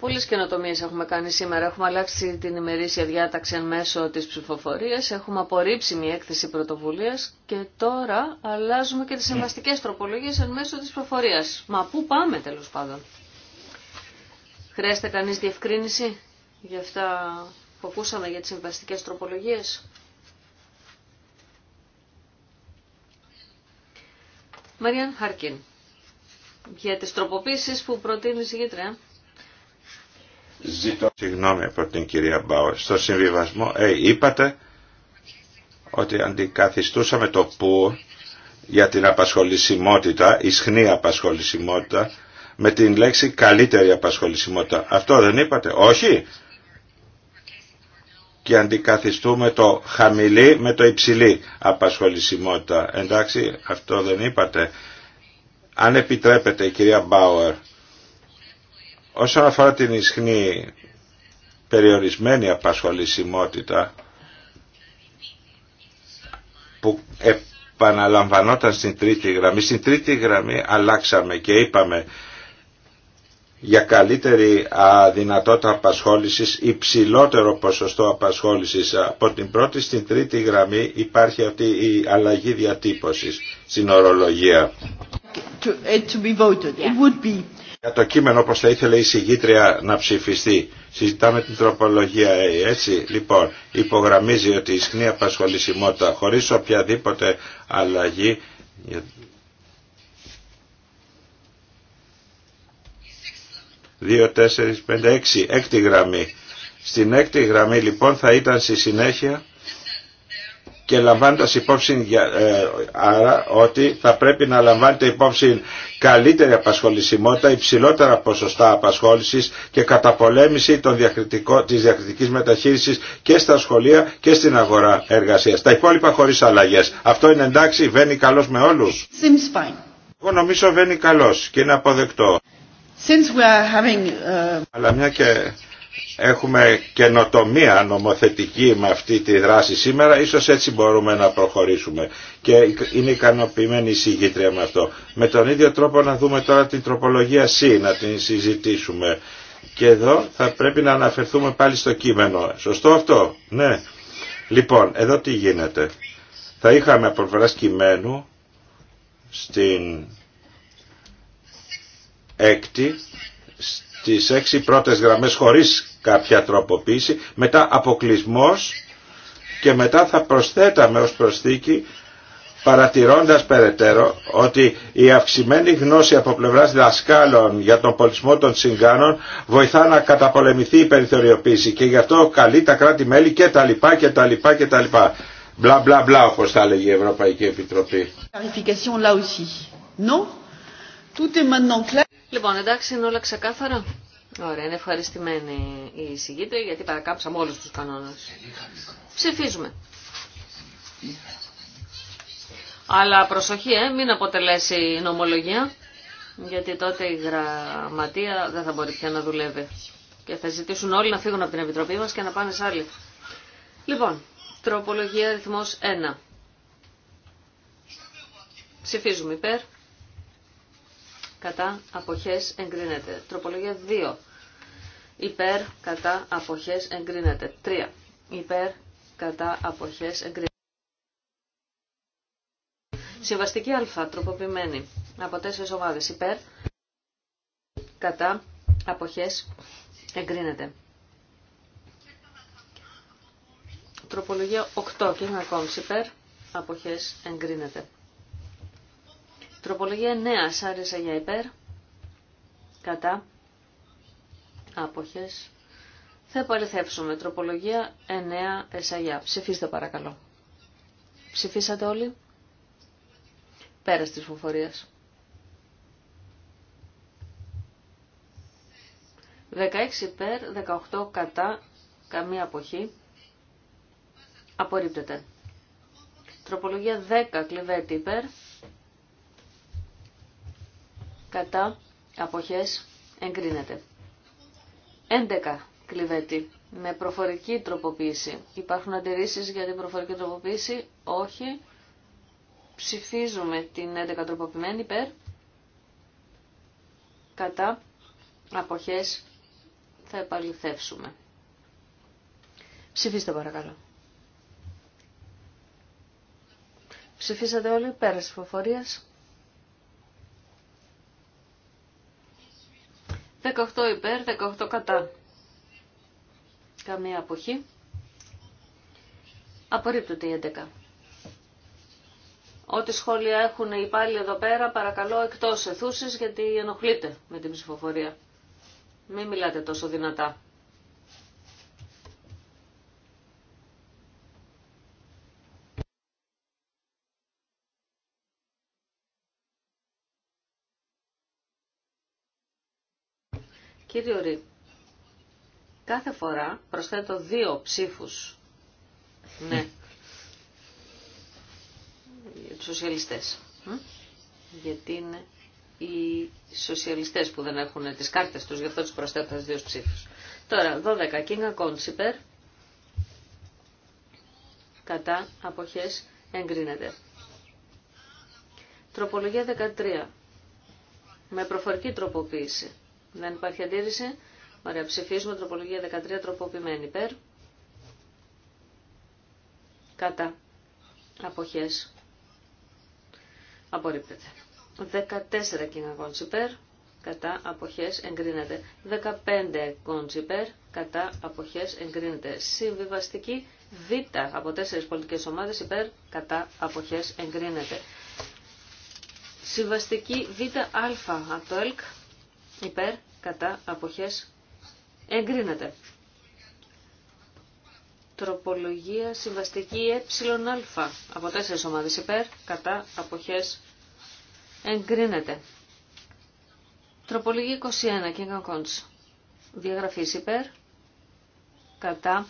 Πολλές καινοτομίε έχουμε κάνει σήμερα. Έχουμε αλλάξει την ημερήσια διάταξη εν μέσω της ψηφοφορίας, έχουμε απορρίψει μια έκθεση πρωτοβουλίας και τώρα αλλάζουμε και τις συμβαστικές τροπολογίες εν μέσω της ψηφοφορίας. Μα πού πάμε τέλος πάντων. Χρειάζεται κανείς διευκρίνηση για αυτά που για τις συμβαστικές τροπολογίες. Μαριάν Χάρκιν, για τις τροποποίησεις που προτείνει η συγκήτρια. Ζητώ συγγνώμη από την κυρία Μπάουερ. Στο συμβιβασμό, ε, είπατε ότι αντικαθιστούσαμε το που για την απασχολησιμότητα, ισχνή απασχολησιμότητα, με την λέξη καλύτερη απασχολησιμότητα. Αυτό δεν είπατε. Όχι και αντικαθιστούμε το χαμηλή με το υψηλή απασχολησιμότητα. Εντάξει, αυτό δεν είπατε. Αν επιτρέπετε κυρία Μπάουερ, όσον αφορά την ισχνή περιορισμένη απασχολησιμότητα που επαναλαμβανόταν στην τρίτη γραμμή, στην τρίτη γραμμή αλλάξαμε και είπαμε για καλύτερη δυνατότητα απασχόλησης, υψηλότερο ποσοστό απασχόλησης. Από την πρώτη στην τρίτη γραμμή υπάρχει αυτή η αλλαγή διατύπωσης στην ορολογία. To, uh, be. Για το κείμενο όπως θα ήθελε η συγγήτρια να ψηφιστεί. Συζητάμε την τροπολογία ε, έτσι. Λοιπόν, υπογραμμίζει ότι η ισχνή απασχολησιμότητα χωρίς οποιαδήποτε αλλαγή 2, 4, 5, 6, έκτη γραμμή. Στην έκτη γραμμή λοιπόν θα ήταν στη συνέχεια και λαμβάνοντας υπόψη ε, άρα ότι θα πρέπει να λαμβάνετε υπόψη καλύτερη απασχολησιμότητα, υψηλότερα ποσοστά απασχόλησης και καταπολέμηση των διακριτικό, της διακριτικής μεταχείρισης και στα σχολεία και στην αγορά εργασίας. Τα υπόλοιπα χωρίς αλλαγές. Αυτό είναι εντάξει, βαίνει καλός με όλους. Εγώ νομίζω βαίνει καλός και είναι αποδεκτό. Since we are uh, Αλλά μια και έχουμε καινοτομία νομοθετική με αυτή τη δράση σήμερα, ίσως έτσι μπορούμε να προχωρήσουμε. Και είναι ικανοποιημένη η συγκήτρια με αυτό. Με τον ίδιο τρόπο να δούμε τώρα την τροπολογία C, να την συζητήσουμε. Και εδώ θα πρέπει να αναφερθούμε πάλι στο κείμενο. Σωστό αυτό, ναι. Λοιπόν, εδώ τι γίνεται. Θα είχαμε από κειμένου στην έκτη στις έξι πρώτες γραμμές χωρίς κάποια τροποποίηση, μετά αποκλεισμό και μετά θα προσθέταμε ως προσθήκη παρατηρώντας περαιτέρω ότι η αυξημένη γνώση από πλευράς δασκάλων για τον πολιτισμό των συγκάνων βοηθά να καταπολεμηθεί η περιθωριοποίηση και γι' αυτό καλεί τα κράτη-μέλη και τα λοιπά και τα λοιπά και τα λοιπά. Μπλα μπλα μπλα όπως θα έλεγε η Ευρωπαϊκή Επιτροπή. Λοιπόν, εντάξει, είναι όλα ξεκάθαρα. Ωραία, είναι ευχαριστημένη η συγκίτρια γιατί παρακάψαμε όλους τους κανόνες. Ψηφίζουμε. Αλλά προσοχή, ε, μην αποτελέσει νομολογία, γιατί τότε η γραμματεία δεν θα μπορεί πια να δουλεύει. Και θα ζητήσουν όλοι να φύγουν από την Επιτροπή μας και να πάνε σε άλλη. Λοιπόν, τροπολογία αριθμός 1. Ψηφίζουμε υπέρ κατά αποχές εγκρίνεται. Τροπολογία 2. Υπέρ κατά αποχές εγκρίνεται. 3. Υπέρ κατά αποχές εγκρίνεται. Συμβαστική άλφα, τροποποιημένη, από τέσσερις ομάδες υπέρ, κατά, αποχές, εγκρίνεται. Τροπολογία 8, κύριο ακόμη υπέρ, αποχές, εγκρίνεται. Τροπολογία 9, σάρισα για υπέρ, κατά, άποχες. Θα επαληθεύσουμε. Τροπολογία 9, εσαγιά. Ψηφίστε παρακαλώ. Ψηφίσατε όλοι. Πέρα της φοφορίας. 16 υπέρ, 18 κατά, καμία αποχή. Απορρίπτεται. Τροπολογία 10, κλειβέτη υπέρ κατά αποχές εγκρίνεται. 11. Κλειβέτη. Με προφορική τροποποίηση. Υπάρχουν αντιρρήσεις για την προφορική τροποποίηση. Όχι. Ψηφίζουμε την 11 τροποποιημένη υπέρ. Κατά αποχές θα επαληθεύσουμε. Ψηφίστε παρακαλώ. Ψηφίσατε όλοι πέρα προφορίας. 18 υπέρ, 18 κατά. Καμία αποχή. Απορρίπτονται οι 11. Ό,τι σχόλια έχουν οι πάλι εδώ πέρα, παρακαλώ εκτός εθούσης γιατί ενοχλείτε με την ψηφοφορία. Μην μιλάτε τόσο δυνατά. Κύριε Ρή, κάθε φορά προσθέτω δύο ψήφους. Ναι. Για τους σοσιαλιστές. Γιατί είναι οι σοσιαλιστές που δεν έχουν τις κάρτες τους, γι' αυτό τους προσθέτω δύο ψήφους. Τώρα, 12. κίνγα Κόντσιπερ. Κατά αποχές εγκρίνεται. Τροπολογία 13. Με προφορική τροποποίηση. Δεν υπάρχει αντίρρηση. Ωραία, ψηφίζουμε τροπολογία 13 τροποποιημένη υπέρ. Κατά. Αποχές. Απορρίπτεται. 14 κοινά κόντς υπέρ. Κατά. Αποχές. Εγκρίνεται. 15 κόντς υπέρ. Κατά. Αποχές. Εγκρίνεται. Συμβιβαστική Β από 4 πολιτικές ομάδες υπέρ. Κατά. Αποχές. Εγκρίνεται. Συμβαστική Β Α από το ΕΛΚ υπέρ, κατά, αποχές, εγκρίνεται. Τροπολογία συμβαστική εα από τέσσερις ομάδες υπέρ, κατά, αποχές, εγκρίνεται. Τροπολογία 21, King Cons. Διαγραφής υπέρ, κατά,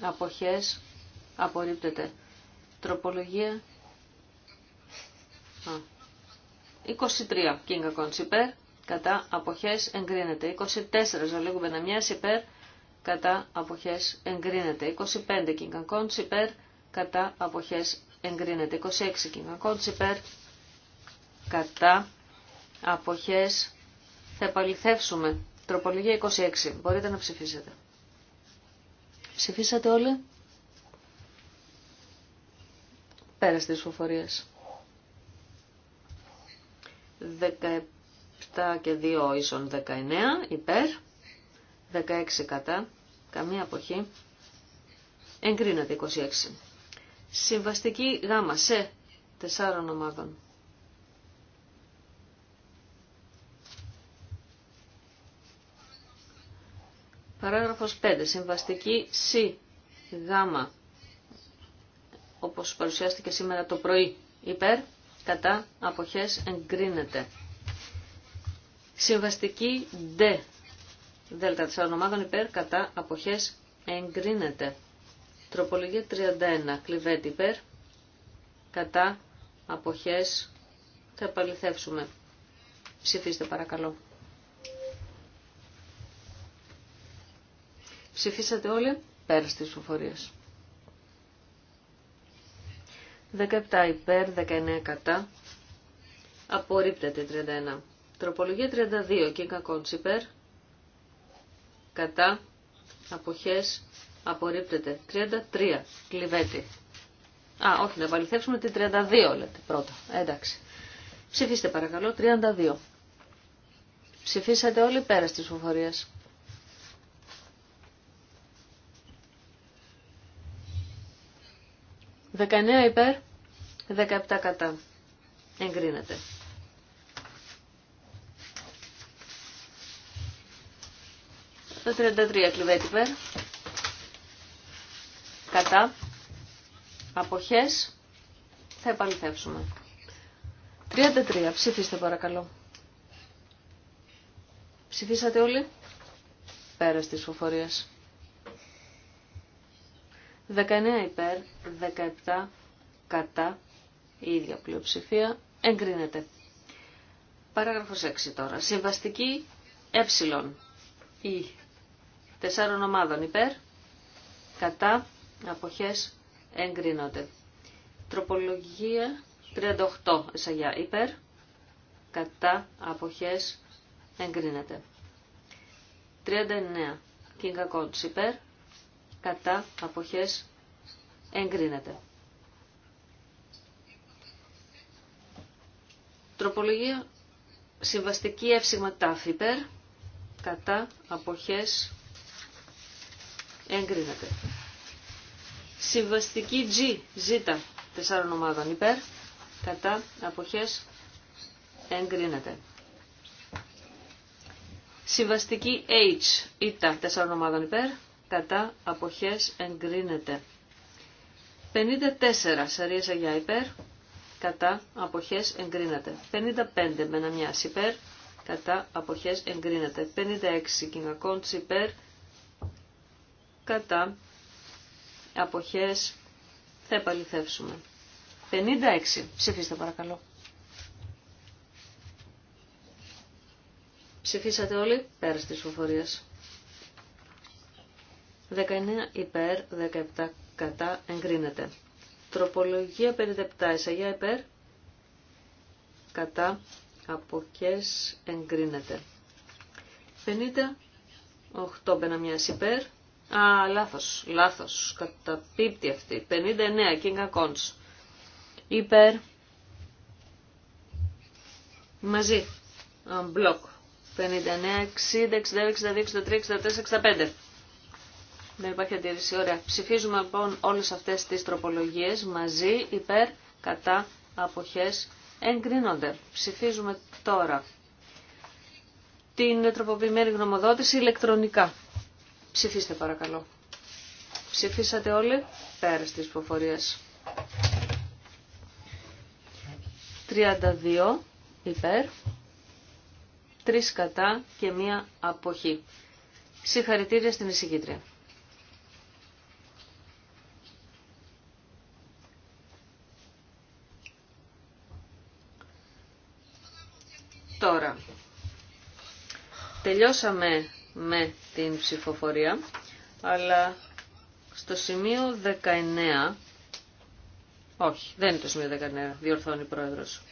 αποχές, απορρίπτεται. Τροπολογία 23, King Cons υπέρ, κατά αποχές εγκρίνεται. 24 ζωλίγου Μπεναμιάς υπέρ κατά αποχές εγκρίνεται. 25 Κιγκακόντς υπέρ κατά αποχές εγκρίνεται. 26 Κιγκακόντς υπέρ κατά αποχές θα επαληθεύσουμε. Τροπολογία 26. Μπορείτε να ψηφίσετε. Ψηφίσατε όλοι. Πέρα στις φοφορίες. 7 και 2 ίσον 19 υπέρ, 16 κατά, καμία αποχή, εγκρίνεται 26. Συμβαστική γάμα σε 4 ομάδων. Παράγραφος 5. Συμβαστική Σ γάμα όπως παρουσιάστηκε σήμερα το πρωί. Υπέρ, κατά, αποχές, εγκρίνεται. Συμβαστική Δ Δέλτα της ονομάδων υπέρ κατά αποχές εγκρίνεται. Τροπολογία 31. Κλειβέτη υπέρ κατά αποχές θα επαληθεύσουμε. Ψηφίστε παρακαλώ. Ψηφίσατε όλοι πέρα τη ψηφοφορία. 17 υπέρ, 19 κατά. Απορρίπτεται 31. Τροπολογία 32 και υπέρ. Κατά. Αποχές. Απορρίπτεται. 33. Κλειβέτη. Α, όχι, να επαληθεύσουμε τη 32 λέτε πρώτα. Εντάξει. Ψηφίστε παρακαλώ. 32. Ψηφίσατε όλοι πέρα στις φοφορίας. Δεκαεννέα υπέρ, 17 κατά. Εγκρίνεται. Το 33 κλειβέτη Κατά. Αποχές. Θα επαληθεύσουμε. 33. Ψηφίστε παρακαλώ. Ψηφίσατε όλοι. πέρα της φοφορίας. 19 υπέρ, 17 κατά, η ίδια πλειοψηφία, εγκρίνεται. Παράγραφος 6 τώρα. Συμβαστική ε. Η τεσσάρων ομάδων υπέρ, κατά, αποχές, εγκρίνονται. Τροπολογία 38 εισαγιά υπέρ, κατά, αποχές, εγκρίνεται. 39 κίνκα υπέρ, κατά, αποχές, εγκρίνεται. Τροπολογία συμβαστική εύσημα τάφ υπέρ, κατά, αποχές, εγκρίνεται. Συμβαστική G, Z, τεσσάρων ομάδων υπέρ, κατά, αποχές, εγκρίνεται. Συμβαστική H, Ι, τεσσάρων ομάδων υπέρ, κατά, αποχές, εγκρίνεται. 54, σαρίες αγιά υπέρ, κατά, αποχές, εγκρίνεται. 55, μεναμιάς υπέρ, κατά, αποχές, εγκρίνεται. 56, κινακόντς υπέρ, κατά αποχές θα επαληθεύσουμε. 56. Ψηφίστε παρακαλώ. Ψηφίσατε όλοι πέρα τη ψηφοφορία. 19 υπέρ, 17 κατά, εγκρίνεται. Τροπολογία 57, εισαγιά υπέρ, κατά, αποχές εγκρίνεται. 58, μια υπέρ, Α, λάθος, λάθος. Καταπίπτει αυτή. 59, King Acons. Υπέρ. Μαζί. Μπλοκ. 59, 60, 62, 63, 64, 65. Δεν υπάρχει αντίρρηση. Ωραία. Ψηφίζουμε λοιπόν όλες αυτές τις τροπολογίες μαζί, υπέρ, κατά, αποχές, εγκρίνονται. Ψηφίζουμε τώρα την τροποποιημένη γνωμοδότηση ηλεκτρονικά. Ψηφίστε παρακαλώ. Ψηφίσατε όλοι πέρα της 3 32 υπέρ, 3 κατά και μία αποχή. Συγχαρητήρια στην εισηγήτρια. Τώρα, τελειώσαμε με την ψηφοφορία, αλλά στο σημείο 19, όχι, δεν είναι το σημείο 19, διορθώνει η πρόεδρος.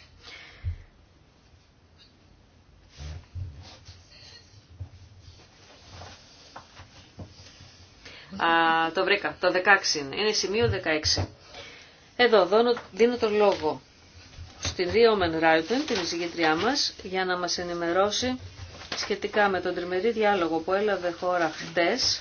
το βρήκα, το 16, είναι σημείο 16. Εδώ δίνω το λόγο στην Δύο την εισηγήτριά μας, για να μας ενημερώσει σχετικά με τον τριμερή διάλογο που έλαβε χώρα χτες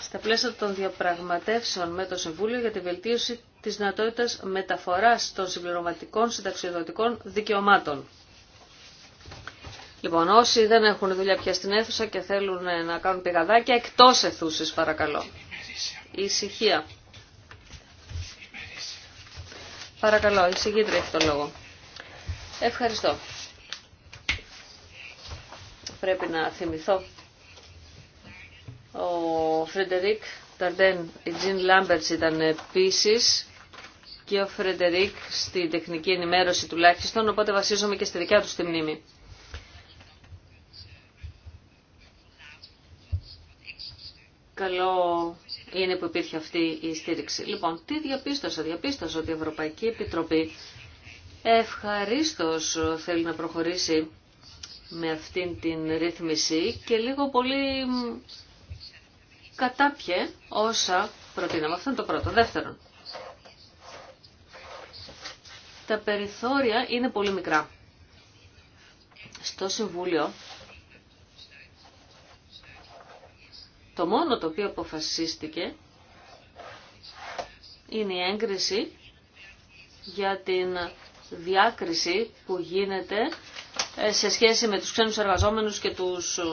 στα πλαίσια των διαπραγματεύσεων με το Συμβούλιο για τη βελτίωση της δυνατότητα μεταφοράς των συμπληρωματικών συνταξιοδοτικών δικαιωμάτων. Λοιπόν, όσοι δεν έχουν δουλειά πια στην αίθουσα και θέλουν να κάνουν πηγαδάκια, εκτός αιθούσης παρακαλώ. Ησυχία. Παρακαλώ, η συγκίτρια έχει το λόγο. Ευχαριστώ πρέπει να θυμηθώ. Ο Φρεντερίκ Ταρντέν, η Τζιν Λάμπερτς ήταν επίσης και ο Φρεντερίκ στη τεχνική ενημέρωση τουλάχιστον, οπότε βασίζομαι και στη δικιά του τη μνήμη. Καλό είναι που υπήρχε αυτή η στήριξη. Λοιπόν, τι διαπίστωσα. Διαπίστωσα ότι η Ευρωπαϊκή Επιτροπή ευχαρίστως θέλει να προχωρήσει με αυτήν την ρύθμιση και λίγο πολύ κατάπιε όσα προτείναμε. Αυτό είναι το πρώτο. Δεύτερον, τα περιθώρια είναι πολύ μικρά. Στο Συμβούλιο, το μόνο το οποίο αποφασίστηκε είναι η έγκριση για την διάκριση που γίνεται ε, σε σχέση με τους ξένους εργαζόμενους και τους ε,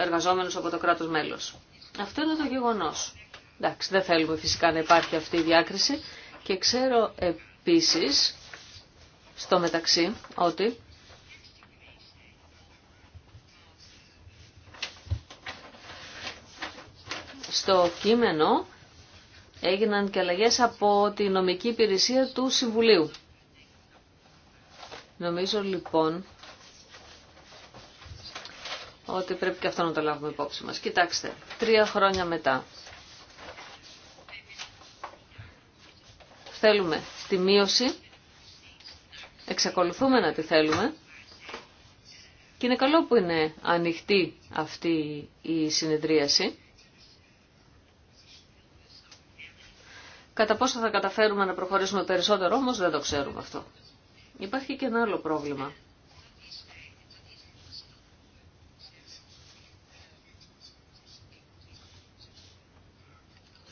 εργαζόμενους από το κράτος μέλος. Αυτό είναι το γεγονός. Εντάξει, δεν θέλουμε φυσικά να υπάρχει αυτή η διάκριση και ξέρω επίσης στο μεταξύ ότι στο κείμενο έγιναν και αλλαγές από τη νομική υπηρεσία του Συμβουλίου. Νομίζω λοιπόν ότι πρέπει και αυτό να το λάβουμε υπόψη μας. Κοιτάξτε, τρία χρόνια μετά. Θέλουμε τη μείωση, εξακολουθούμε να τη θέλουμε και είναι καλό που είναι ανοιχτή αυτή η συνεδρίαση. Κατά πόσο θα καταφέρουμε να προχωρήσουμε περισσότερο όμως δεν το ξέρουμε αυτό. Υπάρχει και ένα άλλο πρόβλημα.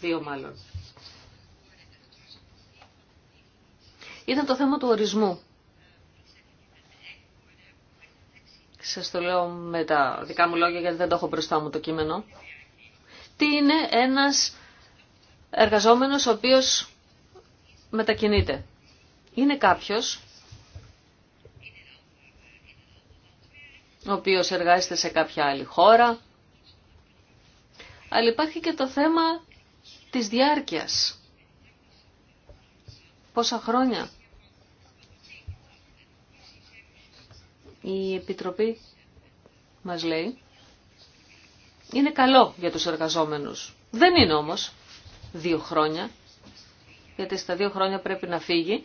δύο Ήταν το θέμα του ορισμού. Σας το λέω με τα δικά μου λόγια γιατί δεν το έχω μπροστά μου το κείμενο. Τι είναι ένας εργαζόμενος ο οποίος μετακινείται. Είναι κάποιος ο οποίος εργάζεται σε κάποια άλλη χώρα, αλλά υπάρχει και το θέμα της διάρκειας. Πόσα χρόνια. Η Επιτροπή μας λέει είναι καλό για τους εργαζόμενους. Δεν είναι όμως δύο χρόνια, γιατί στα δύο χρόνια πρέπει να φύγει.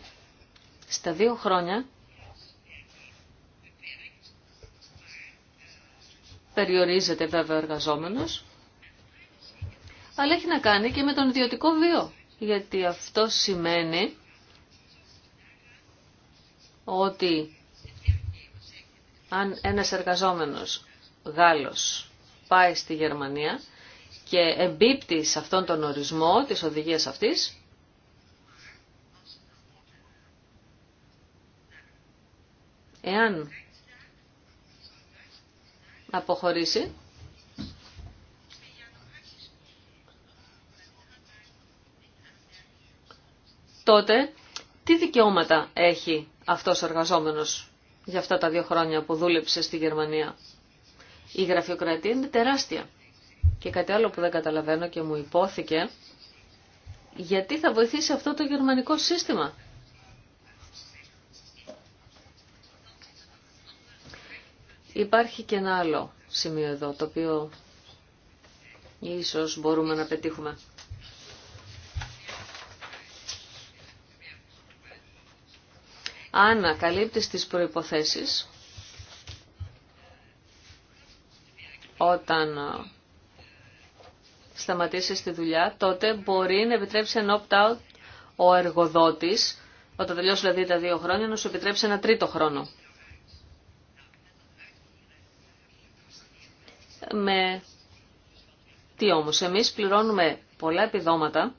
Στα δύο χρόνια περιορίζεται βέβαια ο εργαζόμενος αλλά έχει να κάνει και με τον ιδιωτικό βίο. Γιατί αυτό σημαίνει ότι αν ένας εργαζόμενος Γάλλος πάει στη Γερμανία και εμπίπτει σε αυτόν τον ορισμό της οδηγίας αυτής, εάν αποχωρήσει, τότε τι δικαιώματα έχει αυτός ο εργαζόμενος για αυτά τα δύο χρόνια που δούλεψε στη Γερμανία. Η γραφειοκρατία είναι τεράστια. Και κάτι άλλο που δεν καταλαβαίνω και μου υπόθηκε, γιατί θα βοηθήσει αυτό το γερμανικό σύστημα. Υπάρχει και ένα άλλο σημείο εδώ, το οποίο ίσως μπορούμε να πετύχουμε. αν καλύπτεις τις προϋποθέσεις, όταν ε, σταματήσεις τη δουλειά, τότε μπορεί να επιτρέψει ένα opt-out ο εργοδότης, όταν τελειώσει δηλαδή τα δύο χρόνια, να σου επιτρέψει ένα τρίτο χρόνο. Με τι όμως, εμείς πληρώνουμε πολλά επιδόματα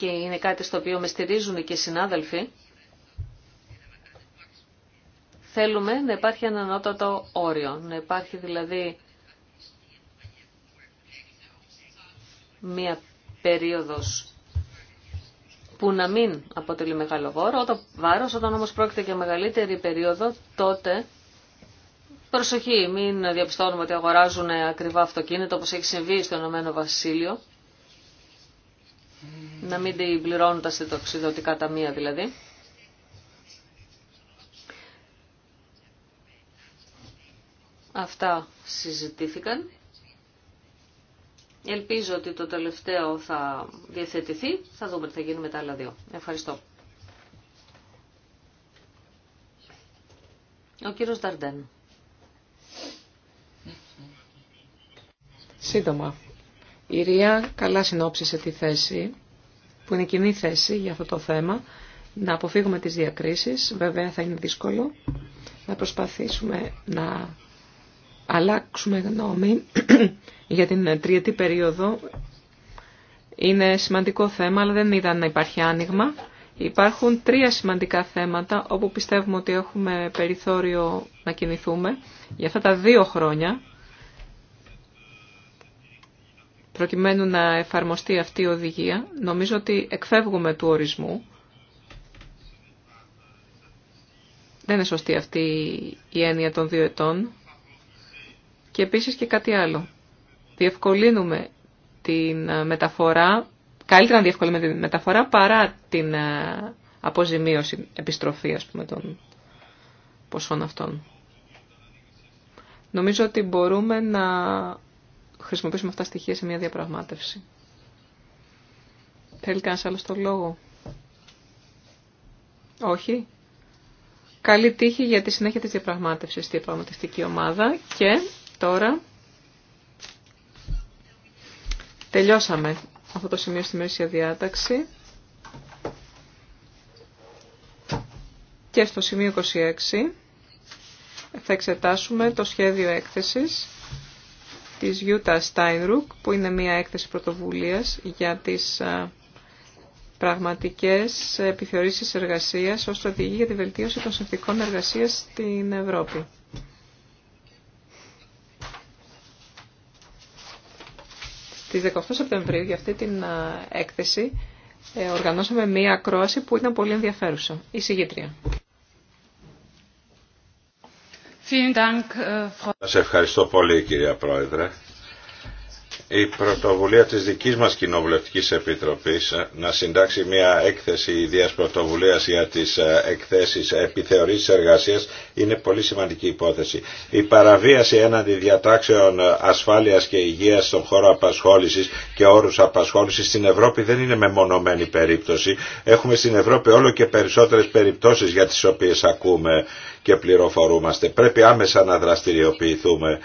και είναι κάτι στο οποίο με στηρίζουν και οι συνάδελφοι, θέλουμε να υπάρχει ένα ανώτατο όριο, να υπάρχει δηλαδή μία περίοδος που να μην αποτελεί μεγάλο βόρο, όταν βάρος, όταν όμως πρόκειται για μεγαλύτερη περίοδο, τότε προσοχή, μην διαπιστώνουμε ότι αγοράζουν ακριβά αυτοκίνητα όπως έχει συμβεί στο Ηνωμένο Βασίλειο να μην την πληρώνουν τα συντοξιδωτικά ταμεία δηλαδή. Αυτά συζητήθηκαν. Ελπίζω ότι το τελευταίο θα διαθετηθεί. Θα δούμε τι θα γίνει με τα άλλα δύο. Ευχαριστώ. Ο κύριος Νταρντέν. Σύντομα. Η Ρία καλά συνόψισε τη θέση που είναι κοινή θέση για αυτό το θέμα, να αποφύγουμε τις διακρίσεις. Βέβαια θα είναι δύσκολο να προσπαθήσουμε να αλλάξουμε γνώμη για την τριετή περίοδο. Είναι σημαντικό θέμα, αλλά δεν είδα να υπάρχει άνοιγμα. Υπάρχουν τρία σημαντικά θέματα όπου πιστεύουμε ότι έχουμε περιθώριο να κινηθούμε. Για αυτά τα δύο χρόνια προκειμένου να εφαρμοστεί αυτή η οδηγία. Νομίζω ότι εκφεύγουμε του ορισμού. Δεν είναι σωστή αυτή η έννοια των δύο ετών. Και επίσης και κάτι άλλο. Διευκολύνουμε την ε, μεταφορά, καλύτερα να διευκολύνουμε την μεταφορά παρά την ε, αποζημίωση, επιστροφή ας πούμε των ποσών αυτών. Νομίζω ότι μπορούμε να χρησιμοποιήσουμε αυτά τα στοιχεία σε μια διαπραγμάτευση. Θέλει κανένα άλλο το λόγο. Όχι. Καλή τύχη για τη συνέχεια της διαπραγμάτευσης στη διαπραγματευτική ομάδα και τώρα τελειώσαμε αυτό το σημείο στη μέση διάταξη και στο σημείο 26 θα εξετάσουμε το σχέδιο έκθεσης της Γιούτα Steinruck, που είναι μια έκθεση πρωτοβουλίας για τις ε, πραγματικές επιθεωρήσεις εργασίας ως στρατηγή για τη βελτίωση των συνθηκών εργασίας στην Ευρώπη. Στις 18 Σεπτεμβρίου για αυτή την ε, έκθεση ε, οργανώσαμε μία ακρόαση που ήταν πολύ ενδιαφέρουσα. Η συγγήτρια. Äh, Σας ευχαριστώ πολύ κυρία Πρόεδρε η πρωτοβουλία της δικής μας Κοινοβουλευτικής Επιτροπής ε, να συντάξει μια έκθεση ιδίας πρωτοβουλίας για τις ε, εκθέσεις επιθεωρήσεις εργασίας είναι πολύ σημαντική υπόθεση. Η παραβίαση έναντι διατάξεων ε, ασφάλειας και υγείας στον χώρο απασχόλησης και όρους απασχόλησης στην Ευρώπη δεν είναι μεμονωμένη περίπτωση. Έχουμε στην Ευρώπη όλο και περισσότερες περιπτώσεις για τις οποίες ακούμε και πληροφορούμαστε. Πρέπει άμεσα να δραστηριοποιηθούμε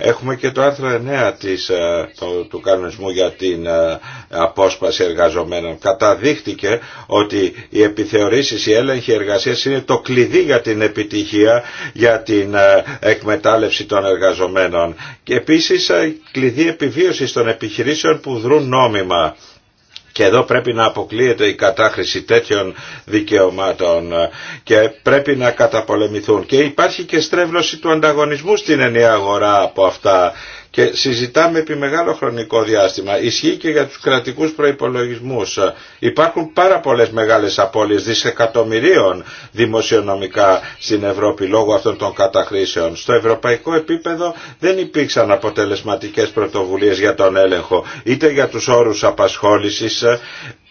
Έχουμε και το άρθρο 9 της, ε, του κανονισμού για την ε, απόσπαση εργαζομένων. Καταδείχτηκε ότι οι επιθεωρήσεις, οι έλεγχοι εργασίας είναι το κλειδί για την επιτυχία, για την ε, εκμετάλλευση των εργαζομένων. Και επίσης κλειδί επιβίωσης των επιχειρήσεων που δρούν νόμιμα και εδώ πρέπει να αποκλείεται η κατάχρηση τέτοιων δικαιωμάτων και πρέπει να καταπολεμηθούν. Και υπάρχει και στρέβλωση του ανταγωνισμού στην ενιαία αγορά από αυτά και συζητάμε επί μεγάλο χρονικό διάστημα. Ισχύει και για τους κρατικούς προϋπολογισμούς. Υπάρχουν πάρα πολλές μεγάλες απώλειες δισεκατομμυρίων δημοσιονομικά στην Ευρώπη λόγω αυτών των καταχρήσεων. Στο ευρωπαϊκό επίπεδο δεν υπήρξαν αποτελεσματικές πρωτοβουλίες για τον έλεγχο, είτε για τους όρους απασχόλησης,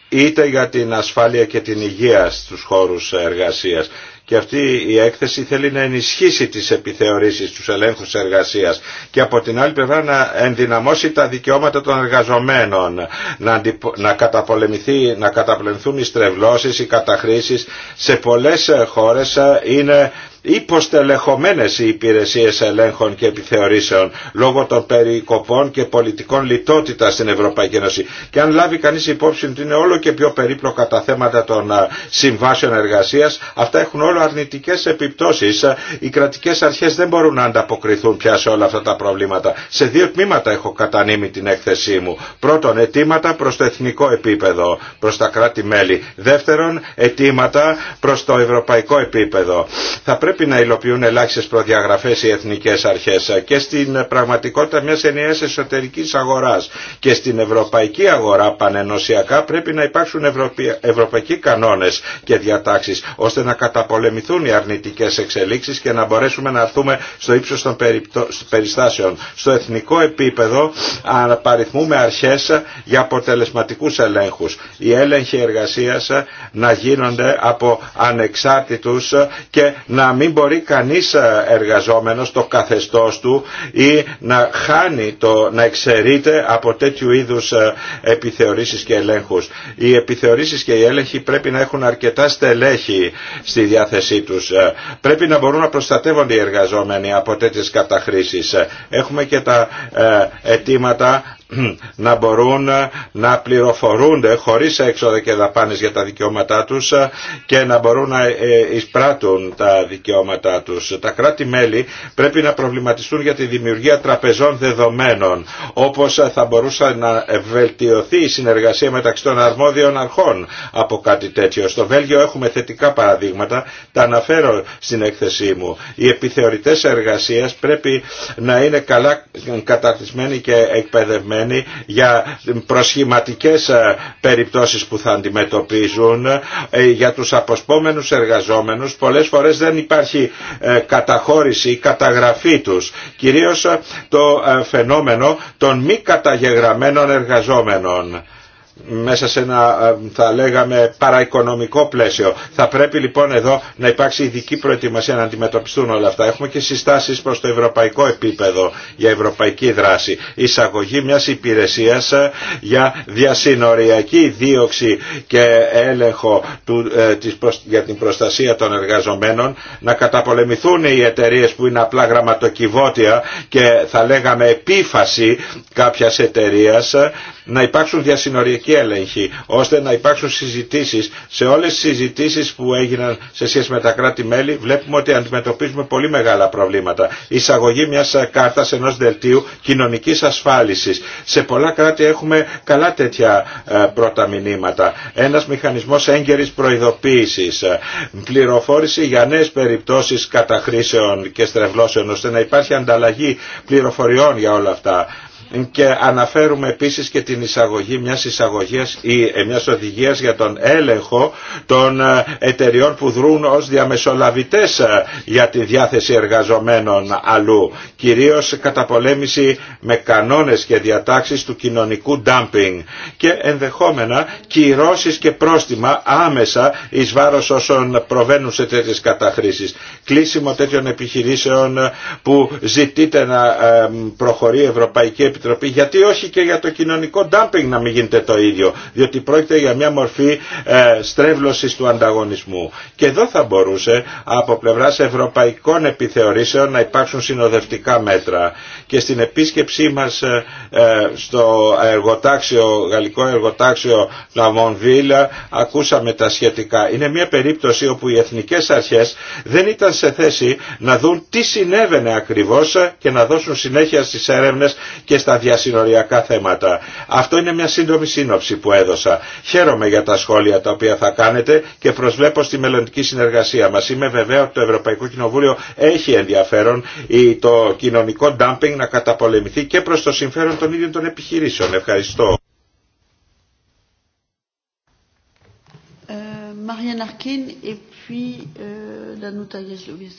είτε για την ασφάλεια και την υγεία στους χώρους εργασίας. Και αυτή η έκθεση θέλει να ενισχύσει τις επιθεωρήσεις, τους ελέγχους εργασίας και από την άλλη πλευρά να ενδυναμώσει τα δικαιώματα των εργαζομένων, να, να, καταπολεμηθεί, να καταπολεμηθούν οι στρεβλώσεις, οι καταχρήσεις. Σε πολλές χώρες ε, είναι υποστελεχωμένες οι υπηρεσίες ελέγχων και επιθεωρήσεων λόγω των περικοπών και πολιτικών λιτότητας στην Ευρωπαϊκή Ένωση. Και αν λάβει κανείς υπόψη ότι είναι όλο και πιο περίπλοκα τα θέματα των συμβάσεων εργασίας, αυτά έχουν όλο αρνητικές επιπτώσεις. Οι κρατικές αρχές δεν μπορούν να ανταποκριθούν πια σε όλα αυτά τα προβλήματα. Σε δύο τμήματα έχω κατανείμει την έκθεσή μου. Πρώτον, αιτήματα προς το εθνικό επίπεδο, προς τα κράτη-μέλη. Δεύτερον, αιτήματα προς το ευρωπαϊκό επίπεδο πρέπει να υλοποιούν ελάχιστε προδιαγραφέ οι εθνικέ αρχές και στην πραγματικότητα μιας ενιαίας εσωτερικής αγοράς και στην ευρωπαϊκή αγορά πανενοσιακά πρέπει να υπάρξουν ευρωπαϊκοί κανόνες και διατάξεις ώστε να καταπολεμηθούν οι αρνητικές εξελίξεις και να μπορέσουμε να έρθουμε στο ύψο των περιστάσεων. Στο εθνικό επίπεδο παριθμούμε αρχέ για αποτελεσματικού ελέγχου. Οι έλεγχοι εργασία να γίνονται από και να μην μην μπορεί κανείς ε, εργαζόμενος το καθεστώς του ή να χάνει το να εξαιρείται από τέτοιου είδους ε, επιθεωρήσεις και ελέγχους. Οι επιθεωρήσεις και οι έλεγχοι πρέπει να έχουν αρκετά στελέχη στη διάθεσή τους. Ε. Πρέπει να μπορούν να προστατεύονται οι εργαζόμενοι από τέτοιες καταχρήσεις. Έχουμε και τα αιτήματα να μπορούν ε, να πληροφορούνται χωρίς έξοδα και δαπάνες για τα δικαιώματά τους ε, και να μπορούν να ε, εισπράττουν τα δικαιώματά τους. Τα κράτη-μέλη πρέπει να προβληματιστούν για τη δημιουργία τραπεζών δεδομένων, όπως θα μπορούσε να βελτιωθεί η συνεργασία μεταξύ των αρμόδιων αρχών από κάτι τέτοιο. Στο Βέλγιο έχουμε θετικά παραδείγματα, τα αναφέρω στην έκθεσή μου. Οι επιθεωρητές εργασίας πρέπει να είναι καλά καταρτισμένοι και εκπαιδευμένοι για προσχηματικές ε, περιπτώσεις που θα αντιμετωπίζουν ε, για τους αποσπόμενους εργαζόμενους πολλές φορές δεν υπάρχει ε, καταχώρηση ή καταγραφή τους κυρίως το φαινόμενο των μη καταγεγραμμένων εργαζόμενων μέσα σε ένα θα λέγαμε παραοικονομικό πλαίσιο. Θα πρέπει λοιπόν εδώ να υπάρξει ειδική προετοιμασία να αντιμετωπιστούν όλα αυτά. Έχουμε και συστάσεις προς το ευρωπαϊκό επίπεδο για ευρωπαϊκή δράση. Εισαγωγή μιας υπηρεσίας ε, για διασυνοριακή δίωξη και έλεγχο του, ε, της, για την προστασία των εργαζομένων να καταπολεμηθούν οι εταιρείε που είναι απλά γραμματοκιβώτια και θα λέγαμε επίφαση κάποιας εταιρείας ε, να υπάρξουν διασυνοριακοί έλεγχοι, ώστε να υπάρξουν συζητήσει, Σε όλε τι συζητήσει που έγιναν σε σχέση με τα κράτη-μέλη βλέπουμε ότι αντιμετωπίζουμε πολύ μεγάλα προβλήματα. εισαγωγή μια ε, κάρτα ενό δελτίου κοινωνική ασφάλισης. Σε πολλά κράτη έχουμε καλά τέτοια ε, πρώτα μηνύματα. Ένας μηχανισμός έγκαιρη προειδοποίησης, ε, πληροφόρηση για νέε περιπτώσει καταχρήσεων και στρεβλώσεων, ώστε να υπάρχει ανταλλαγή πληροφοριών για όλα αυτά και αναφέρουμε επίσης και την εισαγωγή μιας εισαγωγίας ή ε, μιας οδηγίας για τον έλεγχο των ε, εταιριών που δρούν ως διαμεσολαβητές ε, για τη διάθεση εργαζομένων αλλού. Κυρίως καταπολέμηση με κανόνες και διατάξεις του κοινωνικού dumping και ενδεχόμενα κυρώσεις και πρόστιμα άμεσα εις βάρος όσων προβαίνουν σε τέτοιες καταχρήσεις. Κλείσιμο τέτοιων επιχειρήσεων που ζητείται να προχωρεί η Ευρωπαϊκή γιατί όχι και για το κοινωνικό ντάμπινγκ να μην γίνεται το ίδιο, διότι πρόκειται για μια μορφή ε, στρέβλωσης του ανταγωνισμού. Και εδώ θα μπορούσε από πλευράς ευρωπαϊκών επιθεωρήσεων να υπάρξουν συνοδευτικά μέτρα. Και στην επίσκεψή μας ε, ε, στο εργοτάξιο, γαλλικό εργοτάξιο Λαμονβίλ ακούσαμε τα σχετικά. Είναι μια περίπτωση όπου οι εθνικές αρχές δεν ήταν σε θέση να δουν τι συνέβαινε ακριβώς και να δώσουν συνέχεια στις έρευνες και τα διασυνοριακά θέματα. Αυτό είναι μια σύντομη σύνοψη που έδωσα. Χαίρομαι για τα σχόλια τα οποία θα κάνετε και προσβλέπω στη μελλοντική συνεργασία μας. Είμαι βέβαια ότι το Ευρωπαϊκό Κοινοβούλιο έχει ενδιαφέρον το κοινωνικό ντάμπινγκ να καταπολεμηθεί και προς το συμφέρον των ίδιων των επιχειρήσεων. Ευχαριστώ. Ε,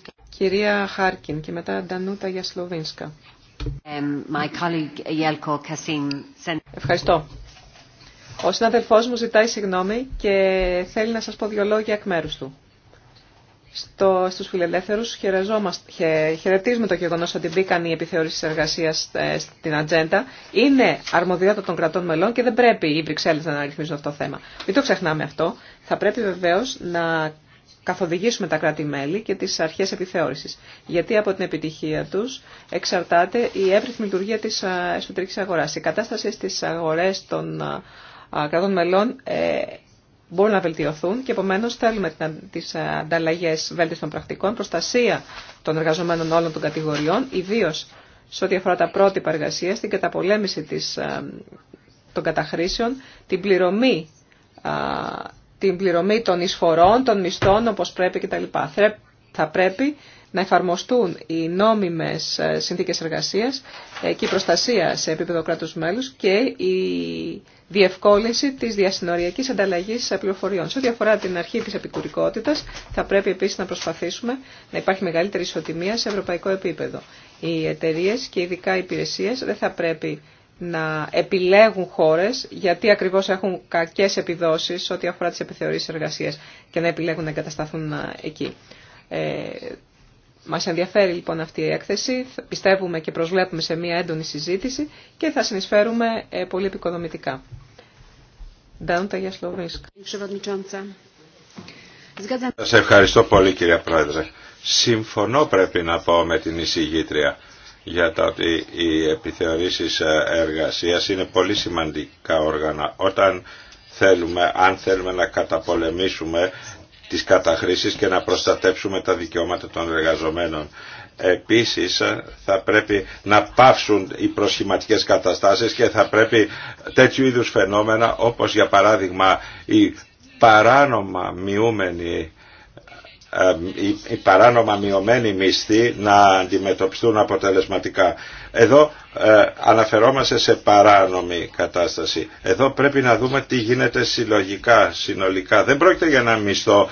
ε, Κυρία Χάρκιν και μετά Ντανούτα Γιασλοβίνσκα. Ευχαριστώ. Ο συναδελφός μου ζητάει συγγνώμη και θέλει να σας πω δύο λόγια εκ μέρους του. Στο, στους φιλελεύθερους χαιρετίζουμε το γεγονός ότι μπήκαν οι επιθεωρήσεις εργασίας ε, στην ατζέντα. Είναι αρμοδιότητα των κρατών μελών και δεν πρέπει οι Βρυξέλλες να αναρριθμίζουν αυτό το θέμα. Μην το ξεχνάμε αυτό. Θα πρέπει βεβαίως να καθοδηγήσουμε τα κράτη-μέλη και τις αρχές επιθεώρησης. Γιατί από την επιτυχία τους εξαρτάται η εύρυθμη λειτουργία της εσωτερικής αγοράς. Η κατάσταση στις αγορές των κρατών μελών ε, μπορούν να βελτιωθούν και επομένως θέλουμε τις ανταλλαγές βέλτιστων πρακτικών, προστασία των εργαζομένων όλων των κατηγοριών, ιδίω σε ό,τι αφορά τα πρότυπα εργασία, την καταπολέμηση της, των καταχρήσεων, την πληρωμή την πληρωμή των εισφορών, των μισθών όπως πρέπει κτλ. Θα πρέπει να εφαρμοστούν οι νόμιμες ε, συνθήκες εργασίας ε, και η προστασία σε επίπεδο κράτους μέλους και η διευκόλυνση της διασυνοριακής ανταλλαγής ε, πληροφοριών. Σε ό,τι αφορά την αρχή της επικουρικότητας, θα πρέπει επίσης να προσπαθήσουμε να υπάρχει μεγαλύτερη ισοτιμία σε ευρωπαϊκό επίπεδο. Οι εταιρείε και ειδικά οι υπηρεσίες δεν θα πρέπει να επιλέγουν χώρες γιατί ακριβώς έχουν κακές επιδόσεις ό,τι αφορά τις επιθεωρήσεις εργασία και να επιλέγουν να εγκατασταθούν ε, εκεί. Ε, μας ενδιαφέρει λοιπόν αυτή η έκθεση, πιστεύουμε και προσβλέπουμε σε μια έντονη συζήτηση και θα συνεισφέρουμε ε, πολύ επικοδομητικά. Σα ευχαριστώ πολύ κυρία Πρόεδρε. Συμφωνώ πρέπει να πω με την εισηγήτρια για τα ότι οι επιθεωρήσεις ε, εργασίας είναι πολύ σημαντικά όργανα. Όταν θέλουμε, αν θέλουμε να καταπολεμήσουμε τις καταχρήσεις και να προστατέψουμε τα δικαιώματα των εργαζομένων. Επίσης ε, θα πρέπει να πάυσουν οι προσχηματικές καταστάσεις και θα πρέπει τέτοιου είδους φαινόμενα όπως για παράδειγμα η παράνομα μειούμενη οι παράνομα μειωμένοι μισθοί να αντιμετωπιστούν αποτελεσματικά. Εδώ ε, αναφερόμαστε σε παράνομη κατάσταση. Εδώ πρέπει να δούμε τι γίνεται συλλογικά, συνολικά. Δεν πρόκειται για ένα μισθό.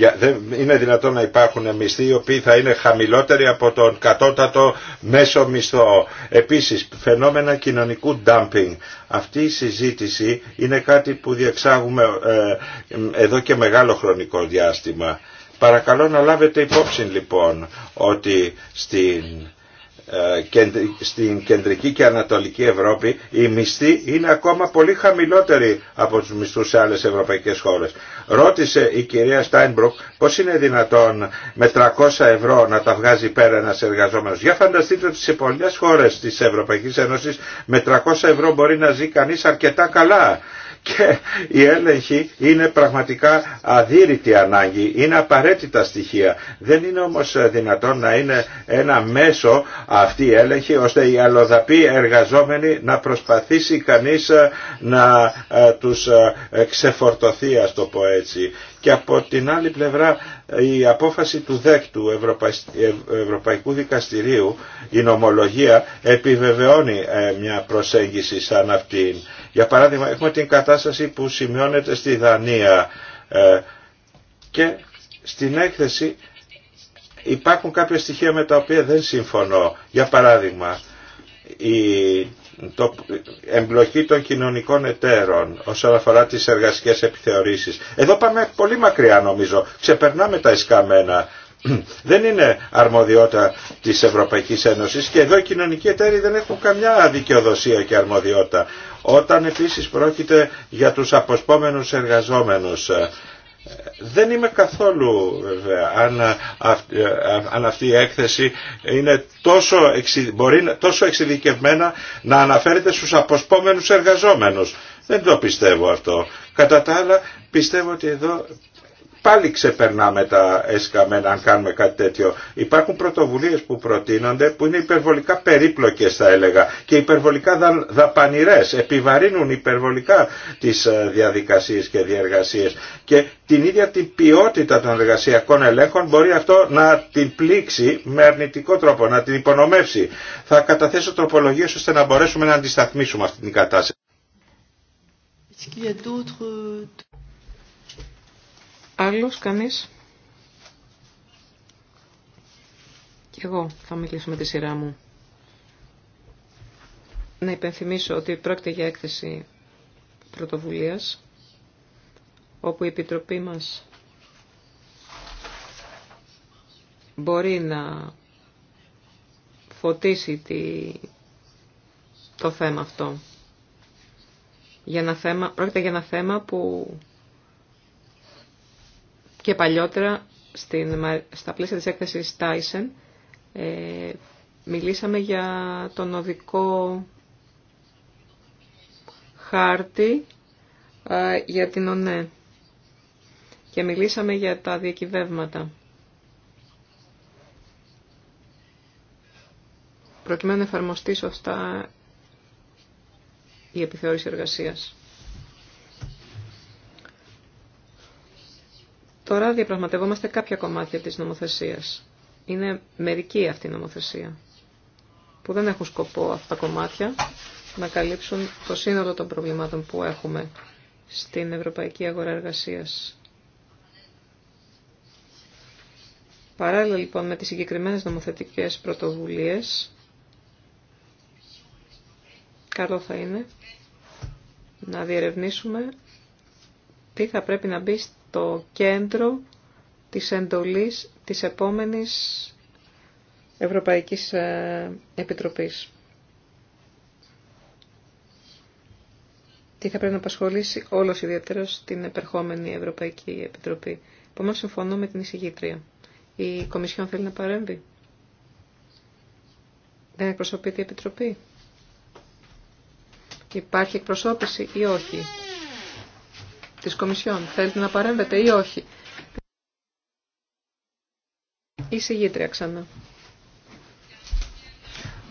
Ε, δεν είναι δυνατόν να υπάρχουν μισθοί οι οποίοι θα είναι χαμηλότεροι από τον κατώτατο μέσο μισθό. Επίσης, φαινόμενα κοινωνικού dumping. Αυτή η συζήτηση είναι κάτι που διεξάγουμε ε, εδώ και μεγάλο χρονικό διάστημα. Παρακαλώ να λάβετε υπόψη λοιπόν ότι στην ε, στην κεντρική και ανατολική Ευρώπη οι μισθοί είναι ακόμα πολύ χαμηλότεροι από τους μισθούς σε άλλες ευρωπαϊκές χώρες. Ρώτησε η κυρία Στάινμπρουκ πώς είναι δυνατόν με 300 ευρώ να τα βγάζει πέρα ένας εργαζόμενος. Για φανταστείτε ότι σε πολλές χώρες της Ευρωπαϊκής Ένωσης με 300 ευρώ μπορεί να ζει κανείς αρκετά καλά και η έλεγχη είναι πραγματικά αδύρυτη ανάγκη, είναι απαραίτητα στοιχεία. Δεν είναι όμως δυνατόν να είναι ένα μέσο αυτή η έλεγχη ώστε οι αλλοδαποί εργαζόμενοι να προσπαθήσει κανείς να ε, τους ε, ξεφορτωθεί ας το πω έτσι και από την άλλη πλευρά η απόφαση του ΔΕΚ του Ευρωπαϊκού Δικαστηρίου, η νομολογία επιβεβαιώνει ε, μια προσέγγιση σαν αυτήν. Για παράδειγμα έχουμε την κατάσταση που σημειώνεται στη Δανία ε, και στην έκθεση υπάρχουν κάποια στοιχεία με τα οποία δεν συμφωνώ. Για παράδειγμα, το εμπλοκή των κοινωνικών εταίρων όσον αφορά τις εργασικές επιθεωρήσεις. Εδώ πάμε πολύ μακριά νομίζω. Ξεπερνάμε τα εισκαμένα. Δεν είναι αρμοδιότητα της Ευρωπαϊκής Ένωσης και εδώ οι κοινωνικοί εταίροι δεν έχουν καμιά δικαιοδοσία και αρμοδιότητα. Όταν επίσης πρόκειται για τους αποσπόμενους εργαζόμενους δεν είμαι καθόλου βέβαια ε, αν, αυτή η έκθεση είναι τόσο, μπορεί τόσο εξειδικευμένα να αναφέρεται στους αποσπόμενους εργαζόμενους. Δεν το πιστεύω αυτό. Κατά τα άλλα πιστεύω ότι εδώ πάλι ξεπερνάμε τα εσκαμένα αν κάνουμε κάτι τέτοιο. Υπάρχουν πρωτοβουλίες που προτείνονται που είναι υπερβολικά περίπλοκες θα έλεγα και υπερβολικά δαπανηρές. Επιβαρύνουν υπερβολικά τις ε, διαδικασίες και διεργασίες και την ίδια την ποιότητα των εργασιακών ελέγχων μπορεί αυτό να την πλήξει με αρνητικό τρόπο, να την υπονομεύσει. Θα καταθέσω τροπολογίες ώστε να μπορέσουμε να αντισταθμίσουμε αυτή την κατάσταση. Άλλος, κανείς. Και εγώ θα μιλήσω με τη σειρά μου. Να υπενθυμίσω ότι πρόκειται για έκθεση πρωτοβουλίας, όπου η Επιτροπή μας μπορεί να φωτίσει τη... το θέμα αυτό. Για ένα θέμα, πρόκειται για ένα θέμα που και παλιότερα στην, στα πλαίσια της έκθεσης Tyson ε, μιλήσαμε για τον οδικό χάρτη ε, για την ΟΝΕ και μιλήσαμε για τα διακυβεύματα. Προκειμένου να εφαρμοστεί σωστά η επιθεώρηση εργασίας. Τώρα διαπραγματευόμαστε κάποια κομμάτια της νομοθεσίας. Είναι μερική αυτή η νομοθεσία, που δεν έχουν σκοπό αυτά τα κομμάτια να καλύψουν το σύνολο των προβλημάτων που έχουμε στην Ευρωπαϊκή Αγορά Εργασίας. Παράλληλα λοιπόν με τις συγκεκριμένες νομοθετικές πρωτοβουλίες, καλό θα είναι να διερευνήσουμε τι θα πρέπει να μπει το κέντρο της εντολής της επόμενης Ευρωπαϊκής ε, Επιτροπής. Τι θα πρέπει να απασχολήσει όλος ιδιαίτερα την επερχόμενη Ευρωπαϊκή Επιτροπή. Επομένως συμφωνώ με την εισηγήτρια. Η Κομισιόν θέλει να παρέμβει. Δεν εκπροσωπείται η Επιτροπή. Υπάρχει εκπροσώπηση ή όχι της Κομισιόν. Θέλετε να παρέμβετε ή όχι. Η συγγήτρια ξανά.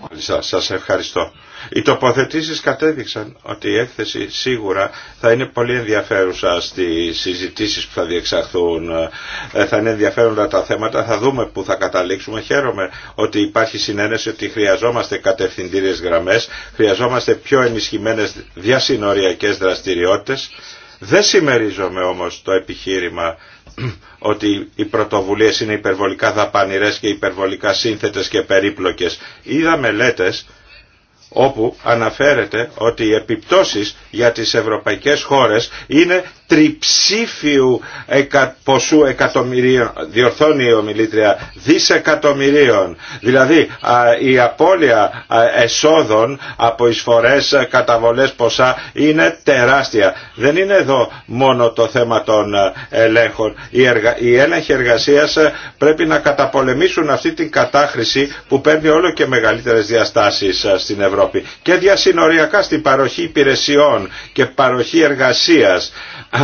Μάλιστα, σας ευχαριστώ. Οι τοποθετήσεις κατέδειξαν ότι η συγγητρια ξανα σας ευχαριστω οι σίγουρα θα είναι πολύ ενδιαφέρουσα στις συζητήσεις που θα διεξαχθούν. Ε, θα είναι ενδιαφέροντα τα θέματα, θα δούμε που θα καταλήξουμε. Χαίρομαι ότι υπάρχει συνένεση ότι χρειαζόμαστε κατευθυντήριες γραμμές, χρειαζόμαστε πιο ενισχυμένες διασυνοριακές δραστηριότητες δεν συμμερίζομαι όμως το επιχείρημα ότι οι πρωτοβουλίες είναι υπερβολικά δαπανηρές και υπερβολικά σύνθετες και περίπλοκες. Είδα μελέτες όπου αναφέρεται ότι οι επιπτώσεις για τις ευρωπαϊκές χώρες είναι τριψήφιου εκα, ποσού εκατομμυρίων, διορθώνει η ομιλήτρια, δισεκατομμυρίων. Δηλαδή η απώλεια εσόδων από εισφορές, καταβολές ποσά είναι τεράστια. Δεν είναι εδώ μόνο το θέμα των ελέγχων. Οι, εργα... οι εργασίας πρέπει να καταπολεμήσουν αυτή την κατάχρηση που παίρνει όλο και μεγαλύτερες διαστάσεις στην Ευρώπη και διασυνοριακά στην παροχή υπηρεσιών και παροχή εργασίας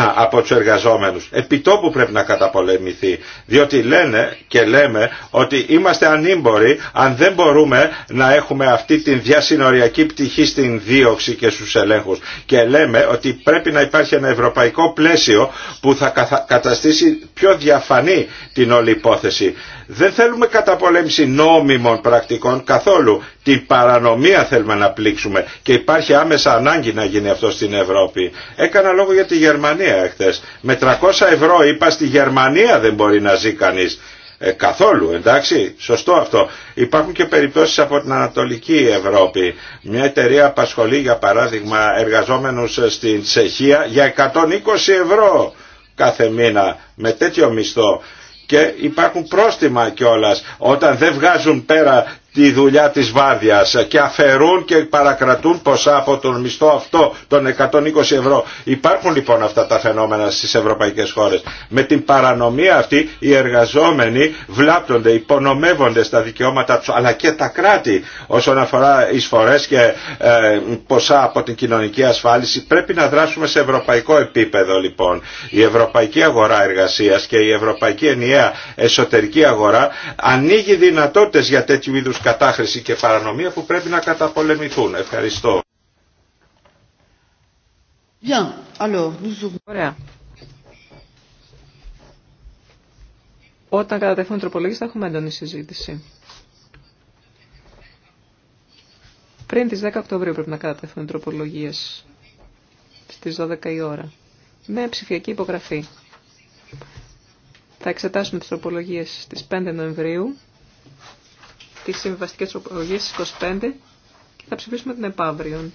από τους εργαζόμενους. Επιτόπου πρέπει να καταπολεμηθεί. Διότι λένε και λέμε ότι είμαστε ανήμποροι αν δεν μπορούμε να έχουμε αυτή την διασυνοριακή πτυχή στην δίωξη και στους ελέγχους. Και λέμε ότι πρέπει να υπάρχει ένα ευρωπαϊκό πλαίσιο που θα καταστήσει πιο διαφανή την όλη υπόθεση. Δεν θέλουμε καταπολέμηση νόμιμων πρακτικών καθόλου. Την παρανομία θέλουμε να πλήξουμε και υπάρχει άμεσα ανάγκη να γίνει αυτό στην Ευρώπη. Έκανα λόγο για τη Γερμανία εχθές. Με 300 ευρώ είπα στη Γερμανία δεν μπορεί να ζει κανείς. Ε, καθόλου, εντάξει, σωστό αυτό. Υπάρχουν και περιπτώσεις από την Ανατολική Ευρώπη. Μια εταιρεία απασχολεί, για παράδειγμα, εργαζόμενους ε, στην Τσεχία για 120 ευρώ κάθε μήνα με τέτοιο μισθό και υπάρχουν πρόστιμα κιόλα όταν δεν βγάζουν πέρα τη δουλειά της βάδιας και αφαιρούν και παρακρατούν ποσά από τον μισθό αυτό των 120 ευρώ. Υπάρχουν λοιπόν αυτά τα φαινόμενα στις ευρωπαϊκές χώρες. Με την παρανομία αυτή οι εργαζόμενοι βλάπτονται, υπονομεύονται στα δικαιώματα τους αλλά και τα κράτη όσον αφορά εισφορές και ε, ποσά από την κοινωνική ασφάλιση. Πρέπει να δράσουμε σε ευρωπαϊκό επίπεδο λοιπόν. Η ευρωπαϊκή αγορά εργασίας και η ευρωπαϊκή ενιαία εσωτερική αγορά ανοίγει δυνατότητες για τέτοιου είδους κατάχρηση και παρανομία που πρέπει να καταπολεμηθούν. Ευχαριστώ. Ωραία. Όταν κατατεθούν τροπολογίες θα έχουμε έντονη συζήτηση. Πριν τις 10 Οκτωβρίου πρέπει να κατατεθούν τροπολογίες στις 12 η ώρα. Με ψηφιακή υπογραφή. Θα εξετάσουμε τις τροπολογίες στις 5 Νοεμβρίου τις συμβαστικές τροπολογίε στις 25 και θα ψηφίσουμε την επαύριον.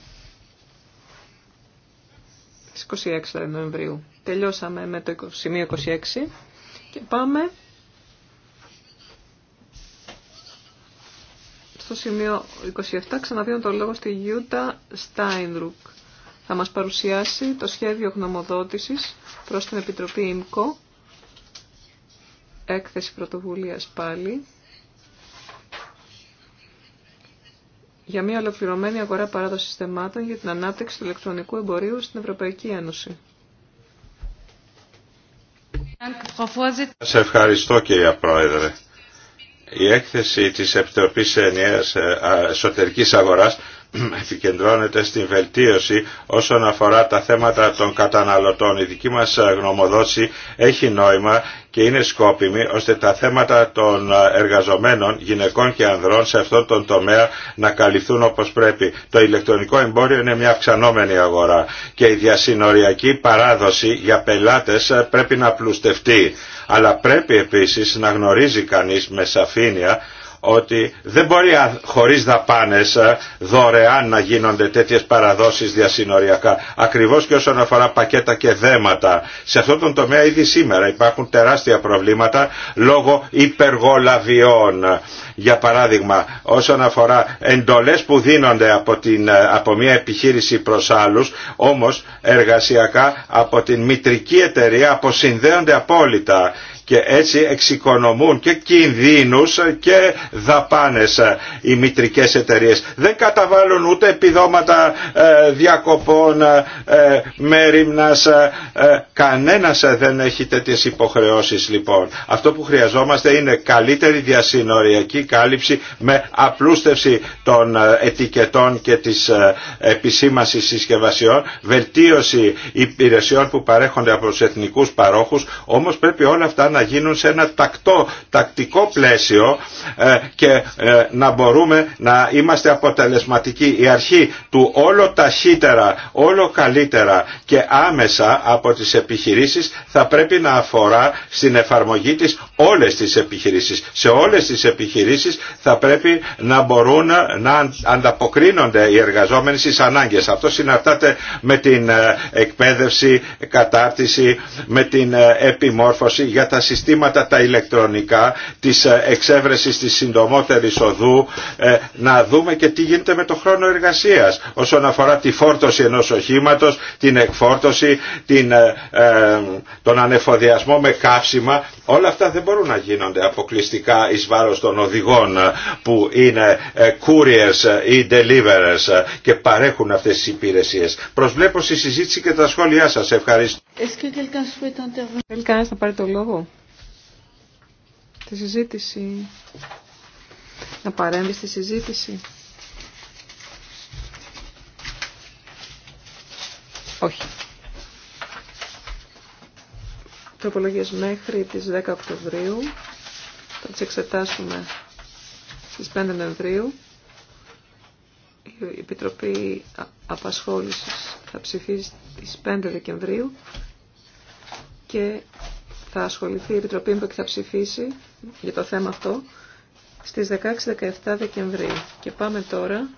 Στις 26 Νοεμβρίου. Τελειώσαμε με το σημείο 26 και πάμε στο σημείο 27. Ξαναδίνω το λόγο στη Γιούτα Στάινρουκ. Θα μας παρουσιάσει το σχέδιο γνωμοδότησης προς την Επιτροπή ΙΜΚΟ έκθεση πρωτοβουλίας πάλι για μια ολοκληρωμένη αγορά παράδοση θεμάτων για την ανάπτυξη του ηλεκτρονικού εμπορίου στην Ευρωπαϊκή Ένωση. Σε ευχαριστώ κυρία Πρόεδρε. Η έκθεση της Επιτροπής Ενιαίας ε, Εσωτερικής Αγοράς επικεντρώνεται στην βελτίωση όσον αφορά τα θέματα των καταναλωτών. Η δική μας γνωμοδότηση έχει νόημα και είναι σκόπιμη ώστε τα θέματα των εργαζομένων, γυναικών και ανδρών σε αυτόν τον τομέα να καλυφθούν όπως πρέπει. Το ηλεκτρονικό εμπόριο είναι μια αυξανόμενη αγορά και η διασυνοριακή παράδοση για πελάτες πρέπει να πλουστευτεί. Αλλά πρέπει επίσης να γνωρίζει κανείς με σαφήνεια ότι δεν μπορεί χωρίς δαπάνες ε, δωρεάν να γίνονται τέτοιες παραδόσεις διασυνοριακά. Ακριβώς και όσον αφορά πακέτα και δέματα. Σε αυτόν τον τομέα ήδη σήμερα υπάρχουν τεράστια προβλήματα λόγω υπεργολαβιών. Για παράδειγμα, όσον αφορά εντολές που δίνονται από, την, ε, από μια επιχείρηση προς άλλους, όμως εργασιακά από την μητρική εταιρεία αποσυνδέονται απόλυτα και έτσι εξοικονομούν και κινδύνους και δαπάνες οι μητρικές εταιρείες. Δεν καταβάλουν ούτε επιδόματα ε, διακοπών, ε, ε, μέρημνας, κανένας δεν έχει τέτοιες υποχρεώσεις λοιπόν. Αυτό που χρειαζόμαστε είναι καλύτερη διασυνοριακή κάλυψη με απλούστευση των ετικετών και της επισήμασης συσκευασιών, βελτίωση υπηρεσιών που παρέχονται από τους εθνικούς παρόχους, όμως πρέπει όλα αυτά να γίνουν σε ένα τακτό, τακτικό πλαίσιο ε, και ε, να μπορούμε να είμαστε αποτελεσματικοί. Η αρχή του όλο ταχύτερα, όλο καλύτερα και άμεσα από τις επιχειρήσεις θα πρέπει να αφορά στην εφαρμογή της όλες τις επιχειρήσεις. Σε όλες τις επιχειρήσεις θα πρέπει να μπορούν να ανταποκρίνονται οι εργαζόμενοι στις ανάγκες. Αυτό συναρτάται με την ε, εκπαίδευση, κατάρτιση, με την ε, επιμόρφωση για τα συστήματα τα ηλεκτρονικά, της ε, εξέβρεση, της συντομότερης οδού, να δούμε και τι γίνεται με το χρόνο εργασίας όσον αφορά τη φόρτωση ενός οχήματος, την εκφόρτωση, την, τον ανεφοδιασμό με καύσιμα. Όλα αυτά δεν μπορούν να γίνονται αποκλειστικά εις βάρος των οδηγών που είναι ε, couriers ή deliverers ε, και παρέχουν αυτές τις υπηρεσίες. Προσβλέπω στη συζήτηση και τα σχόλιά σας. Ευχαριστώ. Θέλει κανένας να πάρει το λόγο. Τη συζήτηση. Να παρέμβει στη συζήτηση. Όχι τροπολογίες μέχρι τις 10 Οκτωβρίου. Θα τις εξετάσουμε στις 5 Νοεμβρίου. Η Επιτροπή Απασχόλησης θα ψηφίσει στις 5 Δεκεμβρίου και θα ασχοληθεί η Επιτροπή που θα ψηφίσει για το θέμα αυτό στις 16-17 Δεκεμβρίου. Και πάμε τώρα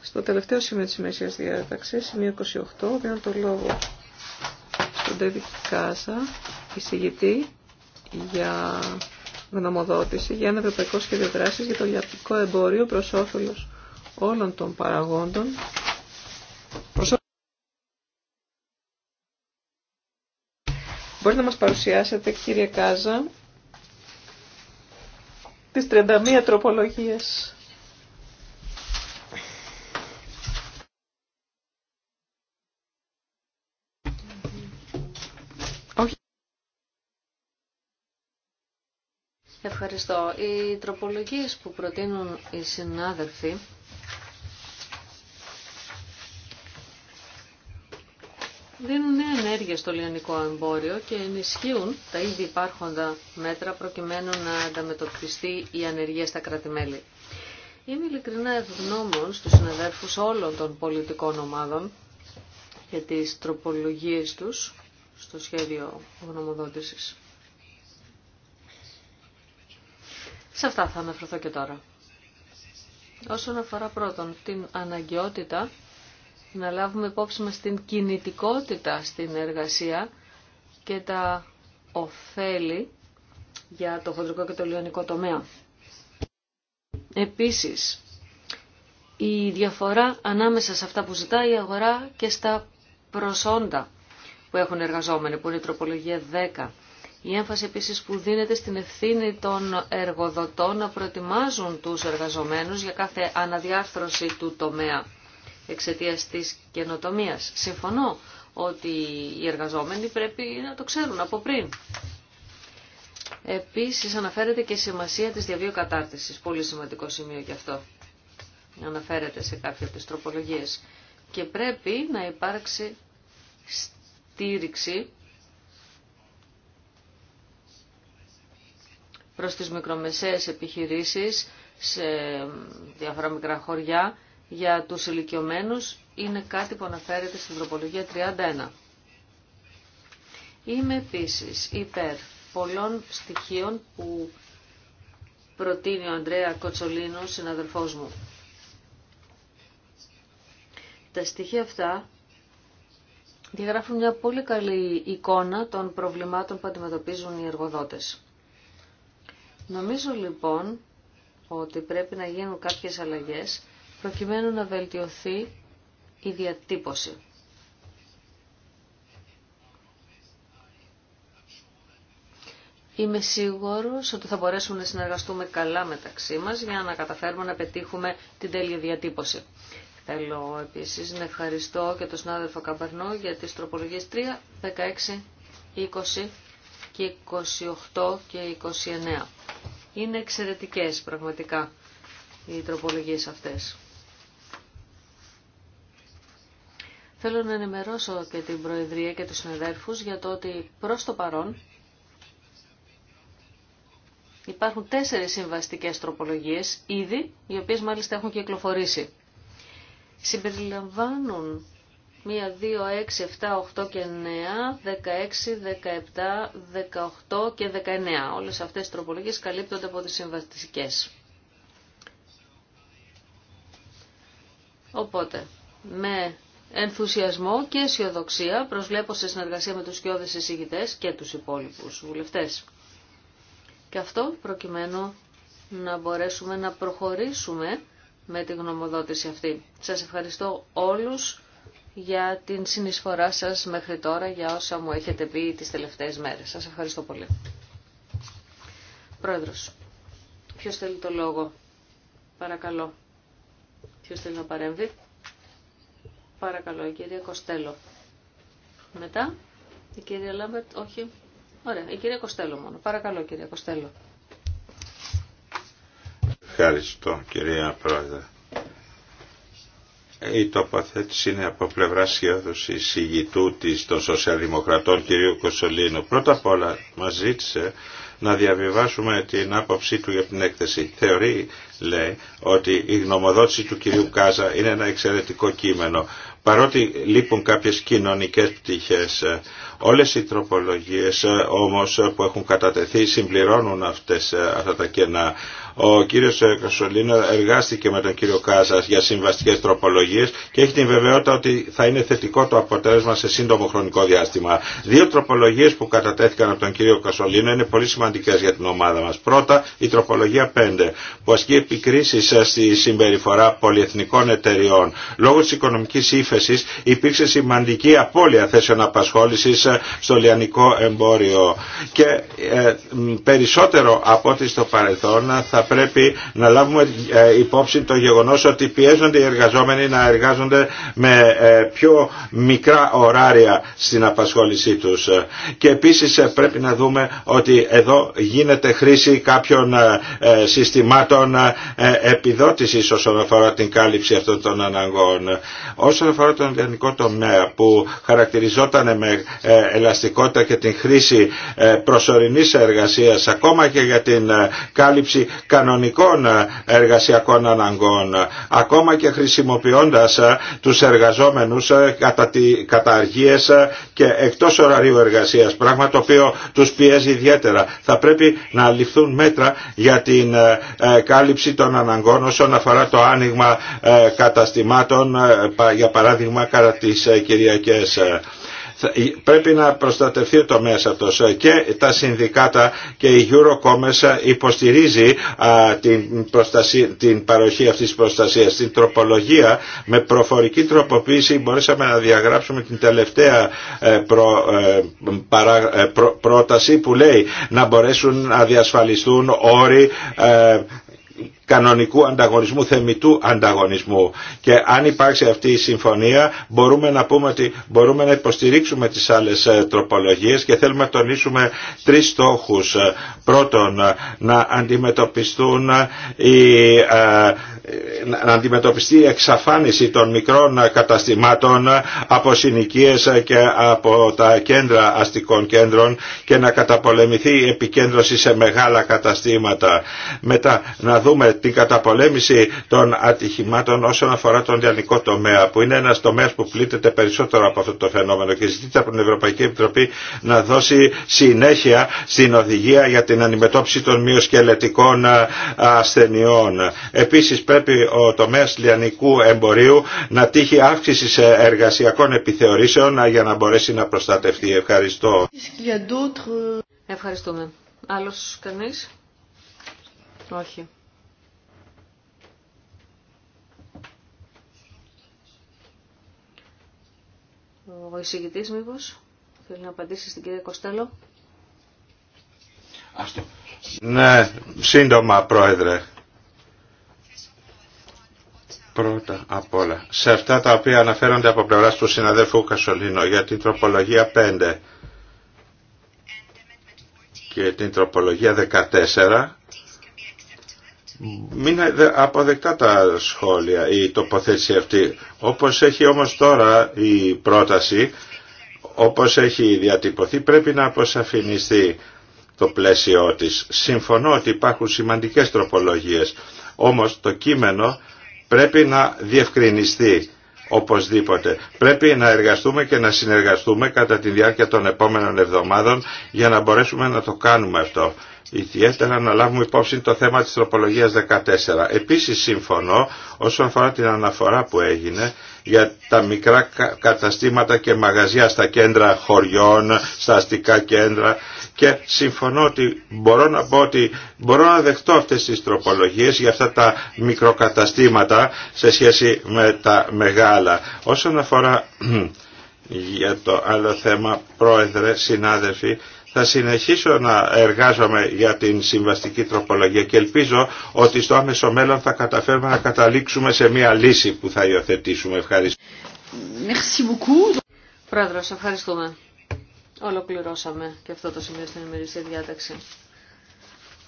στο τελευταίο σημείο της ημερησίας διάταξης, σημείο 28, δίνω το λόγο τον Τέβι Κάζα, εισηγητή για γνωμοδότηση για ένα ευρωπαϊκό σχέδιο δράσης για το λιαπτικό εμπόριο προς όφελος όλων των παραγόντων Μπορείτε να μας παρουσιάσετε, κύριε Κάζα, τις 31 τροπολογίες Ευχαριστώ. Οι τροπολογίες που προτείνουν οι συνάδελφοι δίνουν νέα ενέργεια στο λιανικό εμπόριο και ενισχύουν τα ήδη υπάρχοντα μέτρα προκειμένου να ανταμετωπιστεί η ανεργία στα κράτη-μέλη. Είμαι ειλικρινά ευγνώμων στους συναδέρφους όλων των πολιτικών ομάδων για τις τροπολογίες τους στο σχέδιο γνωμοδότησης. Σε αυτά θα αναφερθώ και τώρα. Όσον αφορά πρώτον την αναγκαιότητα να λάβουμε υπόψη μας την κινητικότητα στην εργασία και τα ωφέλη για το χοντρικό και το λιονικό τομέα. Επίσης, η διαφορά ανάμεσα σε αυτά που ζητάει η αγορά και στα προσόντα που έχουν εργαζόμενοι, που είναι η τροπολογία 10. Η έμφαση επίσης που δίνεται στην ευθύνη των εργοδοτών να προετοιμάζουν τους εργαζομένους για κάθε αναδιάρθρωση του τομέα εξαιτία της καινοτομίας. Συμφωνώ ότι οι εργαζόμενοι πρέπει να το ξέρουν από πριν. Επίσης αναφέρεται και η σημασία της διαβίου κατάρτισης. Πολύ σημαντικό σημείο και αυτό. Αναφέρεται σε κάποια από τις Και πρέπει να υπάρξει στήριξη προς τις μικρομεσαίες επιχειρήσεις σε διάφορα μικρά χωριά για τους ηλικιωμένους είναι κάτι που αναφέρεται στην τροπολογία 31. Είμαι επίσης υπέρ πολλών στοιχείων που προτείνει ο Ανδρέα Κοτσολίνο, συναδελφός μου. Τα στοιχεία αυτά διαγράφουν μια πολύ καλή εικόνα των προβλημάτων που αντιμετωπίζουν οι εργοδότες. Νομίζω λοιπόν ότι πρέπει να γίνουν κάποιες αλλαγές προκειμένου να βελτιωθεί η διατύπωση. Είμαι σίγουρος ότι θα μπορέσουμε να συνεργαστούμε καλά μεταξύ μας για να καταφέρουμε να πετύχουμε την τέλεια διατύπωση. Θέλω επίσης να ευχαριστώ και τον συνάδελφο Καμπαρνό για τις τροπολογίες 3, 16, 20 και 28 και 29. Είναι εξαιρετικές πραγματικά οι τροπολογίες αυτές. Θέλω να ενημερώσω και την Προεδρία και τους συνεδέρφους για το ότι προς το παρόν υπάρχουν τέσσερις συμβαστικές τροπολογίες ήδη, οι οποίες μάλιστα έχουν κυκλοφορήσει. Συμπεριλαμβάνουν 1, 2, 6, 7, 8 και 9, 16, 17, 18 και 19. Όλες αυτές οι τροπολογίες καλύπτονται από τις συμβατικές. Οπότε, με ενθουσιασμό και αισιοδοξία προσβλέπω σε συνεργασία με τους κοιόδες εισηγητές και τους υπόλοιπους βουλευτές. Και αυτό προκειμένου να μπορέσουμε να προχωρήσουμε με τη γνωμοδότηση αυτή. Σας ευχαριστώ όλους για την συνεισφορά σας μέχρι τώρα για όσα μου έχετε πει τις τελευταίες μέρες. Σας ευχαριστώ πολύ. Πρόεδρος, ποιος θέλει το λόγο. Παρακαλώ. Ποιος θέλει να παρέμβει. Παρακαλώ, η κυρία Κοστέλο. Μετά, η κυρία Λάμπερτ, όχι. Ωραία, η κυρία Κοστέλο μόνο. Παρακαλώ, κυρία Κοστέλο. Ευχαριστώ, κυρία Πρόεδρε. Η τοποθέτηση είναι από πλευρά σχεδόση Συγητού της των Σοσιαλδημοκρατών κ. Κωσολίνου. Πρώτα απ' όλα μας ζήτησε να διαβιβάσουμε την άποψή του για την έκθεση. Θεωρεί λέει ότι η γνωμοδότηση του κυρίου Κάζα είναι ένα εξαιρετικό κείμενο. Παρότι λείπουν κάποιες κοινωνικές πτυχές, ε, όλες οι τροπολογίες ε, όμως ε, που έχουν κατατεθεί συμπληρώνουν αυτές, αυτά τα κενά. Ο κύριος Κασολίνο εργάστηκε με τον κύριο Κάζα για συμβαστικές τροπολογίες και έχει την βεβαιότητα ότι θα είναι θετικό το αποτέλεσμα σε σύντομο χρονικό διάστημα. Δύο τροπολογίες που κατατέθηκαν από τον κύριο Κασολίνο είναι πολύ σημαντικές για την ομάδα μας. Πρώτα η τροπολογία 5 που ασκεί στη συμπεριφορά πολυεθνικών εταιριών. Λόγω της οικονομικής ύφεσης υπήρξε σημαντική απώλεια θέσεων απασχόλησης ε, στο λιανικό εμπόριο και ε, περισσότερο από ό,τι στο παρελθόν ε, θα πρέπει να λάβουμε υπόψη το γεγονός ότι πιέζονται οι εργαζόμενοι να εργάζονται με πιο μικρά ωράρια στην απασχόλησή τους. Και επίσης πρέπει να δούμε ότι εδώ γίνεται χρήση κάποιων συστημάτων ε, επιδότηση όσον αφορά την κάλυψη αυτών των αναγκών. Όσον αφορά τον ελληνικό τομέα που χαρακτηριζόταν με ε, ελαστικότητα και την χρήση ε, προσωρινής εργασίας ακόμα και για την κάλυψη κανονικών εργασιακών αναγκών ακόμα και χρησιμοποιώντας τους εργαζόμενους κατά, τη, κατά και εκτός ωραρίου εργασίας πράγμα το οποίο τους πιέζει ιδιαίτερα θα πρέπει να ληφθούν μέτρα για την κάλυψη των αναγκών όσον αφορά το άνοιγμα ε, καταστημάτων ε, για παράδειγμα κατά τις ε, Κυριακές πρέπει να προστατευτεί το μέσα αυτό. και τα συνδικάτα και η Eurocommerce υποστηρίζει την, προστασία, την παροχή αυτής της προστασίας. Στην τροπολογία με προφορική τροποποίηση μπορέσαμε να διαγράψουμε την τελευταία προ, πρόταση που λέει να μπορέσουν να διασφαλιστούν όροι κανονικού ανταγωνισμού, θεμητού ανταγωνισμού. Και αν υπάρξει αυτή η συμφωνία μπορούμε να πούμε ότι μπορούμε να υποστηρίξουμε τις άλλες ε, τροπολογίες και θέλουμε να τονίσουμε τρεις στόχους. Ε, πρώτον, ε, να αντιμετωπιστούν οι να αντιμετωπιστεί η εξαφάνιση των μικρών καταστημάτων από συνοικίες και από τα κέντρα αστικών κέντρων και να καταπολεμηθεί η επικέντρωση σε μεγάλα καταστήματα. Μετά να δούμε την καταπολέμηση των ατυχημάτων όσον αφορά τον λιανικό τομέα που είναι ένας τομέας που πλήττεται περισσότερο από αυτό το φαινόμενο και ζητείται από την Ευρωπαϊκή Επιτροπή να δώσει συνέχεια στην οδηγία για την αντιμετώπιση των μειοσκελετικών ε, ασθενειών. Επίσης πρέπει ο τομέας λιανικού εμπορίου να τύχει αύξηση εργασιακών επιθεωρήσεων για να μπορέσει να προστατευτεί. Ευχαριστώ. Ευχαριστούμε. Άλλος κανείς? Όχι. Ο εισηγητής μήπως θέλει να απαντήσει στην κυρία Κοστέλο. Ναι, σύντομα πρόεδρε. Πρώτα απ' όλα, σε αυτά τα οποία αναφέρονται από πλευράς του συναδέλφου Κασολίνο για την τροπολογία 5 και την τροπολογία 14, μην αποδεκτά τα σχόλια η τοποθέτηση αυτή. Όπως έχει όμως τώρα η πρόταση, όπως έχει διατυπωθεί, πρέπει να αποσαφινιστεί το πλαίσιό της. Συμφωνώ ότι υπάρχουν σημαντικές τροπολογίες, όμως το κείμενο πρέπει να διευκρινιστεί οπωσδήποτε. Πρέπει να εργαστούμε και να συνεργαστούμε κατά τη διάρκεια των επόμενων εβδομάδων για να μπορέσουμε να το κάνουμε αυτό ιδιαίτερα να λάβουμε υπόψη το θέμα της τροπολογίας 14. Επίσης συμφωνώ όσον αφορά την αναφορά που έγινε για τα μικρά καταστήματα και μαγαζιά στα κέντρα χωριών, στα αστικά κέντρα και συμφωνώ ότι μπορώ να μπορώ να δεχτώ αυτές τις τροπολογίες για αυτά τα μικροκαταστήματα σε σχέση με τα μεγάλα. Όσον αφορά για το άλλο θέμα, πρόεδρε, συνάδελφοι, θα συνεχίσω να εργάζομαι για την συμβαστική τροπολογία και ελπίζω ότι στο άμεσο μέλλον θα καταφέρουμε να καταλήξουμε σε μια λύση που θα υιοθετήσουμε. Ευχαριστώ. Merci Πρόεδρος, ευχαριστούμε. Ολοκληρώσαμε και αυτό το σημείο στην ημερήσια διάταξη.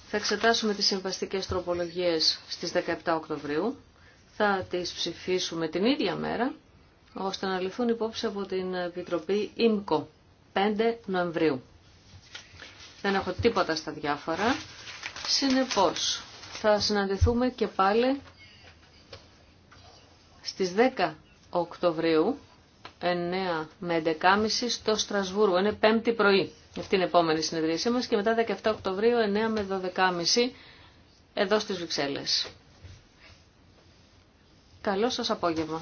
Θα εξετάσουμε τις συμβαστικές τροπολογίες στις 17 Οκτωβρίου. Θα τις ψηφίσουμε την ίδια μέρα, ώστε να λυθούν υπόψη από την Επιτροπή ΙΜΚΟ, 5 Νοεμβρίου. Δεν έχω τίποτα στα διάφορα. Συνεπώς, θα συναντηθούμε και πάλι στις 10 Οκτωβρίου, 9 με 11.30 στο Στρασβούργο. Είναι 5η πρωί αυτή είναι η επόμενη συνεδρίασή μας και μετά 17 Οκτωβρίου 9 με 12.30 εδώ στις Βρυξέλλες. Καλό σας απόγευμα.